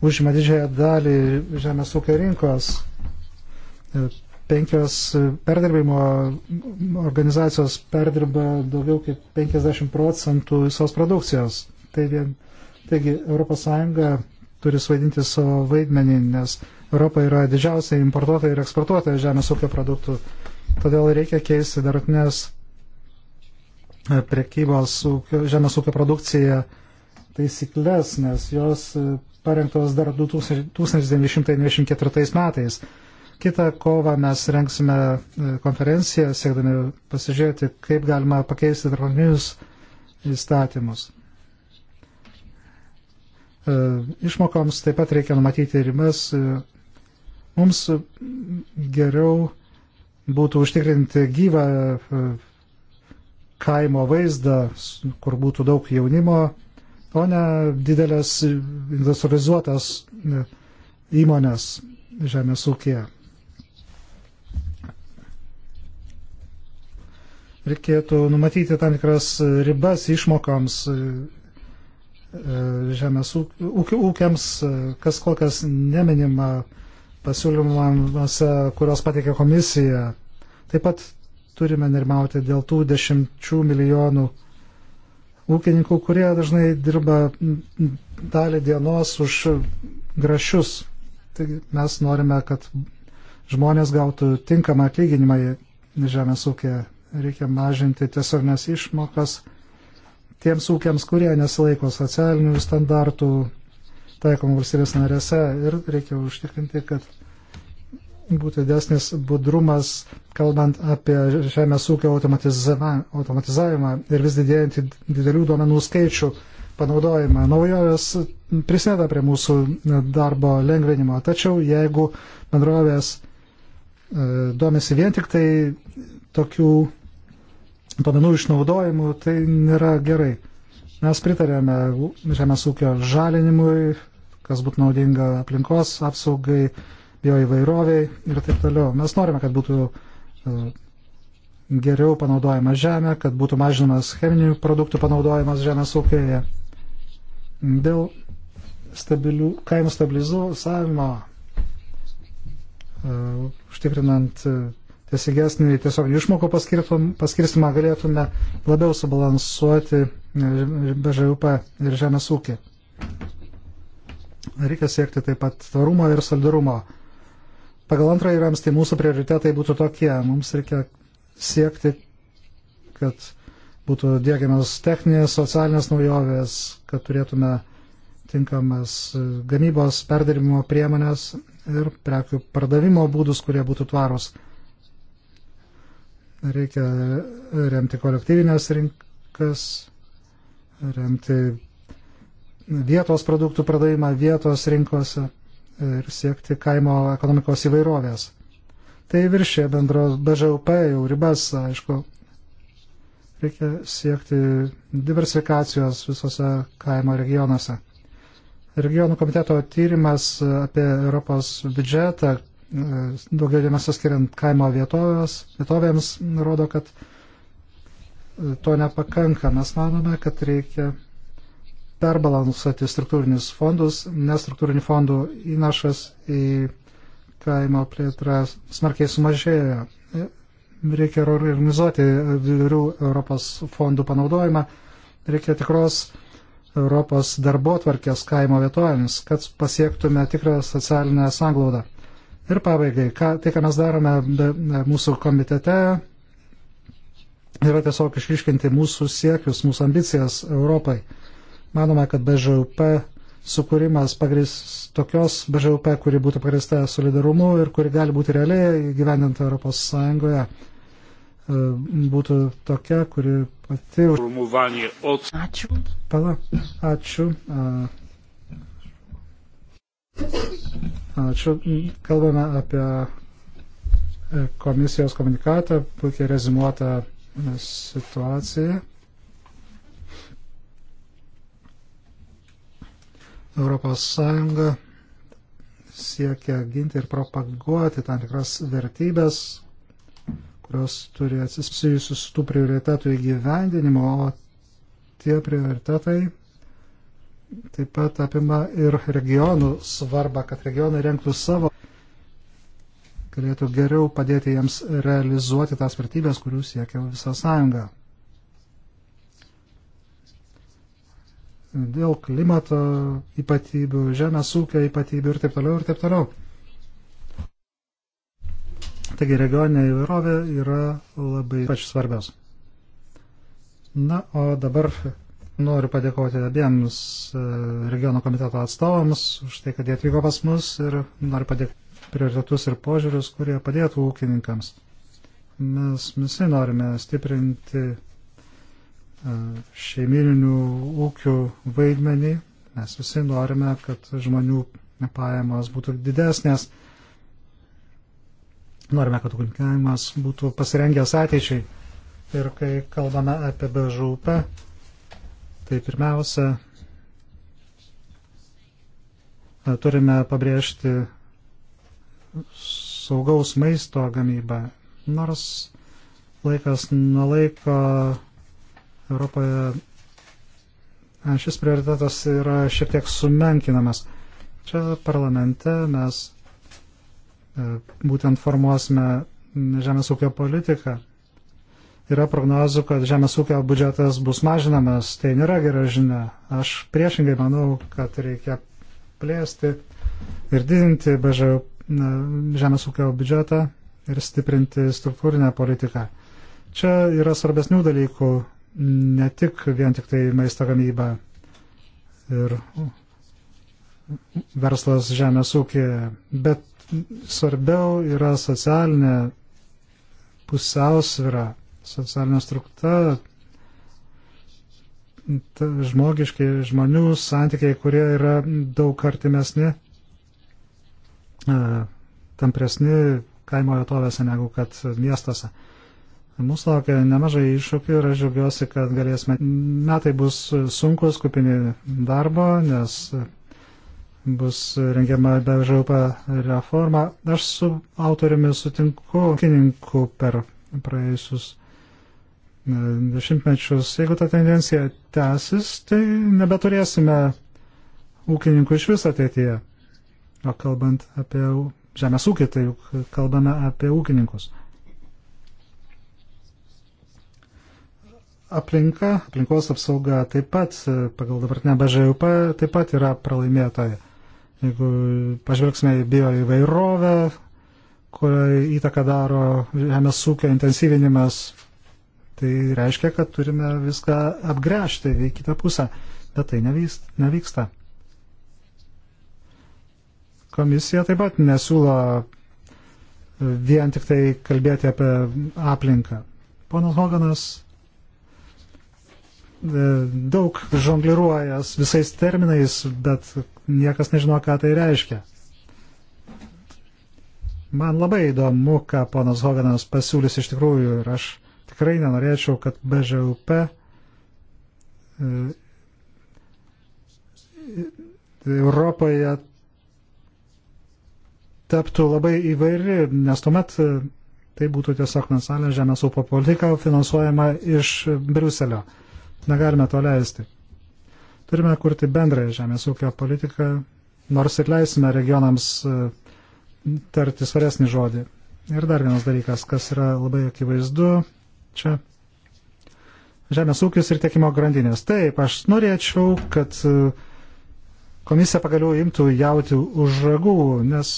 S2: užima didžiąją dalį žemės ūkio rinkos. E, penkios perdirbimo organizacijos perdirba daugiau kaip 50 procentų visos produkcijos. Tai vien Taigi ES turi svaidinti savo vaidmenį, nes Europa yra didžiausia importuotoja ir eksportuotoja žemės ūkio produktų. Todėl reikia keisti darutinės e, prekybos ūkio, žemės ūkio produkciją taisyklės, nes jos e, parengtos dar 1994 metais. Kita kova mes rengsime e, konferenciją, siekdami pasižiūrėti, kaip galima pakeisti tarptautinius įstatymus. E, išmokoms taip pat reikia numatyti rimas. E, mums geriau būtų užtikrinti gyvą e, kaimo vaizdą, kur būtų daug jaunimo, o ne didelės industrializuotas įmonės žemės ūkėje. Reikėtų numatyti tam tikras ribas išmokoms E, žemės ūkiams, e, kas kol kas neminima pasiūlymuose, kurios pateikė komisija. Taip pat turime nerimauti dėl tų dešimčių milijonų ūkininkų, kurie dažnai dirba dalį dienos už grašius. Taigi mes norime, kad žmonės gautų tinkamą atlyginimą žemės ūkė. Reikia mažinti tiesioginės išmokas tiems ūkiams, kurie nesilaiko socialinių standartų taikomų valstybės narėse ir reikia užtikrinti, kad būtų didesnis budrumas, kalbant apie žemės ūkio automatizavimą ir vis didėjantį didelių duomenų skaičių panaudojimą. Naujovės prisėda prie mūsų darbo lengvinimo, tačiau jeigu bendrovės e, domisi vien tik tai tokių duomenų išnaudojimu, tai nėra gerai. Mes pritarėme žemės ūkio žalinimui, kas būtų naudinga aplinkos apsaugai, bioįvairoviai ir taip toliau. Mes norime, kad būtų e, geriau panaudojama žemė, kad būtų mažinamas cheminių produktų panaudojimas žemės ūkėje. Dėl stabilių, kainų stabilizavimo, e, užtikrinant tiesiogesnį tiesioginių išmokų paskirstimą galėtume labiau subalansuoti BŽUP ir žemės ūkį. Reikia siekti taip pat tvarumo ir solidarumo. Pagal antrąjį ramstį mūsų prioritetai būtų tokie. Mums reikia siekti, kad būtų dėgiamas techninės, socialinės naujovės, kad turėtume tinkamas gamybos perdarimo priemonės ir prekių pardavimo būdus, kurie būtų tvarūs. Reikia remti kolektyvinės rinkas, remti vietos produktų pradavimą vietos rinkose ir siekti kaimo ekonomikos įvairovės. Tai viršė bendros BŽUP jau ribas, aišku, reikia siekti diversifikacijos visose kaimo regionuose. Regionų komiteto tyrimas apie Europos biudžetą E, daugiau dėmesio skiriant kaimo vietovės, vietovėms, rodo, kad e, to nepakanka. Mes manome, kad reikia perbalansuoti struktūrinius fondus, nes struktūrinių fondų įnašas į kaimo plėtrą smarkiai sumažėjo. E, reikia organizuoti vidurių Europos fondų panaudojimą, reikia tikros Europos darbo tvarkės kaimo vietovėms, kad pasiektume tikrą socialinę sanglaudą. Ir pabaigai, ką, tai, ką mes darome be, mūsų komitete, yra tiesiog išryškinti mūsų siekius, mūsų ambicijas Europai. Manome, kad BŽUP sukūrimas pagrės tokios BŽUP, kuri būtų pagrįsta solidarumu ir kuri gali būti realiai gyvendinta Europos Sąjungoje, e, būtų tokia, kuri pati. Ačiū. Pala, ačiū. Ačiū. Kalbame apie e, komisijos komunikatą, puikiai rezimuotą e, situaciją. Europos Sąjunga siekia ginti ir propaguoti tam tikras vertybės, kurios turi atsisusijusius tų prioritetų įgyvendinimo, o tie prioritetai taip pat apima ir regionų svarbą, kad regionai renktų savo, galėtų geriau padėti jiems realizuoti tas vertybės, kurių siekia visa sąjunga. Dėl klimato ypatybių, žemės ūkio ypatybių ir taip toliau ir taip toliau. Taigi regioninė įvairovė yra labai pač svarbios. Na, o dabar Noriu padėkoti abiems e, regiono komiteto atstovams už tai, kad jie atvyko pas mus ir noriu padėkoti prioritetus ir požiūrius, kurie padėtų ūkininkams. Mes visi norime stiprinti e, šeimininių ūkių vaidmenį, mes visi norime, kad žmonių pajamos būtų didesnės, norime, kad ūkininkavimas būtų pasirengęs ateičiai. Ir kai kalbame apie bežūpę, tai pirmiausia, e, turime pabrėžti saugaus maisto gamybą. Nors laikas nuo laiko Europoje e, šis prioritetas yra šiek tiek sumenkinamas. Čia parlamente mes e, būtent formuosime žemės ūkio politiką yra prognozų, kad žemės ūkio biudžetas bus mažinamas, tai nėra gera žinia. Aš priešingai manau, kad reikia plėsti ir didinti BŽ, žemės ūkio biudžetą ir stiprinti struktūrinę politiką. Čia yra svarbesnių dalykų, ne tik vien tik tai maisto gamyba ir verslas žemės ūkėje, bet svarbiau yra socialinė pusiausvyra socialinė struktūra, žmogiški žmonių santykiai, kurie yra daug artimesni, e, tampresni kaimo vietovėse negu kad miestuose. Mūsų laukia nemažai iššūkių ir aš džiaugiuosi, kad galėsime. Metai bus sunkus, kupini darbo, nes bus rengiama BŽUP reforma. Aš su autoriumi sutinku, kininkų per praėjusius dešimtmečius. Jeigu ta tendencija tęsis, tai nebeturėsime ūkininkų iš viso ateityje. O kalbant apie žemės ūkį, tai juk kalbame apie ūkininkus. Aplinka, aplinkos apsauga taip pat pagal dabartinę BŽUP taip pat yra pralaimėtoja. Jeigu pažvelgsime į bio įvairovę, kuriai įtaką daro žemės ūkio intensyvinimas, Tai reiškia, kad turime viską apgręžti į kitą pusę, bet tai nevyksta. Komisija taip pat nesiūlo vien tik tai kalbėti apie aplinką. Ponas Hoganas e, daug žongliruoja visais terminais, bet niekas nežino, ką tai reiškia. Man labai įdomu, ką ponas Hoganas pasiūlys iš tikrųjų ir aš tikrai nenorėčiau, kad BŽUP e, Europoje taptų labai įvairi, nes tuomet e, tai būtų tiesiog nacionalinė žemės ūkio politika finansuojama iš Briuselio. Negalime to leisti. Turime kurti bendrąją žemės ūkio politiką, nors ir leisime regionams e, tarti svaresnį žodį. Ir dar vienas dalykas, kas yra labai akivaizdu, Čia žemės ūkis ir tiekimo grandinės. Taip, aš norėčiau, kad e, komisija pagaliau imtų jauti už ragų, nes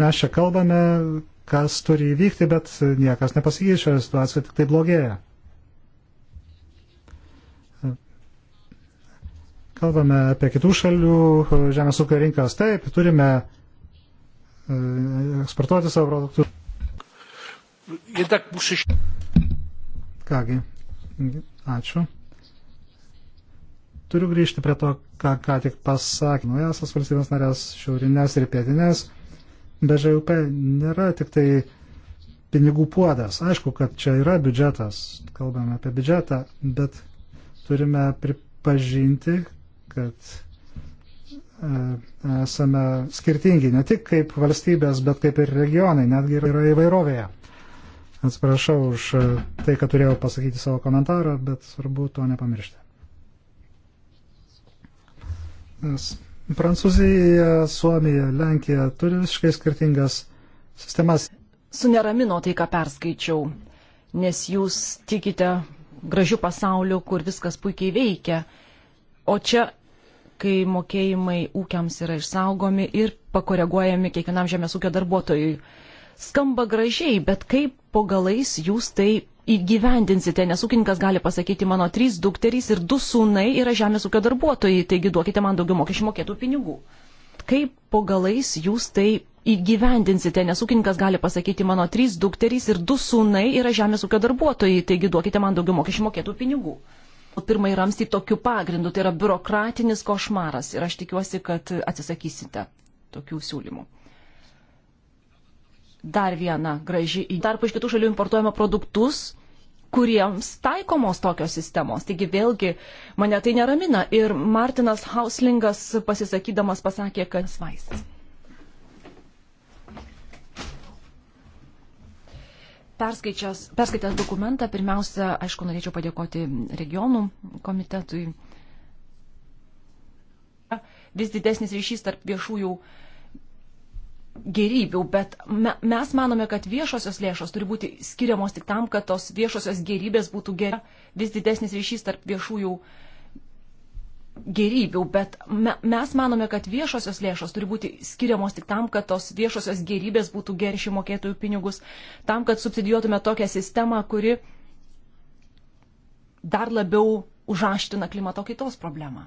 S2: mes čia kalbame, kas turi įvykti, bet niekas nepasikeičia, situacija tik tai blogėja. Kalbame apie kitų šalių e, žemės ūkio rinkas. Taip, turime e, eksportuoti savo produktus. Jednak muszę Kągi, ačiū. Turiu grįžti prie to, ką, ką tik pasakė naujasios valstybės narės šiaurinės ir pietinės. BŽUP nėra tik tai pinigų puodas. Aišku, kad čia yra biudžetas, kalbame apie biudžetą, bet turime pripažinti, kad e, esame skirtingi, ne tik kaip valstybės, bet kaip ir regionai, netgi yra įvairovėje. Atsiprašau už e, tai, kad turėjau pasakyti savo komentarą, bet svarbu to nepamiršti. Nes Prancūzija, Suomija, Lenkija turi visiškai skirtingas sistemas.
S3: Suneramino tai, ką perskaičiau, nes jūs tikite gražių pasaulių, kur viskas puikiai veikia, o čia kai mokėjimai ūkiams yra išsaugomi ir pakoreguojami kiekvienam žemės ūkio darbuotojui skamba gražiai, bet kaip po galais jūs tai įgyvendinsite, nes ūkininkas gali pasakyti, mano trys dukterys ir du sūnai yra žemės ūkio darbuotojai, taigi duokite man daugiau mokesčių mokėtų pinigų. Kaip po galais jūs tai įgyvendinsite, nes ūkininkas gali pasakyti, mano trys dukterys ir du sūnai yra žemės ūkio darbuotojai, taigi duokite man daugiau mokesčių mokėtų pinigų. O pirmai ramstį tokiu pagrindu, tai yra biurokratinis košmaras ir aš tikiuosi, kad atsisakysite tokių siūlymų dar viena graži. Tarp iš kitų šalių importuojame produktus, kuriems taikomos tokios sistemos. Taigi vėlgi mane tai neramina. Ir Martinas Hauslingas pasisakydamas pasakė, kad svaistas. Perskaitęs dokumentą, pirmiausia, aišku, norėčiau padėkoti regionų komitetui. Vis didesnis ryšys tarp viešųjų gerybių, bet mes manome, kad viešosios lėšos turi būti skiriamos tik tam, kad tos viešosios gerybės būtų geria, vis didesnis ryšys tarp viešųjų gerybių, bet mes manome, kad viešosios lėšos turi būti skiriamos tik tam, kad tos viešosios gerybės būtų geršių mokėtojų pinigus, tam, kad subsidijuotume tokią sistemą, kuri dar labiau užaština klimato kaitos problemą.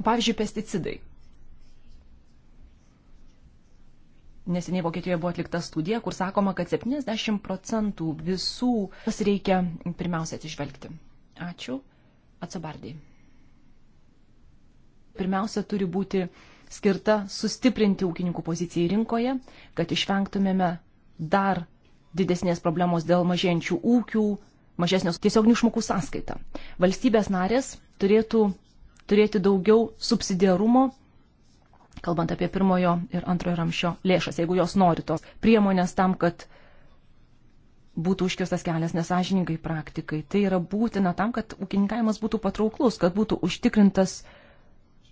S3: Pavyzdžiui, pesticidai Neseniai Vokietijoje buvo atlikta studija, kur sakoma, kad 70 procentų visų tas reikia pirmiausia atsižvelgti. Ačiū. Atsabardai. Pirmiausia, turi būti skirta sustiprinti ūkininkų poziciją rinkoje, kad išvengtumėme dar didesnės problemos dėl mažėjančių ūkių, mažesnios tiesioginių išmokų sąskaita. Valstybės narės turėtų turėti daugiau subsidiarumo kalbant apie pirmojo ir antrojo ramšio lėšas, jeigu jos nori tos priemonės tam, kad būtų užkirstas kelias nesažininkai praktikai. Tai yra būtina tam, kad ūkininkavimas būtų patrauklus, kad būtų užtikrintas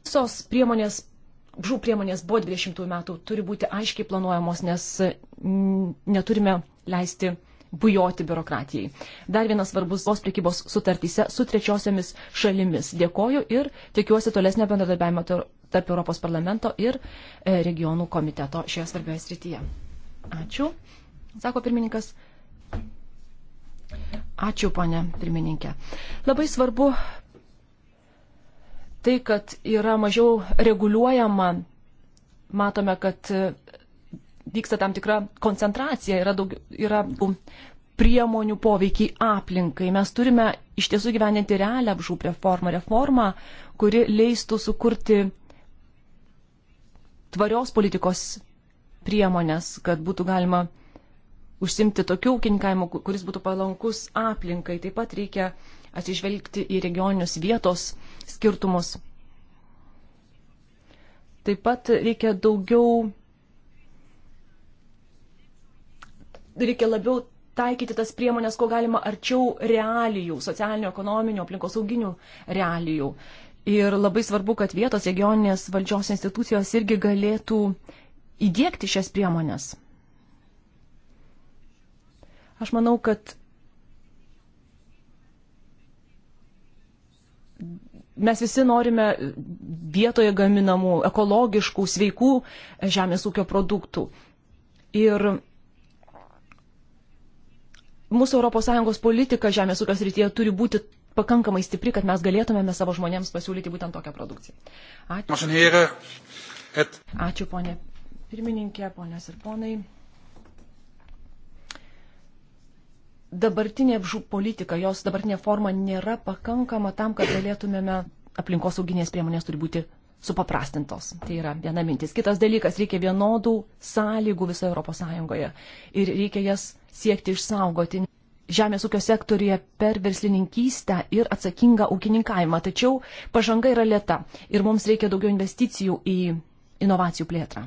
S3: visos priemonės. Žų priemonės buvo 20 metų, turi būti aiškiai planuojamos, nes mm, neturime leisti bujoti biurokratijai. Dar vienas svarbus tos prekybos sutartyse su trečiosiamis šalimis. Dėkoju ir tikiuosi tolesnio bendradarbiavimo tarp Europos parlamento ir e, regionų komiteto šioje svarbioje srityje. Ačiū, sako pirmininkas. Ačiū, ponė pirmininkė. Labai svarbu tai, kad yra mažiau reguliuojama. Matome, kad e, vyksta tam tikra koncentracija, yra, daug, yra priemonių poveikiai aplinkai. Mes turime iš tiesų gyveninti realią apžūp reformą, reformą, kuri leistų sukurti tvarios politikos priemonės, kad būtų galima užsimti tokiu ūkininkavimu, kuris būtų palankus aplinkai. Taip pat reikia atsižvelgti į regioninius vietos skirtumus. Taip pat reikia daugiau, reikia labiau taikyti tas priemonės, ko galima arčiau realijų, socialinio, ekonominio, aplinkosauginių realijų. Ir labai svarbu, kad vietos regioninės valdžios institucijos irgi galėtų įdėkti šias priemonės. Aš manau, kad mes visi norime vietoje gaminamų ekologiškų, sveikų žemės ūkio produktų. Ir mūsų ES politika žemės ūkio srityje turi būti pakankamai stipri, kad mes galėtumėme savo žmonėms pasiūlyti būtent tokią produkciją.
S2: Ačiū.
S3: Ačiū, ponė pirmininkė, ponės ir ponai. Dabartinė politika, jos dabartinė forma nėra pakankama tam, kad galėtumėme aplinkosauginės priemonės turi būti supaprastintos. Tai yra viena mintis. Kitas dalykas, reikia vienodų sąlygų visoje Europos Sąjungoje ir reikia jas siekti išsaugoti žemės ūkio sektoriuje per verslininkystę ir atsakingą ūkininkavimą. Tačiau pažanga yra lėta ir mums reikia daugiau investicijų į inovacijų plėtrą.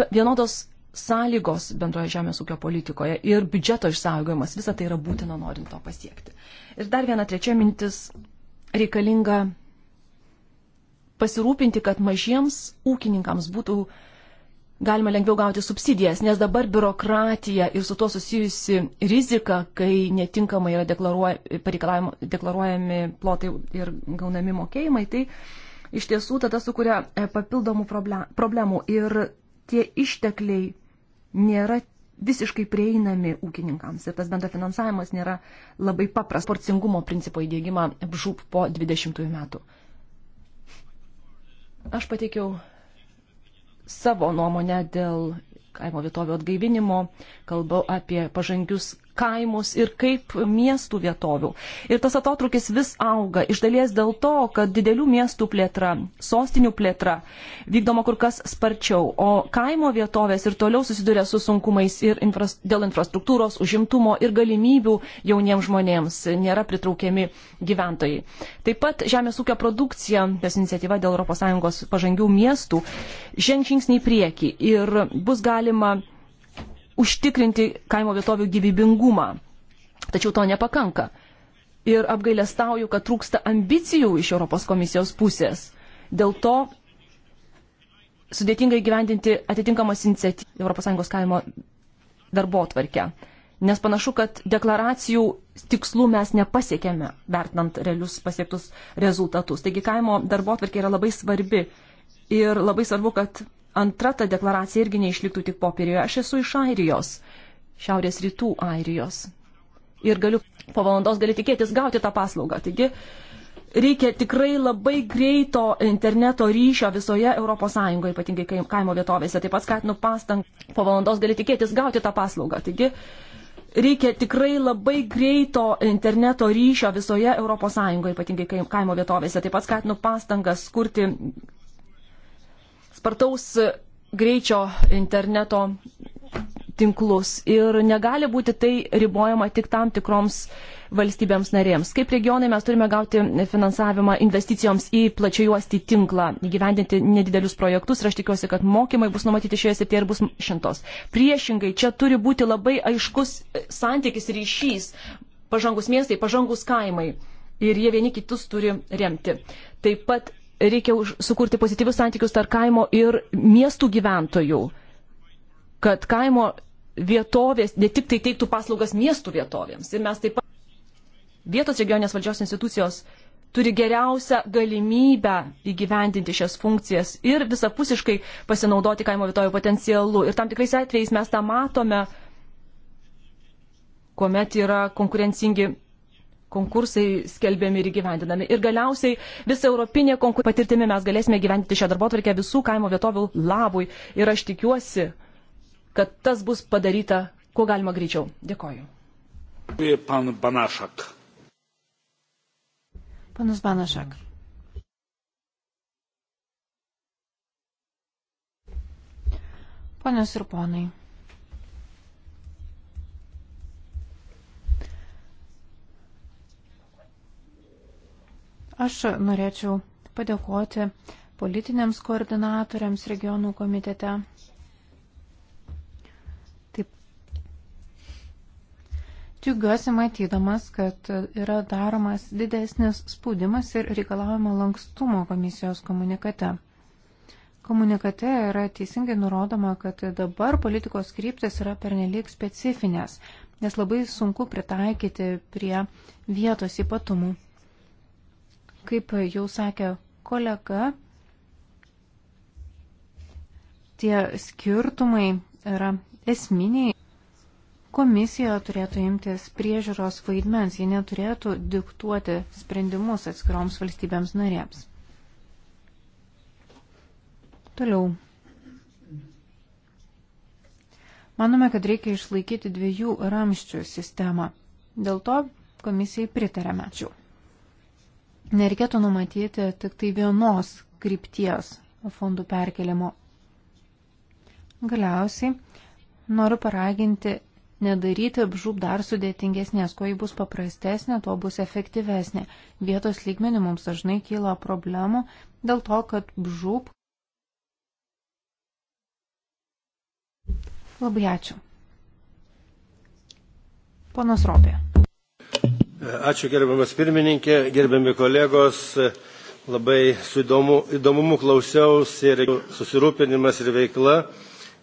S3: Be, vienodos sąlygos bendroje žemės ūkio politikoje ir biudžeto išsaugojimas, visa tai yra būtina norint to pasiekti. Ir dar viena trečia mintis reikalinga pasirūpinti, kad mažiems ūkininkams būtų uh, galima lengviau gauti subsidijas, nes dabar biurokratija ir su tuo susijusi rizika, kai netinkamai yra deklaruojami plotai ir gaunami mokėjimai, tai iš tiesų tada sukuria e, papildomų problemų ir tie ištekliai nėra visiškai prieinami ūkininkams ir tas bendro finansavimas nėra labai papras porcingumo principo įdėgymą žūp po 20 metų. Aš pateikiau savo nuomonę dėl kaimo vietovių atgaivinimo, kalbu apie pažangius kaimus ir kaip miestų vietovių. Ir tas atotrukis vis auga, iš dalies dėl to, kad didelių miestų plėtra, sostinių plėtra vykdoma kur kas sparčiau, o kaimo vietovės ir toliau susiduria su sunkumais ir infras, dėl infrastruktūros, užimtumo ir galimybių jauniems žmonėms nėra pritraukiami gyventojai. Taip pat žemės ūkio produkcija, tas iniciatyva dėl ES pažangių miestų, ženg žingsnį į priekį ir bus galima užtikrinti kaimo vietovių gyvybingumą. Tačiau to nepakanka. Ir apgailestauju, kad trūksta ambicijų iš Europos komisijos pusės. Dėl to sudėtingai gyvendinti atitinkamas iniciatyvas ES kaimo darbo tvarkę. Nes panašu, kad deklaracijų tikslų mes nepasiekėme, vertinant realius pasiektus rezultatus. Taigi kaimo darbo tvarkė yra labai svarbi. Ir labai svarbu, kad antra ta deklaracija irgi neišliktų tik popieriuje. Aš esu iš Airijos, šiaurės rytų Airijos. Ir galiu po valandos gali tikėtis gauti tą paslaugą. Taigi reikia tikrai labai greito interneto ryšio visoje ES, ypatingai kaimo vietovėse. Taip pat skatinu pastang, po valandos gali tikėtis gauti tą paslaugą. Taigi reikia tikrai labai greito interneto ryšio visoje ES, ypatingai kaimo vietovėse. Taip pat skatinu pastangas kurti spartaus greičio interneto tinklus ir negali būti tai ribojama tik tam tikroms valstybėms narėms. Kaip regionai mes turime gauti finansavimą investicijoms į plačiajuostį tinklą, įgyvendinti nedidelius projektus ir aš tikiuosi, kad mokymai bus numatyti šioje srityje ir bus šimtos. Priešingai, čia turi būti labai aiškus santykis ir ryšys pažangus miestai, pažangus kaimai ir jie vieni kitus turi remti. Taip pat reikia sukurti pozityvius santykius tarp kaimo ir miestų gyventojų, kad kaimo vietovės ne tik tai teiktų paslaugas miestų vietovėms. Ir mes taip pat vietos regioninės valdžios institucijos turi geriausią galimybę įgyvendinti šias funkcijas ir visapusiškai pasinaudoti kaimo vietovių potencialu. Ir tam tikrais atvejais mes tą matome, kuomet yra konkurencingi konkursai skelbiami ir gyvendinami. Ir galiausiai visą europinę konkursą patirtimi mes galėsime gyventi šią darbotvarkę visų kaimo vietovių labui. Ir aš tikiuosi, kad tas bus padaryta kuo galima greičiau. Dėkoju.
S1: Pan Banašak.
S3: Panas Banašak.
S4: Ponios ir ponai. Aš norėčiau padėkoti politiniams koordinatoriams regionų komitete. Taip. Džiugiuosi matydamas, kad yra daromas didesnis spaudimas ir reikalavimo lankstumo komisijos komunikate. Komunikate yra teisingai nurodoma, kad dabar politikos kryptis yra pernelyg specifinės, nes labai sunku pritaikyti prie vietos ypatumų. Kaip jau sakė kolega, tie skirtumai yra esminiai. Komisija turėtų imtis priežiūros vaidmens, ji neturėtų diktuoti sprendimus atskiroms valstybėms narėms. Toliau. Manome, kad reikia išlaikyti dviejų ramščių sistemą. Dėl to komisijai pritarėme. Ačiū nereikėtų numatyti tik tai vienos krypties fondų perkelimo. Galiausiai noriu paraginti nedaryti apžūb dar sudėtingesnės, kuo ji bus paprastesnė, tuo bus efektyvesnė. Vietos lygmenių mums dažnai kyla problemų dėl to, kad žūb. Labai ačiū. Ponas Ropė.
S1: Ačiū gerbiamas pirmininkė, gerbiami kolegos. Labai su įdomu, įdomumu klausiausi ir susirūpinimas ir veikla.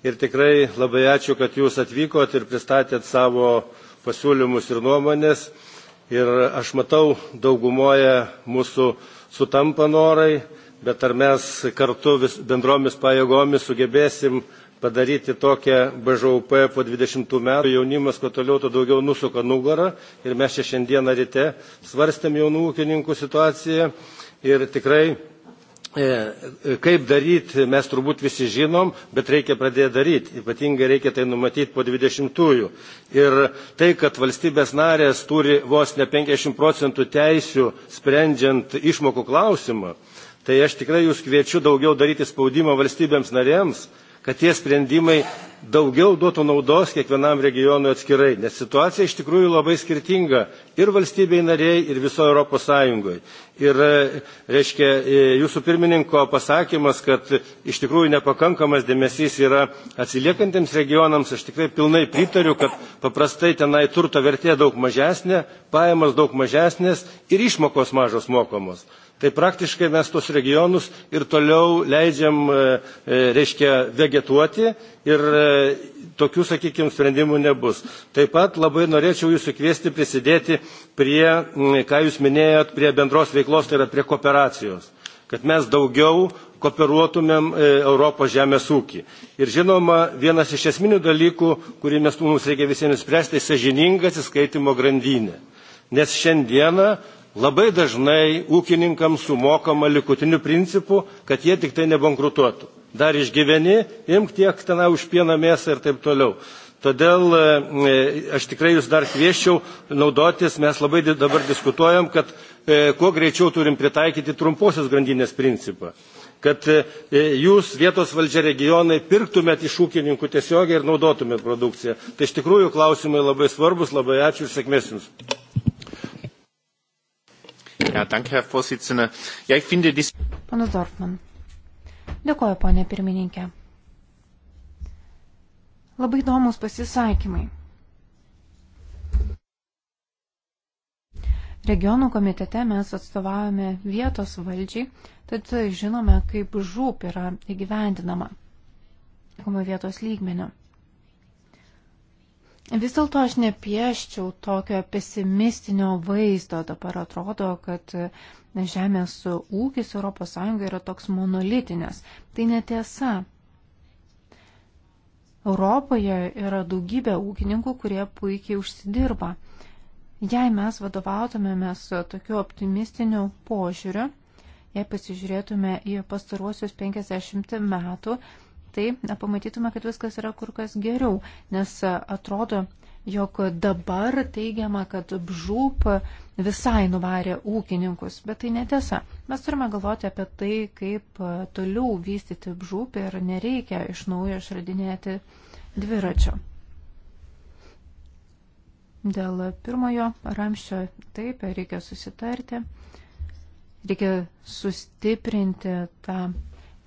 S1: Ir tikrai labai ačiū, kad jūs atvykot ir pristatėt savo pasiūlymus ir nuomonės. Ir aš matau daugumoje mūsų sutampa norai, bet ar mes kartu vis, bendromis pajėgomis sugebėsim padaryti tokią BŽUP po 20 metų. Jaunimas, kuo toliau, to daugiau nusuka nugarą ir mes čia šiandieną ryte svarstėm jaunų ūkininkų situaciją ir tikrai e, e, Kaip daryti, mes turbūt visi žinom, bet reikia pradėti daryti. Ypatingai reikia tai numatyti po 20-ųjų. Ir tai, kad valstybės narės turi vos ne 50 procentų teisių sprendžiant išmokų klausimą, tai aš tikrai jūs kviečiu daugiau daryti spaudimą valstybėms narėms, kad tie sprendimai daugiau duotų naudos kiekvienam regionui atskirai, nes situacija iš tikrųjų labai skirtinga ir valstybei nariai, ir visoje Europos Sąjungoje. Ir, e, reiškia, e, jūsų pirmininko pasakymas, kad iš tikrųjų nepakankamas dėmesys yra atsiliekantiems regionams, aš tikrai pilnai pritariu, kad paprastai tenai turto vertė daug mažesnė, pajamos daug mažesnės ir išmokos mažos mokamos tai praktiškai mes tos regionus ir toliau leidžiam, e, e, reiškia, vegetuoti ir e, tokių, sakykime, sprendimų nebus. Taip pat labai norėčiau jūsų kviesti prisidėti prie, ką jūs minėjot, prie bendros veiklos, tai yra prie kooperacijos kad mes daugiau kooperuotumėm Europos žemės ūkį. Ir žinoma, vienas iš esminių dalykų, kurį mes mums reikia visiems spręsti, tai sažininga atsiskaitimo grandinė. Nes šiandieną labai dažnai ūkininkams sumokama likutiniu principu, kad jie tik tai nebankrutuotų. Dar išgyveni, imk tiek tenai už pieną mėsą ir taip toliau. Todėl e, e, aš tikrai jūs dar kvieščiau naudotis, mes labai dabar diskutuojam, kad e, kuo greičiau turim pritaikyti trumposios grandinės principą kad jūs vietos valdžia regionai pirktumėt iš ūkininkų tiesiogiai ir naudotumėt produkciją. Tai iš tikrųjų klausimai labai svarbus, labai ačiū ir sėkmės jums. Ja, danke, Herr Vorsitzender. Ja, ich finde dies...
S4: Panas Dorfman. Dėkoju, ponė pirmininkė. Labai įdomus pasisakymai. Regionų komitete mes atstovavome vietos valdžiai, tad žinome, kaip žūp yra įgyvendinama. Vietos lygmenio. Vis dėlto aš nepieščiau tokio pesimistinio vaizdo. Dabar atrodo, kad žemės ūkis ES yra toks monolitinės. Tai netiesa. Europoje yra daugybė ūkininkų, kurie puikiai užsidirba. Jei mes vadovautumėmės tokiu optimistiniu požiūriu, jei pasižiūrėtume į pastaruosius 50 metų, tai pamatytume, kad viskas yra kur kas geriau, nes atrodo, jog dabar teigiama, kad bžūp visai nuvarė ūkininkus, bet tai netiesa. Mes turime galvoti apie tai, kaip toliau vystyti bžūp ir nereikia iš naujo išradinėti dviračio. Dėl pirmojo ramščio taip reikia susitarti, reikia sustiprinti tą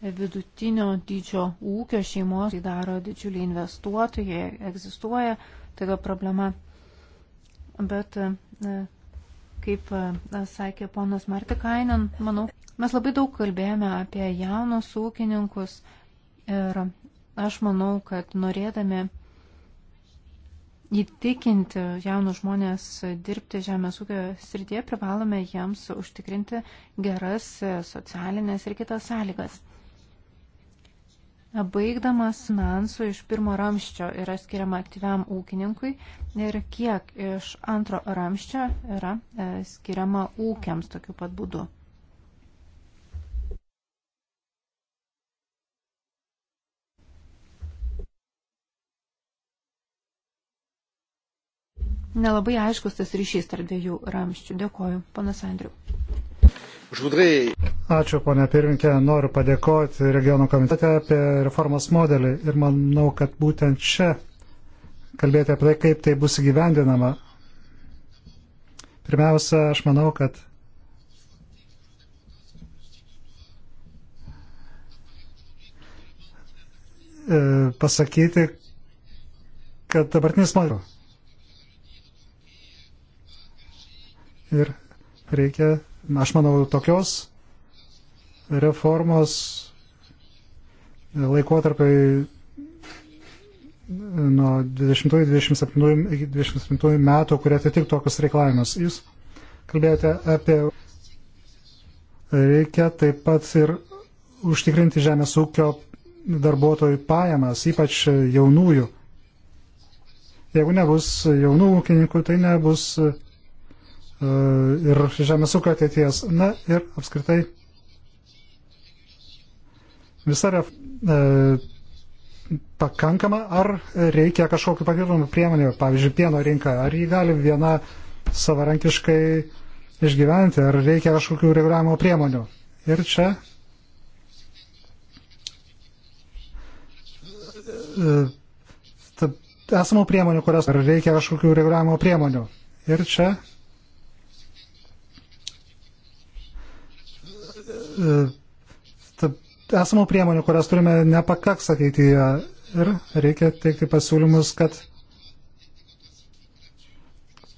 S4: vidutinio dydžio ūkio šeimos, tai daro didžiuliai investuotojai, egzistuoja, tai yra problema. Bet, e, kaip e, sakė ponas Martikainen, manau, mes labai daug kalbėjome apie jaunus ūkininkus ir aš manau, kad norėdami įtikinti jaunus žmonės dirbti žemės ūkio srityje, privalome jiems užtikrinti geras e, socialinės ir kitas sąlygas baigdamas finansų iš pirmo ramščio yra skiriama aktyviam ūkininkui ir kiek iš antro ramščio yra e, skiriama ūkiams tokiu pat būdu. nelabai aiškus tas ryšys tarp dviejų ramščių. Dėkoju, panas Andriu.
S2: Ačiū, ponė pirminkė. Noriu padėkoti regionų komitete apie reformos modelį ir manau, kad būtent čia kalbėti apie tai, kaip tai bus įgyvendinama. Pirmiausia, aš manau, kad e, pasakyti, kad dabartinis modelis Ir reikia, aš manau, tokios reformos laikotarpiai nuo 20-27 metų, kurie atitik tokius reikalavimus. Jūs kalbėjote apie reikia taip pat ir užtikrinti žemės ūkio darbuotojų pajamas, ypač jaunųjų. Jeigu nebus jaunų ūkininkų, tai nebus E, ir žemės ūkio ateities. Na ir apskritai visa ref, e, pakankama, ar reikia kažkokiu papildomu priemonių, pavyzdžiui, pieno rinka, ar jį gali viena savarankiškai išgyventi, ar reikia kažkokių reguliavimo priemonių. Ir čia e, e, esamų priemonių, kurias ar reikia kažkokių reguliavimo priemonių. Ir čia E, esamų priemonių, kurias turime, nepakaks ateityje ir reikia teikti pasiūlymus, kad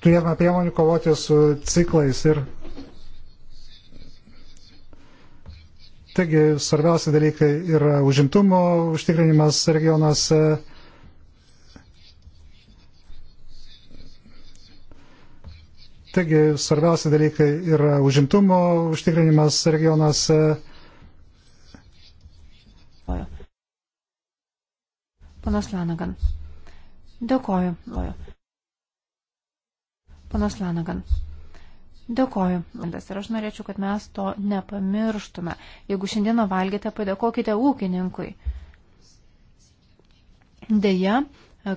S2: turėtume priemonių kovoti su ciklais ir Taigi svarbiausi dalykai yra užimtumo užtikrinimas regionuose, Taigi svarbiausi dalykai yra užimtumo užtikrinimas regionuose.
S4: Panas Lanagan. Dėkoju. Panas Lanagan. Dėkoju. Ir aš norėčiau, kad mes to nepamirštume. Jeigu šiandieną valgėte, padėkokite ūkininkui. Deja,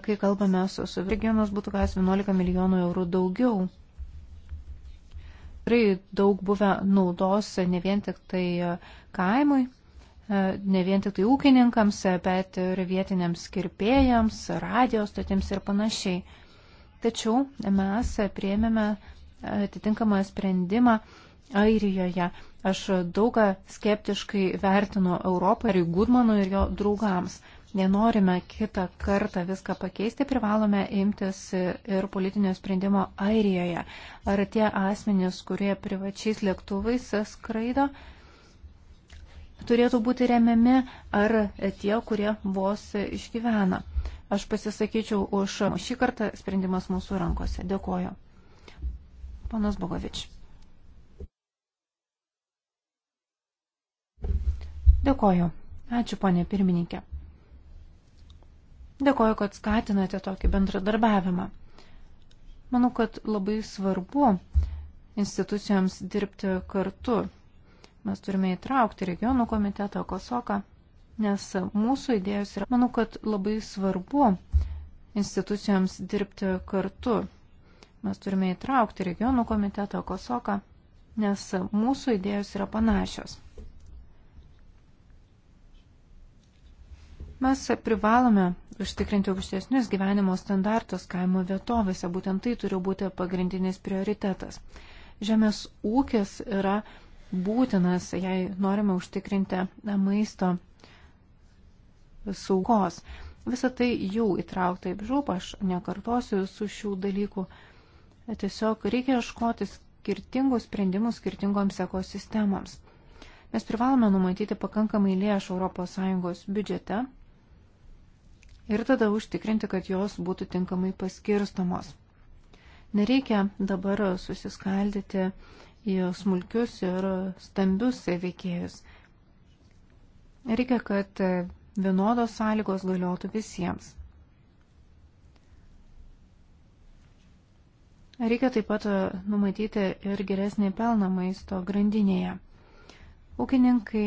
S4: kai kalbame su, su regionus, būtų kas 11 milijonų eurų daugiau tikrai daug buvę naudos ne vien tik tai kaimui, ne vien tik tai ūkininkams, bet ir vietiniams kirpėjams, radijos stotims ir panašiai. Tačiau mes prieimėme atitinkamą sprendimą Airijoje. Aš daugą skeptiškai vertinu Europą ir Gudmanų ir jo draugams nenorime kitą kartą viską pakeisti, privalome imtis ir politinio sprendimo Airijoje. Ar tie asmenys, kurie privačiais lėktuvais skraido, turėtų būti remiami, ar tie, kurie vos išgyvena. Aš pasisakyčiau už šį kartą sprendimas mūsų rankose. Dėkoju. Panas Bogovič. Dėkoju. Ačiū, ponė pirmininkė. Dėkoju, kad skatinate tokį bendradarbiavimą. Manau, kad labai svarbu institucijoms dirbti kartu. Mes turime įtraukti regionų komitetą, kosoką, nes mūsų idėjos yra, manau, kad labai svarbu institucijoms dirbti kartu. Mes turime įtraukti regionų komitetą, kosoką, nes mūsų idėjos yra panašios. Mes privalome užtikrinti aukštesnius gyvenimo standartus kaimo vietovėse. Būtent tai turi būti pagrindinis prioritetas. Žemės ūkis yra būtinas, jei norime užtikrinti maisto saugos. Visą tai jau įtraukta į bžūpą, aš nekartosiu visų šių dalykų. Tiesiog reikia ieškoti skirtingų sprendimų skirtingoms ekosistemoms. Mes privalome numatyti pakankamai lėšų ES biudžete ir tada užtikrinti, kad jos būtų tinkamai paskirstamos. Nereikia dabar susiskaldyti į smulkius ir stambius veikėjus. Reikia, kad vienodos sąlygos galiotų visiems. Reikia taip pat numatyti ir geresnį pelną maisto grandinėje. Ūkininkai,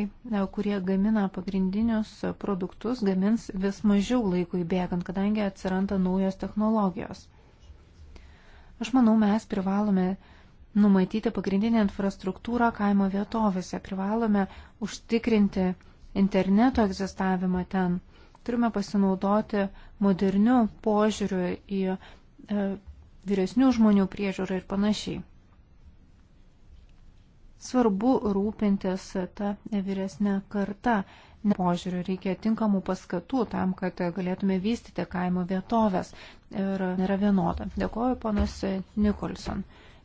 S4: kurie gamina pagrindinius produktus, gamins vis mažiau laikui bėgant, kadangi atsiranda naujos technologijos. Aš manau, mes privalome numatyti pagrindinę infrastruktūrą kaimo vietovėse, privalome užtikrinti interneto egzistavimą ten. Turime pasinaudoti moderniu požiūriu į e, vyresnių žmonių priežiūrą ir panašiai svarbu rūpintis tą vyresnę kartą. Požiūriu reikia tinkamų paskatų tam, kad galėtume vystyti kaimo vietovės ir nėra vienoda. Dėkoju, ponas Nikolson.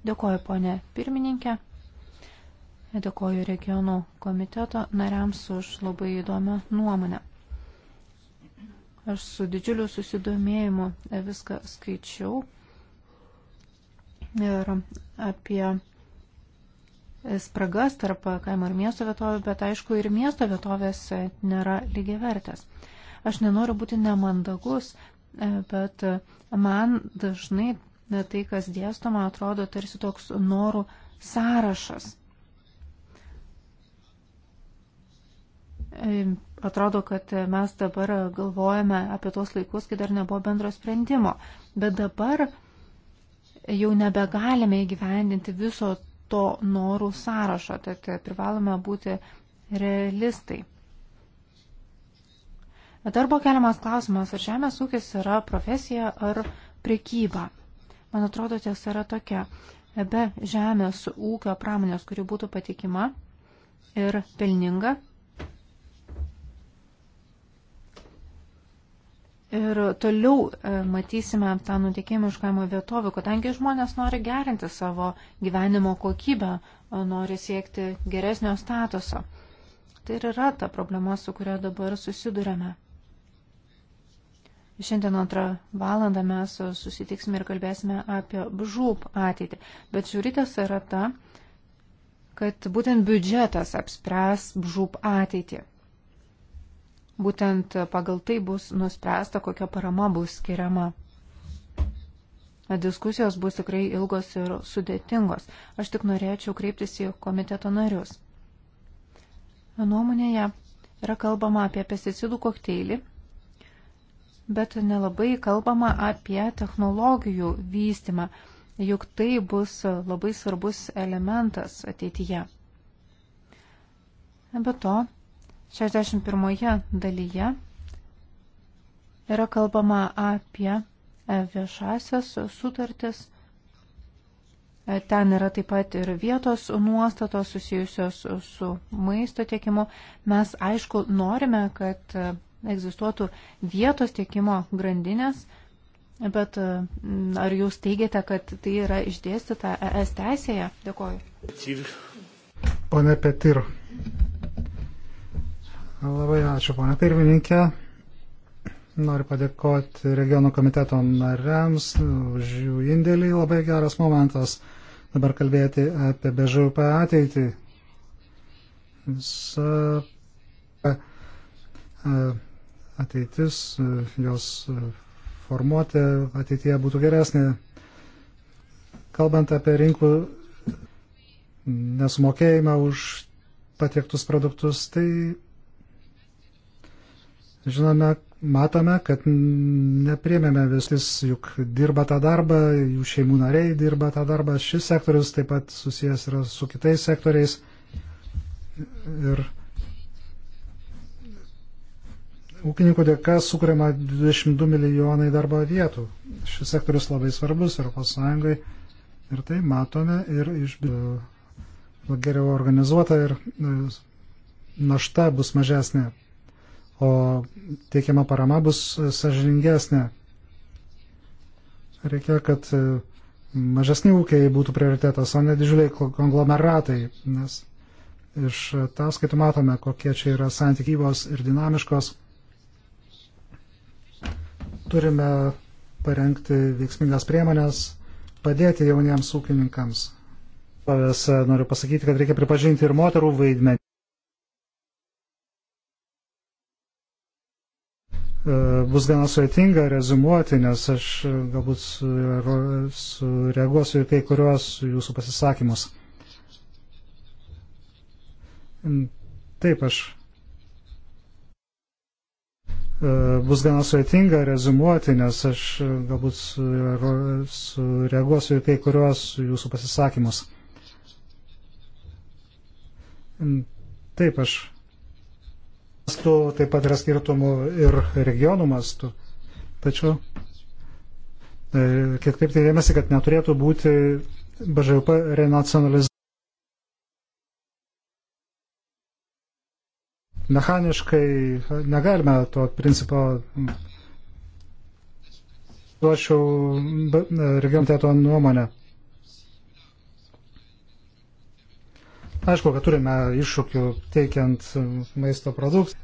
S4: Dėkoju, ponė pirmininkė. Dėkoju regionų komiteto nariams už labai įdomią nuomonę. Aš su didžiuliu susidomėjimu viską skaičiau ir apie spragas tarp kaimo ir miesto vietovių, bet aišku ir miesto vietovės nėra lygiai vertės. Aš nenoriu būti nemandagus, e, bet man dažnai e, tai, kas dėstoma, atrodo tarsi toks norų sąrašas. E, atrodo, kad mes dabar galvojame apie tos laikus, kai dar nebuvo bendro sprendimo, bet dabar jau nebegalime įgyvendinti viso to norų sąrašo, tad e, privalome būti realistai. Dar buvo keliamas klausimas, ar žemės ūkis yra profesija ar prekyba. Man atrodo, tiesa yra tokia. Be žemės ūkio pramonės, kuri būtų patikima ir pelninga, Ir toliau e, matysime tą nutikėjimą iš kaimo vietovių, kadangi žmonės nori gerinti savo gyvenimo kokybę, nori siekti geresnio statuso. Tai ir yra ta problema, su kuria dabar susidurėme. Šiandien antrą valandą mes susitiksime ir kalbėsime apie žūp ateitį. Bet žiūritės yra ta, kad būtent biudžetas apspręs žūp ateitį. Būtent pagal tai bus nuspręsta, kokia parama bus skiriama. Diskusijos bus tikrai ilgos ir sudėtingos. Aš tik norėčiau kreiptis į komiteto narius. Nuomonėje yra kalbama apie pesticidų kokteilį, bet nelabai kalbama apie technologijų vystimą, juk tai bus labai svarbus elementas ateityje. Be to, 61 dalyje yra kalbama apie e, viešasias sutartis. E, ten yra taip pat ir vietos nuostatos susijusios su maisto tiekimu. Mes aišku norime, kad e, egzistuotų vietos tiekimo grandinės, bet ar jūs teigiate, kad tai yra išdėstyta ES teisėje? Dėkoju.
S2: Pane Petir. Labai ačiū, pana pirmininkė. Noriu padėkoti regionų komiteto nariams už jų indėlį. Labai geras momentas dabar kalbėti apie BŽUP ateitį. Visa e, e, ateitis, e, jos formuoti ateityje būtų geresnė. Kalbant apie rinkų nesumokėjimą už patiektus produktus, tai Žinome, matome, kad nepriemėme visus, juk dirba tą darbą, jų šeimų nariai dirba tą darbą, šis sektorius taip pat susijęs yra su kitais sektoriais. Ir ūkininkų dėka sukūrėma 22 milijonai darbo vietų. Šis sektorius labai svarbus Europos Sąjungai ir tai matome ir iš geriau organizuota ir e, našta bus mažesnė o teikiama parama bus sažiningesnė. Reikia, kad e, mažesni ūkiai būtų prioritetas, o ne didžiuliai konglomeratai, nes iš ataskaitų matome, kokie čia yra santykybos ir dinamiškos. Turime parengti veiksmingas priemonės, padėti jauniems ūkininkams. E, noriu pasakyti, kad reikia pripažinti ir moterų vaidmenį. E, bus gana sudėtinga rezumuoti, nes aš e, galbūt e, sureaguosiu į kai kuriuos jūsų pasisakymus. Taip, aš. Bus gana sudėtinga rezumuoti, nes aš galbūt sureaguosiu į kai kuriuos jūsų pasisakymus. Taip, aš mastu, taip pat yra skirtumų ir regionų mastu. Tačiau e, kiek taip tai dėmesį, kad neturėtų būti BŽP renacionalizacija. Mechaniškai negalime to principo duočiau e, regionų teto nuomonę. Aišku, kad turime iššūkių teikiant maisto produktus.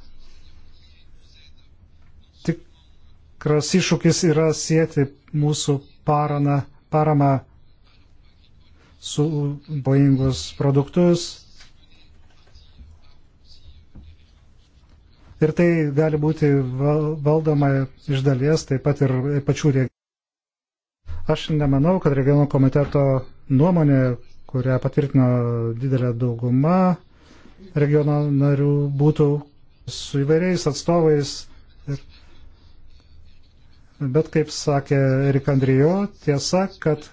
S2: Tikras iššūkis yra sieti mūsų parana, paramą su boingus produktus. Ir tai gali būti valdoma iš dalies taip pat ir pačių regionų. Aš nemanau, kad regionų komiteto nuomonė kurią patvirtino didelė dauguma regiono narių, būtų su įvairiais atstovais. Ir, bet kaip sakė Erik Andrijo, tiesa, kad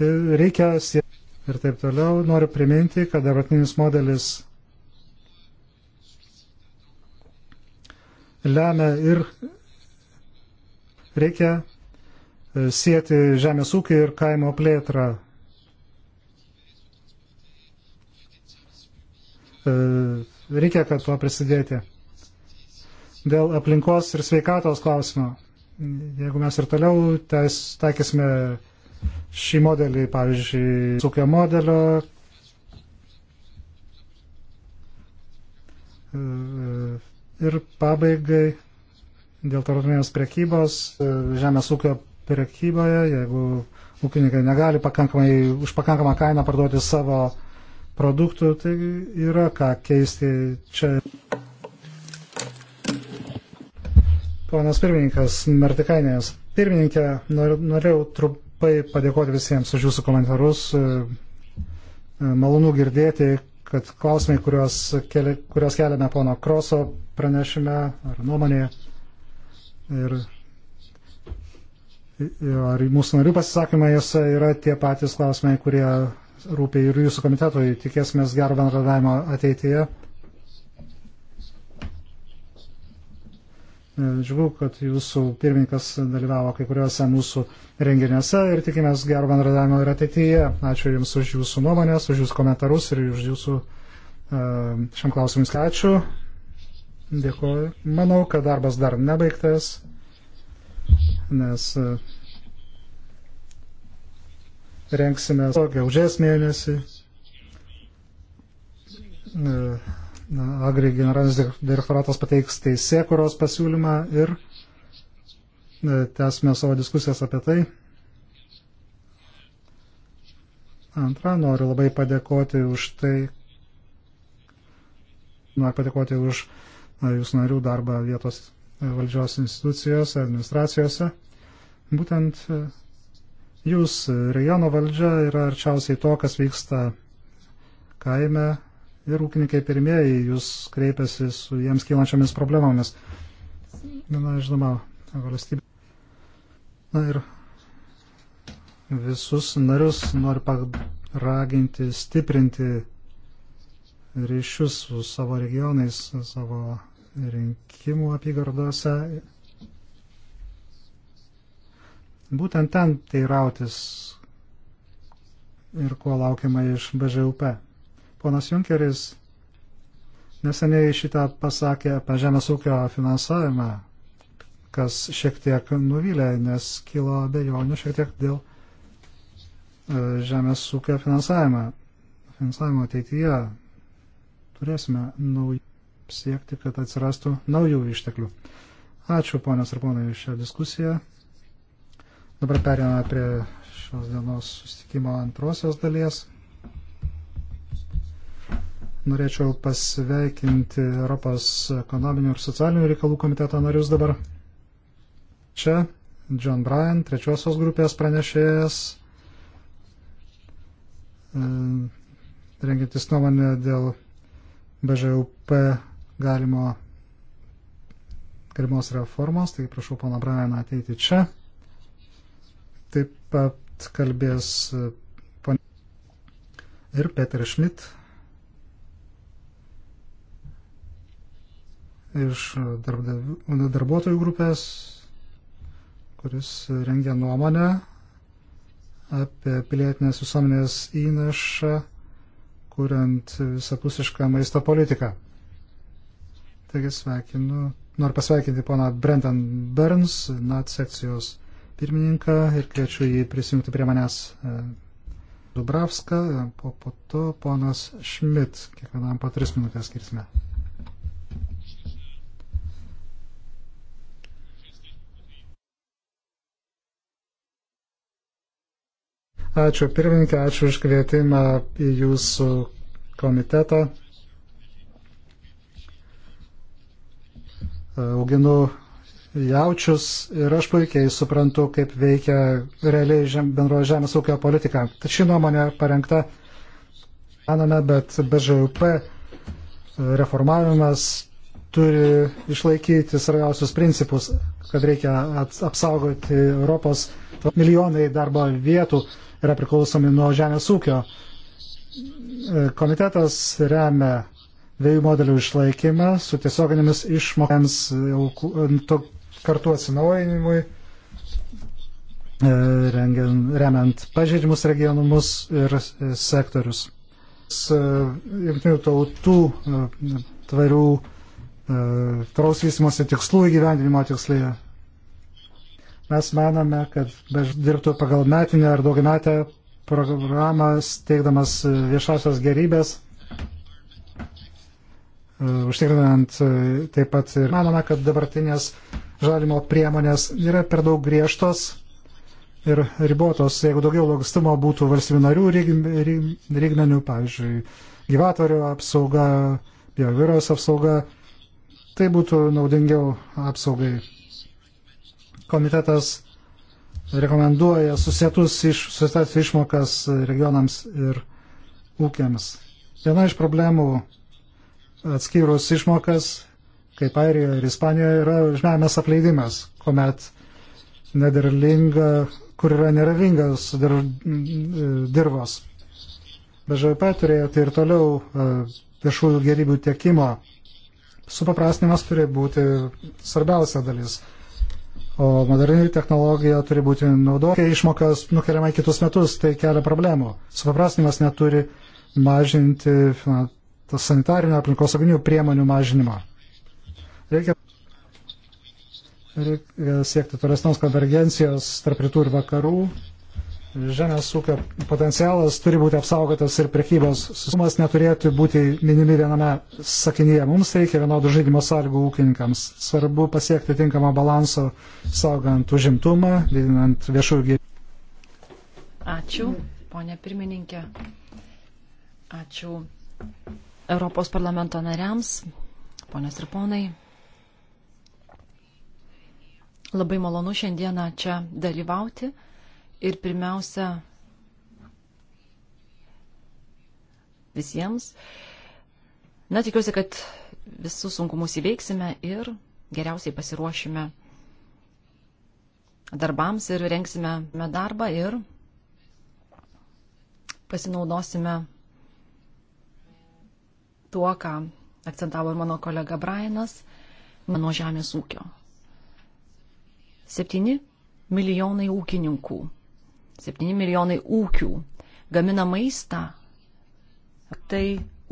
S2: tai reikia siekti. Ir taip toliau noriu priminti, kad dabartinis modelis lemia ir reikia e, sieti žemės ūkį ir kaimo plėtrą E, reikia, kad tuo prisidėti. Dėl aplinkos ir sveikatos klausimo. Jeigu mes ir toliau taikysime šį modelį, pavyzdžiui, sūkio modelio, e, ir pabaigai dėl tarptautinės prekybos, e, žemės ūkio prekyboje, jeigu ūkininkai negali pakankamai, už pakankamą kainą parduoti savo uh, produktų, tai yra ką keisti čia. Ponas pirmininkas Mertikainės. Pirmininkė, norėjau trumpai padėkoti visiems už jūsų komentarus. Malonu girdėti, kad klausimai, kuriuos, keli, kuriuos keliame pono Kroso pranešime ar nuomonėje ir ar mūsų narių pasisakymai yra tie patys klausimai, kurie rūpė ir jūsų komitetui. Tikėsime gero bendradavimo ateityje. E, džiugu, kad jūsų pirmininkas dalyvavo kai kuriuose mūsų renginiuose ir tikimės gero bendradavimo ir ateityje. Ačiū Jums už Jūsų nuomonės, už Jūsų komentarus ir už Jūsų e, šiam klausimui ačiū. Dėkuoju. Manau, kad darbas dar nebaigtas, nes e, rengsime gegužės mėnesį. E, Agri generalinis direktoratas pateiks teisėkuros pasiūlymą ir e, tęsime savo diskusijas apie tai. Antra, noriu labai padėkoti už tai, noriu padėkoti už na, jūsų narių darbą vietos e, valdžios institucijose, administracijose. Būtent Jūs, regiono valdžia, yra arčiausiai to, kas vyksta kaime ir ūkininkai pirmieji jūs kreipiasi su jiems kylančiamis problemomis. Na, žinoma, valstybė. Na ir visus narius noriu paraginti, stiprinti ryšius su savo regionais, savo rinkimų apygardose būtent ten tai rautis ir ko laukiama iš BŽUP. Ponas Junkeris neseniai šitą pasakė apie žemės ūkio finansavimą, kas šiek tiek nuvylė, nes kilo abejonių šiek tiek dėl e, žemės ūkio finansavimą. Finansavimo ateityje turėsime naujų siekti, kad atsirastų naujų išteklių. Ačiū ponios ir ponai už šią diskusiją. Dabar perėjome prie šios dienos sustikimo antrosios dalies. Norėčiau pasveikinti Europos ekonominių ir socialinių reikalų komiteto narius dabar. Čia John Bryan, trečiosios grupės pranešėjas, e, rengintis nuomonę dėl BŽUP galimo galimos reformos, tai prašau pana Bryaną ateiti čia pat kalbės e, ponė ir Peter Šlit iš darbuotojų grupės, kuris rengia nuomonę apie pilietinės visuomenės įnašą, kuriant visapusišką maisto politiką. Taigi sveikinu, noriu pasveikinti poną Brendan Burns, NAT sekcijos pirmininką ir kviečiu jį prisijungti prie manęs e, Dubravską, po, po to ponas Šmit, kiekvienam po tris minutės skirsime. Ačiū pirmininkė, ačiū už kvietimą į jūsų komitetą. E, auginu jaučius ir aš puikiai suprantu, kaip veikia realiai žem, bendrojo žemės ūkio politika. Tačiau nuomonė parengta, manome, bet BŽUP e, reformavimas turi išlaikyti svarbiausius principus, kad reikia apsaugoti Europos milijonai darbo vietų yra priklausomi nuo žemės ūkio. E, komitetas remia dviejų modelių išlaikymą su tiesioginėmis išmokėms kartu atsinaujinimui, e, remiant pažeidžiamus regionumus ir e, sektorius. E, Jungtinių tautų tvarių tvaraus vystimosi tikslų įgyvendinimo tikslyje. Mes manome, kad dirbtų pagal metinę ar daugiametę programą, steigdamas viešasios gerybės, užtikrinant taip pat ir manome, kad dabartinės žalimo priemonės yra per daug griežtos ir ribotos. Jeigu daugiau lankstumo būtų valstybių narių lygmenių, pavyzdžiui, gyvatorių apsauga, bioviros apsauga, tai būtų naudingiau apsaugai. Komitetas rekomenduoja susietus iš, susietas išmokas regionams ir ūkiams. Viena iš problemų atskyrus išmokas kaip Airijoje ir Ispanijoje, yra žemės apleidimas, kuomet nederlinga, kur yra neravingas dir, mm, dirvos. BŽP turėjo tai ir toliau e, viešųjų gerybių tiekimo. Supaprastinimas turi būti svarbiausia dalis. O moderni technologija turi būti naudojama, kai išmokas nukeliama į kitus metus, tai kelia problemų. Supaprastinimas neturi mažinti na, sanitarinio aplinkosauginių priemonių mažinimą. Reikia, reikia siekti tolesnos konvergencijos tarp rytų ir vakarų. Žemės ūkio potencialas turi būti apsaugotas ir prekybos sumas neturėtų būti minimi viename sakinyje. Mums reikia vienodų žaidimo sąlygų ūkininkams. Svarbu pasiekti tinkamą balanso, saugant užimtumą, didinant viešųjų gyvybę.
S3: Ačiū, ponė pirmininkė. Ačiū Europos parlamento nariams, ponios ir ponai. Labai malonu šiandieną čia dalyvauti ir pirmiausia visiems. Na, tikiuosi, kad visus sunkumus įveiksime ir geriausiai pasiruošime darbams ir rengsime darbą ir pasinaudosime tuo, ką akcentavo ir mano kolega Brianas, mano žemės ūkio 7 milijonai ūkininkų, 7 milijonai ūkių gamina maistą, tai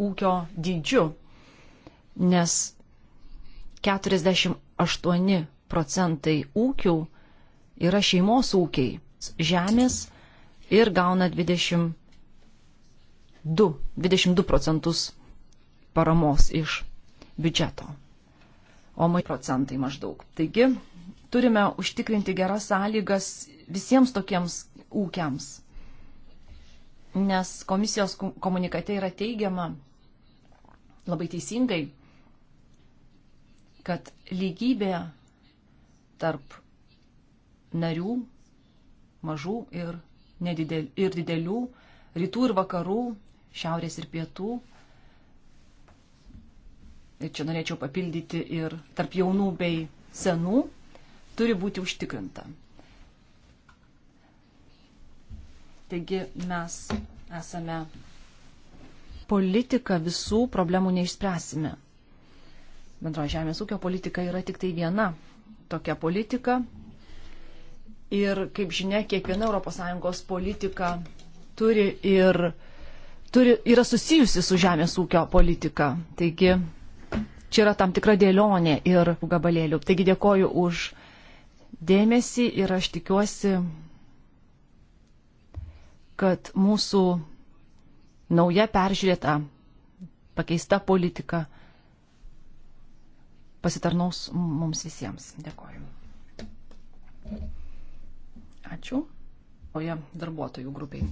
S3: ūkio dydžiu, nes 48 procentai ūkių yra šeimos ūkiai žemės ir gauna 22, 22 procentus paramos iš biudžeto. O mai procentai maždaug. Taigi, turime užtikrinti geras sąlygas visiems tokiems ūkiams. Nes komisijos komunikate yra teigiama labai teisingai, kad lygybė tarp narių, mažų ir, nedidel, ir didelių, rytų ir vakarų, šiaurės ir pietų. Ir čia norėčiau papildyti ir tarp jaunų bei senų turi būti užtikrinta. Taigi mes esame politika, visų problemų neišspręsime. Bendroji žemės ūkio politika yra tik tai viena tokia politika. Ir kaip žinia, kiekviena ES politika turi ir turi, yra susijusi su žemės ūkio politika. Taigi čia yra tam tikra dėlionė ir gabalėlių. Taigi dėkoju už dėmesį ir aš tikiuosi, kad mūsų nauja peržiūrėta, pakeista politika pasitarnaus mums visiems. Dėkoju. Ačiū. Oje darbuotojų grupiai.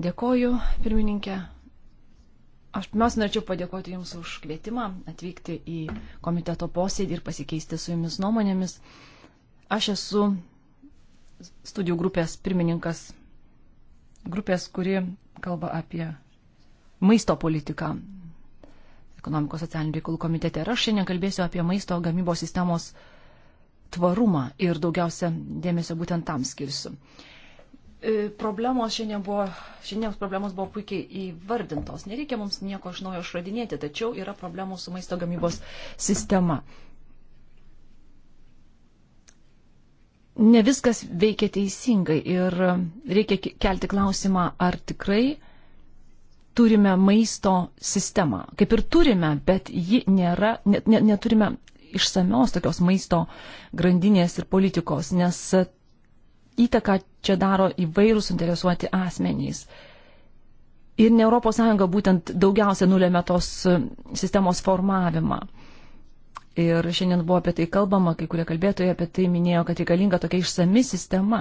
S3: Dėkoju, pirmininkė. Aš pirmiausia norėčiau padėkoti Jums už kvietimą atvykti į komiteto posėdį ir pasikeisti su Jumis nuomonėmis. Aš esu studijų grupės pirmininkas, grupės, kuri kalba apie maisto politiką ekonomikos socialinių reikalų komitete. Ir aš šiandien kalbėsiu apie maisto gamybos sistemos tvarumą ir daugiausia dėmesio būtent tam skirsiu. E, problemos šiandien buvo, šiandienos problemos buvo puikiai įvardintos. Nereikia mums nieko iš naujo išradinėti, tačiau yra problemų su maisto gamybos sistema. ne viskas veikia teisingai ir reikia kelti klausimą, ar tikrai turime maisto sistemą. Kaip ir turime, bet ji nėra, net, net, neturime išsamios tokios maisto grandinės ir politikos, nes įtaką čia daro įvairūs interesuoti asmenys. Ir ne ES būtent daugiausia nulėmė tos sistemos formavimą. Ir šiandien buvo apie tai kalbama, kai kurie kalbėtojai apie tai minėjo, kad reikalinga tokia išsami sistema.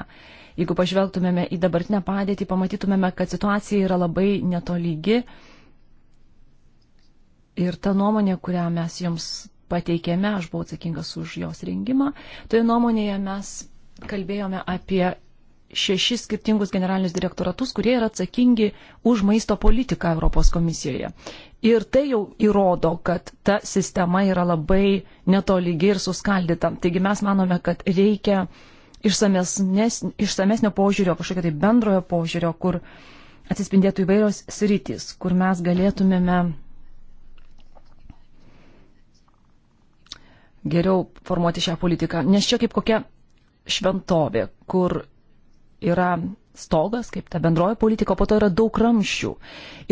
S3: Jeigu pažvelgtumėme į dabartinę padėtį, pamatytumėme, kad situacija yra labai netolygi. Ir ta nuomonė, kurią mes jums pateikėme, aš buvau atsakingas už jos rengimą, toje nuomonėje mes kalbėjome apie šešis skirtingus generalinius direktoratus, kurie yra atsakingi už maisto politiką Europos komisijoje. Ir tai jau įrodo, kad ta sistema yra labai netolygi ir suskaldyta. Taigi mes manome, kad reikia išsamesnio požiūrio, kažkokio tai bendrojo požiūrio, kur atsispindėtų įvairios sritys, kur mes galėtumėme geriau formuoti šią politiką. Nes čia kaip kokia šventovė, kur yra stogas, kaip ta bendroji politika, po to yra daug ramščių.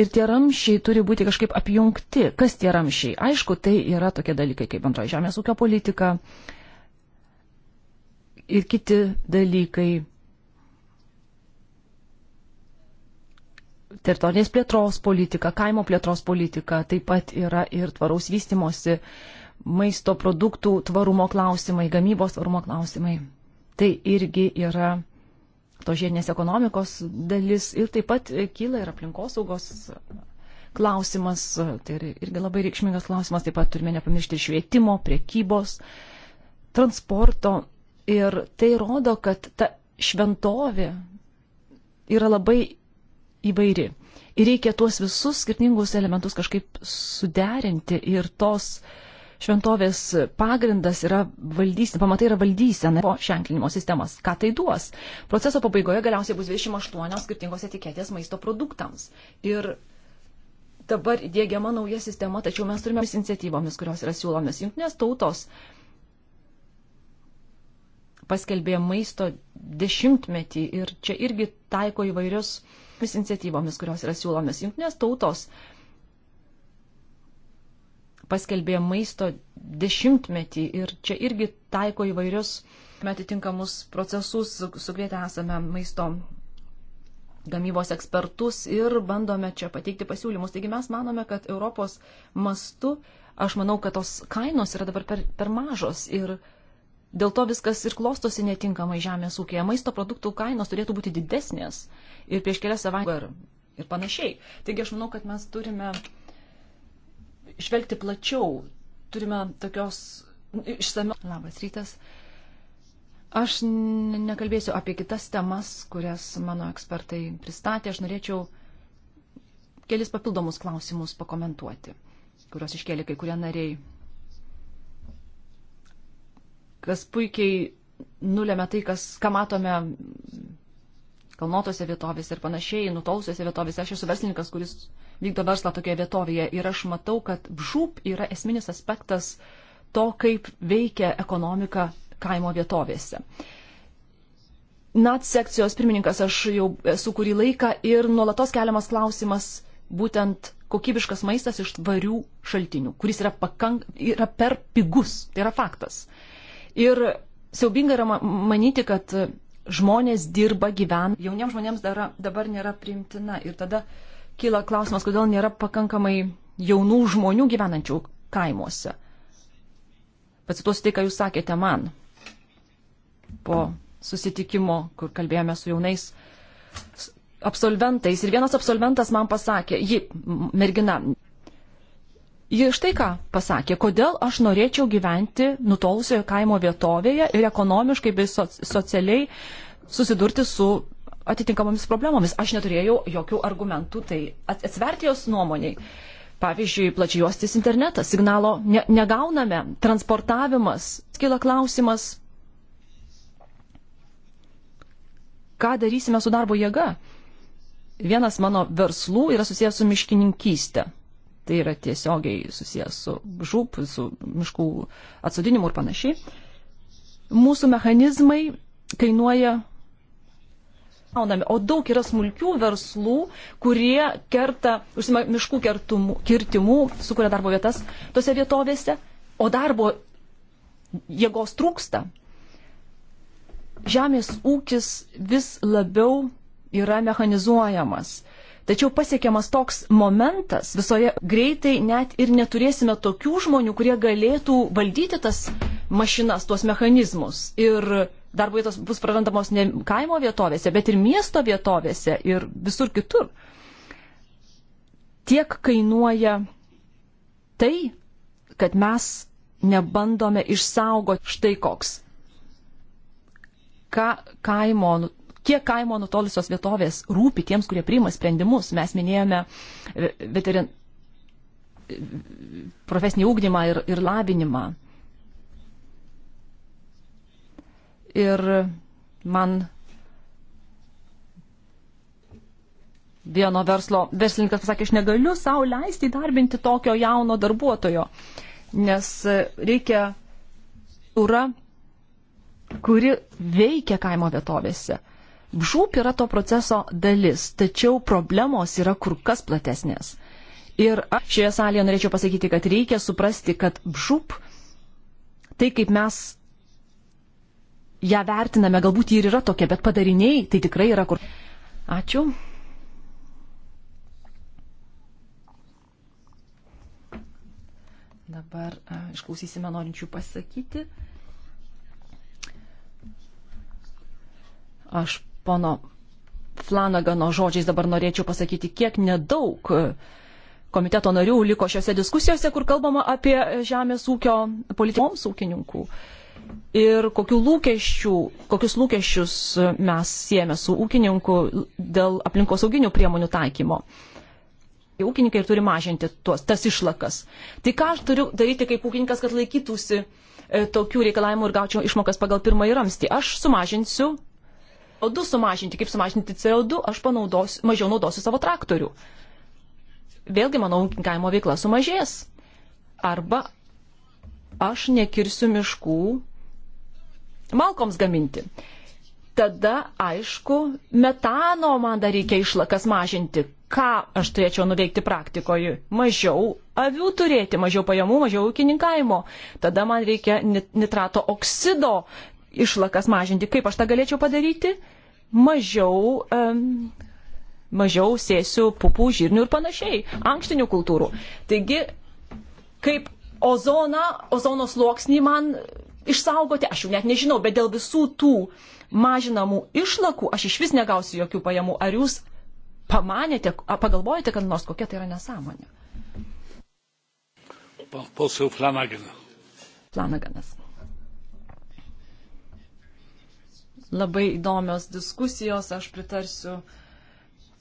S3: Ir tie ramščiai turi būti kažkaip apjungti. Kas tie ramščiai? Aišku, tai yra tokie dalykai kaip bendroji žemės ūkio politika ir kiti dalykai. Teritorinės plėtros politika, kaimo plėtros politika, taip pat yra ir tvaraus vystimosi, maisto produktų tvarumo klausimai, gamybos tvarumo klausimai. Tai irgi yra to žiedinės ekonomikos dalis ir taip pat kyla ir aplinkosaugos klausimas, tai irgi labai reikšmingas klausimas, taip pat turime nepamiršti švietimo, priekybos, transporto ir tai rodo, kad ta šventovė yra labai įvairi. Ir reikia tuos visus skirtingus elementus kažkaip suderinti ir tos uh, šventovės pagrindas yra valdysena, pamatai yra valdysena po ženklinimo sistemas. Ką tai duos? Proceso pabaigoje galiausiai bus 28 skirtingos etiketės maisto produktams. Ir dabar dėgiama nauja sistema, tačiau mes turime iniciatyvomis, kurios yra siūlomis. Junktinės tautos paskelbė maisto dešimtmetį ir čia irgi taiko įvairius iniciatyvomis, kurios yra siūlomis. Junktinės tautos paskelbė paskelbė maisto dešimtmetį ir čia irgi taiko įvairius atitinkamus procesus, sukvietę esame maisto gamybos ekspertus ir bandome čia pateikti pasiūlymus. Taigi mes manome, kad Europos mastu, aš manau, kad tos kainos yra dabar per, per mažos ir dėl to viskas ir klostosi netinkamai žemės ūkėje. Maisto produktų kainos turėtų būti didesnės ir prieš kelias savaitės ir, ir panašiai. Taigi aš manau, kad mes turime žvelgti plačiau. Turime tokios išsame. Labas rytas. Aš nekalbėsiu apie kitas temas, kurias mano ekspertai pristatė. Aš norėčiau kelis papildomus klausimus pakomentuoti, kuriuos iškėlė kai kurie nariai. Kas puikiai nulėmė tai, kas, ką matome kalnotose vietovėse ir panašiai, nutolusiose vietovėse. Aš esu verslininkas, kuris vykdo verslą tokioje vietovėje. Ir aš matau, kad žūp yra esminis aspektas to, kaip veikia ekonomika kaimo vietovėse. NAT sekcijos pirmininkas aš jau esu kurį laiką ir nuolatos keliamas klausimas būtent kokybiškas maistas iš tvarių šaltinių, kuris yra, pakank, yra per pigus, tai yra faktas. Ir siaubinga yra manyti, kad žmonės dirba, gyvena, jauniems žmonėms dara, dabar nėra primtina. Ir tada uh, kyla klausimas, kodėl nėra pakankamai jaunų žmonių gyvenančių kaimuose. Pacituosiu tai, ką jūs sakėte man po susitikimo, kur kalbėjome su jaunais absolventais. Ir vienas absolventas man pasakė, ji, mergina, ji štai ką pasakė, kodėl aš norėčiau gyventi nutolusioje kaimo vietovėje ir ekonomiškai bei socialiai susidurti su atitinkamomis problemomis. Aš neturėjau jokių argumentų tai atsverti jos nuomoniai. Pavyzdžiui, plačiuostis internetas, signalo ne, negauname, transportavimas, skila klausimas, ką darysime su darbo jėga. Vienas mano verslų yra susijęs su miškininkystė. Tai yra tiesiogiai susijęs su žūp, su miškų atsodinimu ir panašiai. Mūsų mechanizmai kainuoja O daug yra smulkių verslų, kurie kerta, užsima miškų kertumų, kirtimų, sukuria darbo vietas tose vietovėse, o darbo jėgos trūksta. Žemės ūkis vis labiau yra mechanizuojamas. Tačiau pasiekiamas toks momentas visoje greitai net ir neturėsime tokių žmonių, kurie galėtų valdyti tas mašinas, tuos mechanizmus. Ir darbo vietos bus prarandamos ne kaimo vietovėse, bet ir miesto vietovėse ir visur kitur. Tiek kainuoja tai, kad mes nebandome išsaugoti štai koks. Ką kaimo, nu, kiek kaimo nutolusios vietovės rūpi tiems, kurie priima sprendimus. Mes minėjome veterin... profesinį ūkdymą ir, ir labinimą ir man vieno verslo verslininkas pasakė, aš negaliu savo leisti įdarbinti tokio jauno darbuotojo, nes e, reikia ura, kuri veikia kaimo vietovėse. Žūp yra to proceso dalis, tačiau problemos yra kur kas platesnės. Ir šioje salėje norėčiau pasakyti, kad reikia suprasti, kad žūp, tai kaip mes ją vertiname, galbūt ji ir yra tokia, bet padariniai tai tikrai yra kur. Ačiū. Dabar a, išklausysime norinčių pasakyti. Aš pono Flanagano žodžiais dabar norėčiau pasakyti, kiek nedaug e, komiteto narių liko šiuose diskusijose, kur kalbama apie e, žemės ūkio politikoms ūkininkų. Uh, ir kokių lūkesčių, kokius lūkesčius mes siejame su ūkininku dėl aplinkosauginių priemonių taikymo. Ūkininkai ir turi mažinti tuos, tas išlakas. Tai ką aš turiu daryti kaip ūkininkas, kad laikytųsi e, tokių reikalavimų ir gaučiau išmokas pagal pirmąjį ramstį? Aš sumažinsiu CO2 sumažinti. Kaip sumažinti CO2, aš panaudosiu, mažiau naudosiu savo traktorių. Vėlgi mano ūkininkavimo veikla sumažės. Arba aš nekirsiu miškų malkoms gaminti. Tada, aišku, metano man dar reikia išlakas mažinti. Ką aš turėčiau nuveikti praktikoje? Mažiau avių turėti, mažiau pajamų, mažiau ūkininkavimo. Tada man reikia nitrato oksido išlakas mažinti. Kaip aš tą galėčiau padaryti? Mažiau, um, mažiau sėsiu pupų, žirnių ir panašiai, ankštinių kultūrų. Taigi, kaip ozoną, ozono sluoksnį man išsaugoti, aš jų net nežinau, bet dėl visų tų mažinamų išlakų aš iš vis negausiu jokių pajamų. Ar jūs pamanėte, pagalvojate, kad nors kokia tai yra nesąmonė?
S1: Posiau Flanagana.
S3: Flanaganas. Labai įdomios diskusijos, aš pritarsiu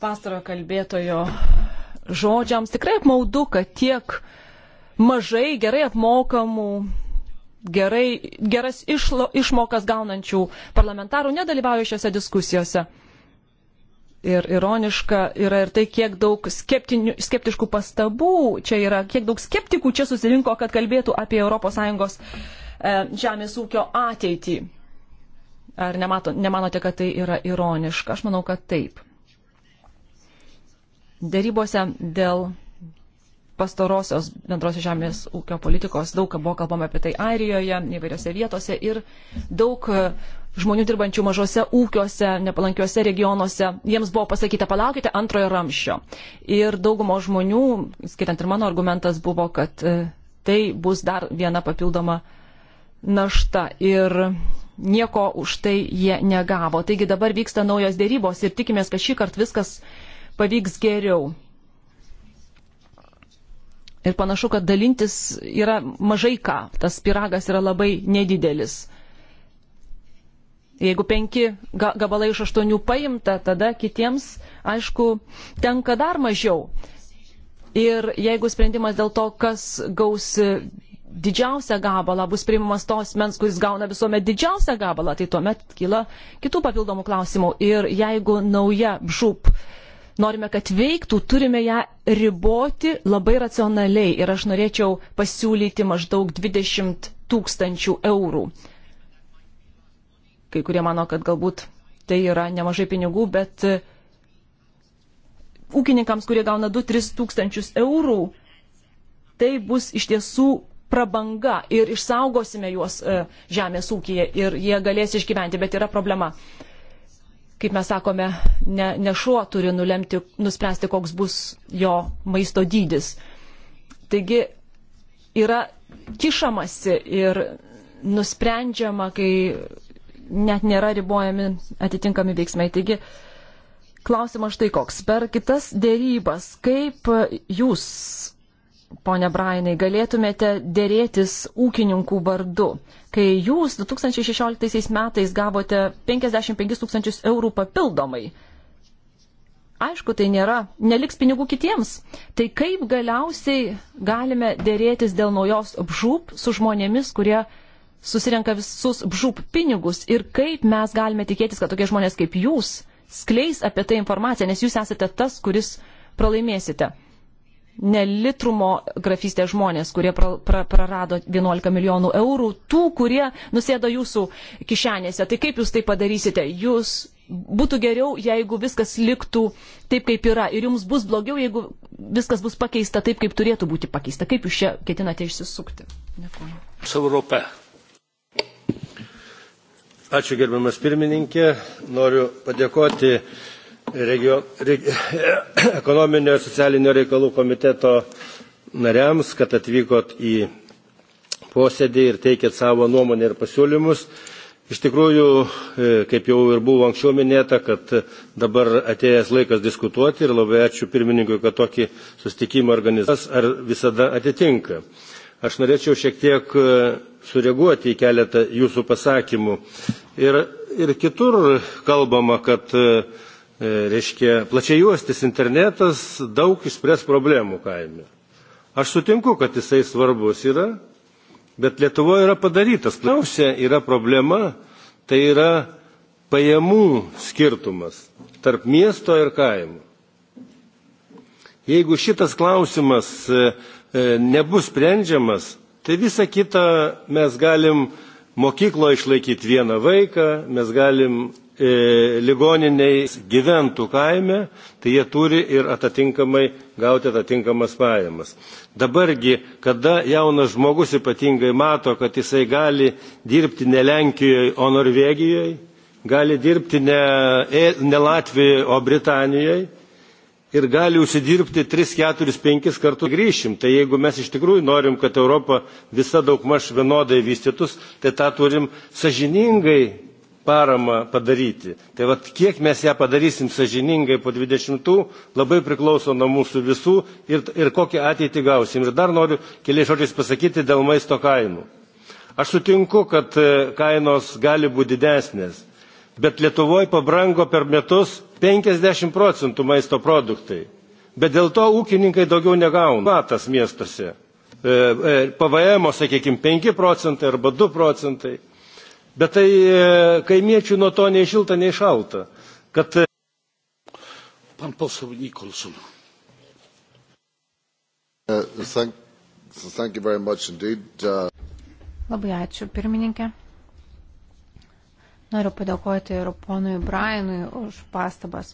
S3: pastarojo kalbėtojo žodžiams. Tikrai apmaudu, kad tiek mažai gerai apmokamų gerai, geras išlo, išmokas gaunančių parlamentarų nedalyvauja šiuose diskusijose. Ir ironiška yra ir tai, kiek daug skeptinių, skeptiškų pastabų čia yra, kiek daug skeptikų čia susirinko, kad kalbėtų apie ES e, žemės ūkio ateitį. Ar nemato, nemanote, kad tai yra ironiška? Aš manau, kad taip. Dėrybose dėl pastarosios bendrosios žemės ūkio politikos, daug buvo kalbama apie tai Airijoje, įvairiose vietose ir daug e, žmonių dirbančių mažose ūkiuose, nepalankiuose regionuose, jiems buvo pasakyta, palaukite antrojo ramščio. Ir daugumo žmonių, skaitant ir mano argumentas buvo, kad e, tai bus dar viena papildoma našta ir nieko už tai jie negavo. Taigi dabar vyksta naujos dėrybos ir tikimės, kad šį kartą viskas pavyks geriau. Ir panašu, kad dalintis yra mažai ką, tas piragas yra labai nedidelis. Jeigu penki gabalai iš aštuonių paimta, tada kitiems, aišku, tenka dar mažiau. Ir jeigu sprendimas dėl to, kas gaus didžiausią gabalą, bus priimamas tos mens, kuris gauna visuomet didžiausią gabalą, tai tuomet kyla kitų papildomų klausimų. Ir jeigu nauja žūp norime, kad veiktų, turime ją riboti labai racionaliai. Ir aš norėčiau pasiūlyti maždaug 20 tūkstančių eurų. Kai kurie mano, kad galbūt tai yra nemažai pinigų, bet e, ūkininkams, kurie gauna 2-3 tūkstančius eurų, tai bus iš tiesų prabanga ir išsaugosime juos e, žemės ūkyje ir jie galės išgyventi, bet yra problema kaip mes sakome, ne, ne šuo turi nulemti, nuspręsti, koks bus jo maisto dydis. Taigi yra kišamasi ir nusprendžiama, kai net nėra ribojami atitinkami veiksmai. Taigi klausimas štai koks. Per kitas dėrybas, kaip jūs ponia Brainai, galėtumėte dėrėtis ūkininkų vardu, kai jūs 2016 metais gavote 55 tūkstančius eurų papildomai. Aišku, tai nėra, neliks pinigų kitiems. Tai kaip galiausiai galime dėrėtis dėl naujos bžūp su žmonėmis, kurie susirenka visus bžūp pinigus ir kaip mes galime tikėtis, kad tokie žmonės kaip jūs skleis apie tai informaciją, nes jūs esate tas, kuris pralaimėsite nelitrumo grafystės žmonės, kurie pra, pra, prarado 11 milijonų eurų, tų, kurie nusėdo jūsų kišenėse. Tai kaip jūs tai padarysite? Jūs būtų geriau, jeigu viskas liktų taip, kaip yra. Ir jums bus blogiau, jeigu viskas bus pakeista taip, kaip turėtų būti pakeista. Kaip jūs čia ketinate išsisukti?
S1: Dėkuoju. Europė. Ačiū gerbiamas pirmininkė. Noriu padėkoti regio, reg, ekonominio ir socialinio reikalų komiteto nariams, kad atvykot į posėdį ir teikėt savo nuomonę ir pasiūlymus. Iš tikrųjų, e, kaip jau ir buvo anksčiau minėta, kad dabar atėjęs laikas diskutuoti ir labai ačiū pirmininkui, kad tokį sustikimą organizas ar visada atitinka. Aš norėčiau šiek tiek e, sureaguoti į keletą jūsų pasakymų. Ir, ir kitur kalbama, kad e, E, reiškia, plačiai juostis internetas daug išspręs problemų kaime. Aš sutinku, kad jisai svarbus yra, bet Lietuvoje yra padarytas. Klausia yra problema, tai yra pajamų skirtumas tarp miesto ir kaimo. Jeigu šitas klausimas e, e, nebus sprendžiamas, tai visą kitą mes galim mokykloje išlaikyti vieną vaiką, mes galim E, ligoniniai gyventų kaime, tai jie turi ir atitinkamai gauti atitinkamas pajamas. Dabargi, kada jaunas žmogus ypatingai mato, kad jisai gali dirbti ne Lenkijoje, o Norvegijoje, gali dirbti ne, e, ne Latvijoje, o Britanijoje, ir gali užsidirbti 3, 4, 5 kartų grįšim. Tai jeigu mes iš tikrųjų norim, kad Europa visa daugmaž vienodai vystytus, tai tą turim sažiningai paramą padaryti. Tai vad, kiek mes ją padarysim sažiningai po 20, labai priklauso nuo mūsų visų ir, ir kokią ateitį gausim. Ir dar noriu keliais žodžiais pasakyti dėl maisto kainų. Aš sutinku, kad e, kainos gali būti didesnės, bet Lietuvoje pabrango per metus 50 procentų maisto produktai. Bet dėl to ūkininkai daugiau negauna. Matas miestuose. E, e, PVM, sakykime, 5 procentai arba 2 procentai. Bet tai e, kaimiečių nuo to nei šilta, nei šalta. Kad... E, Pan poseł Nicholson. Uh, thank, thank you very much indeed. Uh...
S4: Labai ačiū, pirmininkė. Noriu padėkoti ir ponui Brianui už pastabas.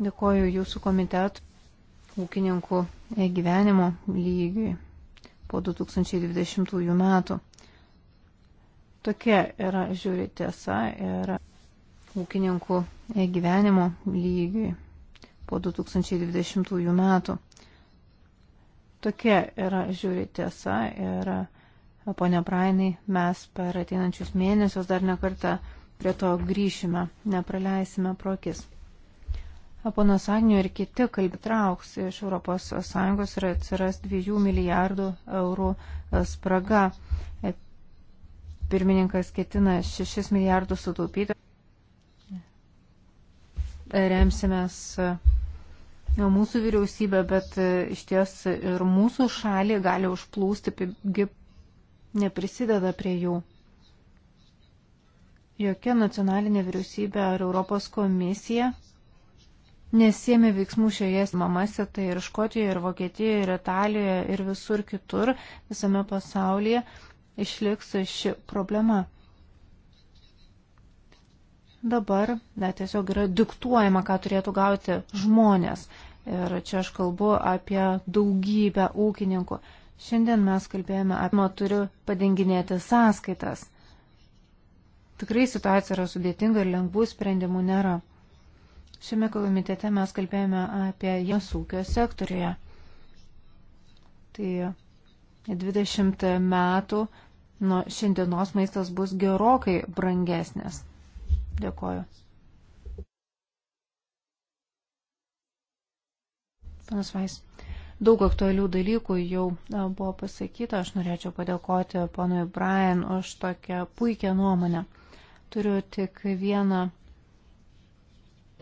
S4: Dėkoju jūsų komitetų ūkininkų gyvenimo lygiui po 2020 metų. Tokia yra žiūri tiesa ir ūkininkų gyvenimo lygiui po 2020 metų. Tokia yra žiūri tiesa ir ponia Brainai, mes per ateinančius mėnesius dar nekartą prie to grįšime, nepraleisime prokis. Ponas Agnių ir kiti kalbitrauks iš ES ir atsiras 2 milijardų eurų spraga pirmininkas ketina 6 milijardus sutaupyti. Remsimės e, mūsų vyriausybę, bet e, iš ties ir mūsų šalį gali užplūsti, pigi neprisideda prie jų. Jokia nacionalinė vyriausybė ar Europos komisija nesėmė veiksmų šioje mamase, tai ir Škotijoje, ir Vokietijoje, ir Italijoje, ir visur kitur, visame pasaulyje išliks ši problema. Dabar na, tiesiog yra diktuojama, ką turėtų gauti žmonės. Ir čia aš kalbu apie daugybę ūkininkų. Šiandien mes kalbėjome apie, man nu, turiu padenginėti sąskaitas. Tikrai situacija yra sudėtinga ir lengvų sprendimų nėra. Šiame komitete mes kalbėjome apie jas ūkio sektoriuje. Tai 20 metų nuo šiandienos maistas bus gerokai brangesnės. Dėkoju. Panas Vais. Daug aktualių dalykų jau buvo pasakyta. Aš norėčiau padėkoti ponui Brian už tokią puikią nuomonę. Turiu tik vieną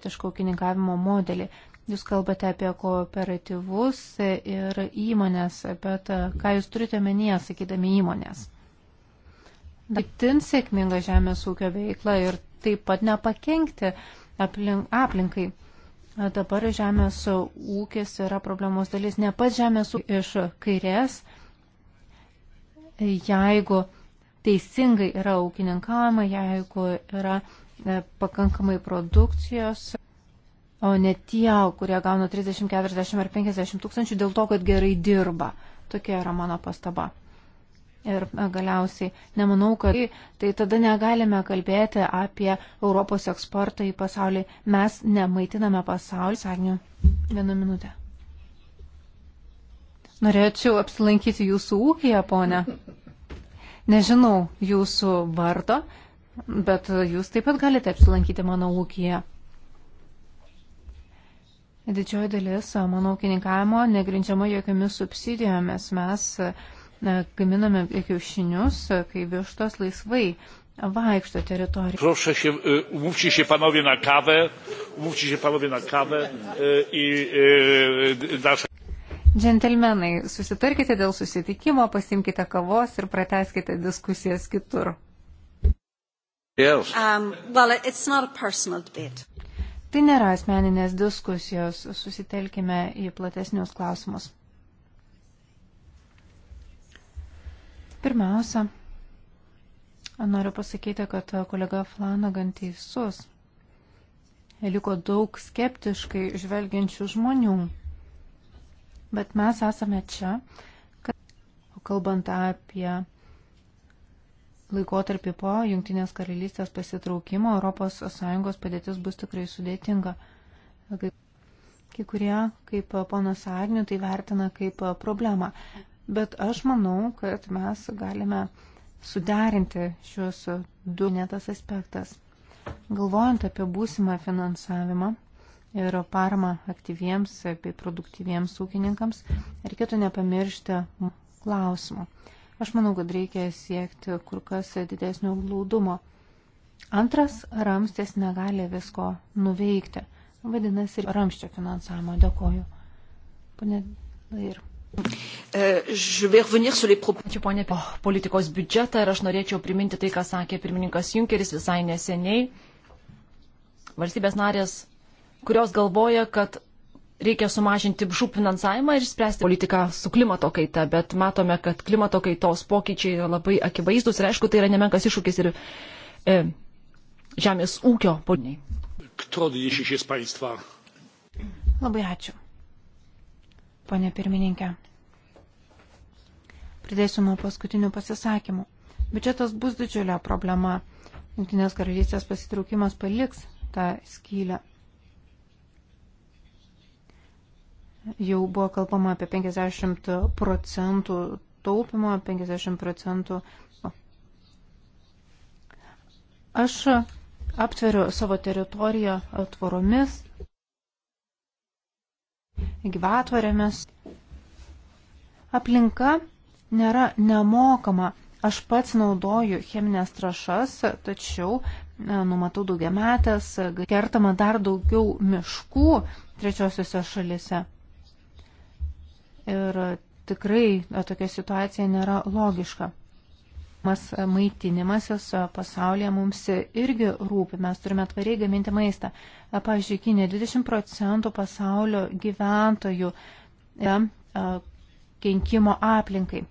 S4: etiško ūkininkavimo modelį. Jūs kalbate apie kooperatyvus ir įmonės, bet ką jūs turite menyje, sakydami įmonės? itin sėkmingą žemės ūkio veiklą ir taip pat nepakenkti aplink, aplinkai. Dabar žemės ūkis yra problemos dalis, ne pats žemės ūkis iš kairės. Jeigu teisingai yra ūkininkavama, jeigu yra e, pakankamai produkcijos, o ne tie, kurie gauna 30, 40 ar 50 tūkstančių dėl to, kad gerai dirba. Tokia yra mano pastaba. Ir e, galiausiai nemanau, kad tai tada negalime kalbėti apie Europos eksportą į pasaulį. Mes nemaitiname pasaulį. Sagniu, vieną minutę. Norėčiau apsilankyti jūsų ūkiją, ponė. Nežinau jūsų vardo, bet jūs taip pat galite apsilankyti mano ūkiją. Didžioji dalis mano ūkininkavimo negrindžiama jokiamis subsidijomis. Mes gaminame kiaušinius, kai vištos laisvai vaikšto teritorijoje.
S1: Proszę się, umówcie się panowie na kawę, umówcie się panowie na kawę i nasze.
S4: Džentelmenai, susitarkite dėl susitikimo, pasimkite kavos ir prateskite diskusijas kitur.
S3: Yes. Um, well,
S4: tai nėra asmeninės diskusijos, susitelkime į platesnius klausimus. Pirmiausia, noriu pasakyti, kad kolega Flanagan teisus. Liko daug skeptiškai žvelgiančių žmonių. Bet mes esame čia, kad, kalbant apie laikotarpį po Junktinės karalystės pasitraukimo, ES padėtis bus tikrai sudėtinga. Kai kurie, kaip ponas Agnių, tai vertina kaip problemą bet aš manau, kad mes galime suderinti šios du netas aspektas. Galvojant apie būsimą finansavimą ir paramą aktyviems bei produktyviems ūkininkams, reikėtų nepamiršti klausimų. Aš manau, kad reikia siekti kur kas didesnio glaudumo. Antras ramstis negali visko nuveikti. Vadinasi, ramščio finansavimo dėkoju. Pane Lair.
S3: Euh, ačiū ponė po politikos biudžetą ir aš norėčiau priminti tai, ką sakė pirmininkas Junkeris visai neseniai. Valstybės narės, kurios galvoja, kad reikia sumažinti bžų finansavimą ir spręsti politiką su klimato kaita, bet matome, kad klimato kaitos pokyčiai yra labai akivaizdus ir aišku, tai yra nemenkas iššūkis ir e, žemės ūkio podniai.
S4: Labai ačiū ponė pirmininkė. Pridėsiu nuo paskutinių pasisakymų. Biudžetas bus didžiulė problema. Junktinės karalystės pasitraukimas paliks tą skylę. Jau buvo kalbama apie 50 procentų taupimo, 50 procentų. Aš aptveriu savo teritoriją tvoromis, gyvatvorėmis. Aplinka nėra nemokama. Aš pats naudoju cheminės trašas, tačiau e, numatau daugiametės, kertama dar daugiau miškų trečiosiuose šalise. Ir tikrai e, tokia situacija nėra logiška. Mas e, maitinimasis e, pasaulyje mums irgi rūpi, mes turime tvariai gaminti maistą. E, pavyzdžiui, Kinė 20 procentų pasaulio gyventojų yra kenkimo aplinkai.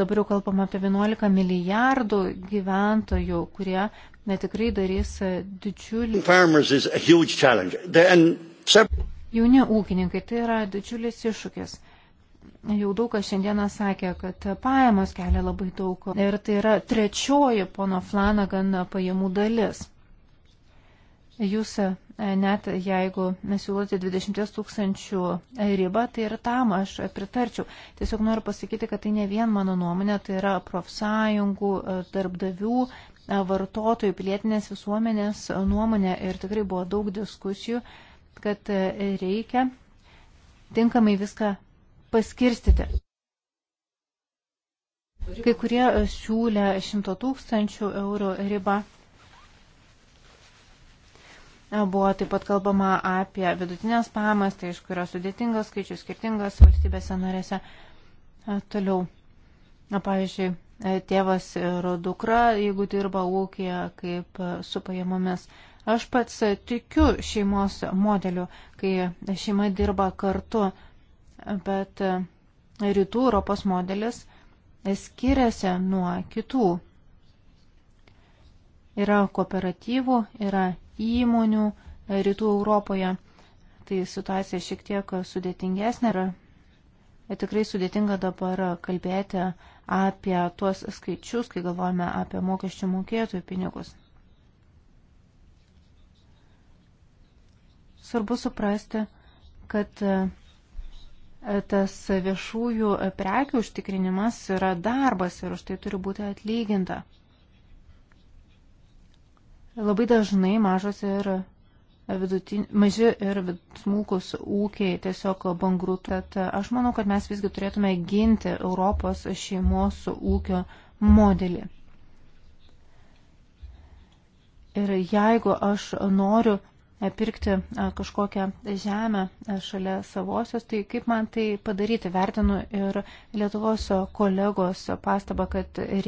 S4: Dabar jau kalbam apie 11 milijardų gyventojų, kurie netikrai darys didžiulį. Jauni ūkininkai, tai yra didžiulis iššūkis. Jau daug kas šiandieną sakė, kad pajamos kelia labai daug ir tai yra trečioji pono Flanagan pajamų dalis. Jūs e, net jeigu siūlote 20 tūkstančių ribą, tai ir tam aš pritarčiau. Tiesiog noriu pasakyti, kad tai ne vien mano nuomonė, tai yra profsąjungų, e, darbdavių, e, vartotojų, pilietinės visuomenės nuomonė ir tikrai buvo daug diskusijų, kad reikia tinkamai viską paskirstyti. Kai kurie e, siūlė 100 tūkstančių eurų ribą. E, buvo taip pat kalbama apie vidutinės pajamas, tai iš kurio sudėtingas skaičius skirtingas valstybėse norėse. E, toliau, na, pavyzdžiui, tėvas ir dukra, jeigu dirba ūkija, kaip su pajamomis. Aš pats tikiu šeimos modeliu, kai šeima dirba kartu bet e, rytų Europos modelis skiriasi nuo kitų. Yra kooperatyvų, yra įmonių e, rytų Europoje. Tai situacija šiek tiek sudėtingesnė ir e, tikrai sudėtinga dabar kalbėti apie tuos skaičius, kai galvojame apie mokesčių mokėtojų pinigus. Svarbu suprasti, kad tas viešųjų prekių užtikrinimas yra darbas ir už tai turi būti atlyginta. Labai dažnai mažos ir vidutin, maži ir smulkus ūkiai tiesiog bankrutų. Tad e, aš manau, kad mes visgi turėtume ginti Europos šeimos ūkio modelį. Ir jeigu aš noriu pirkti kažkokią žemę šalia savosios, tai kaip man tai padaryti, vertinu ir Lietuvos kolegos pastabą, kad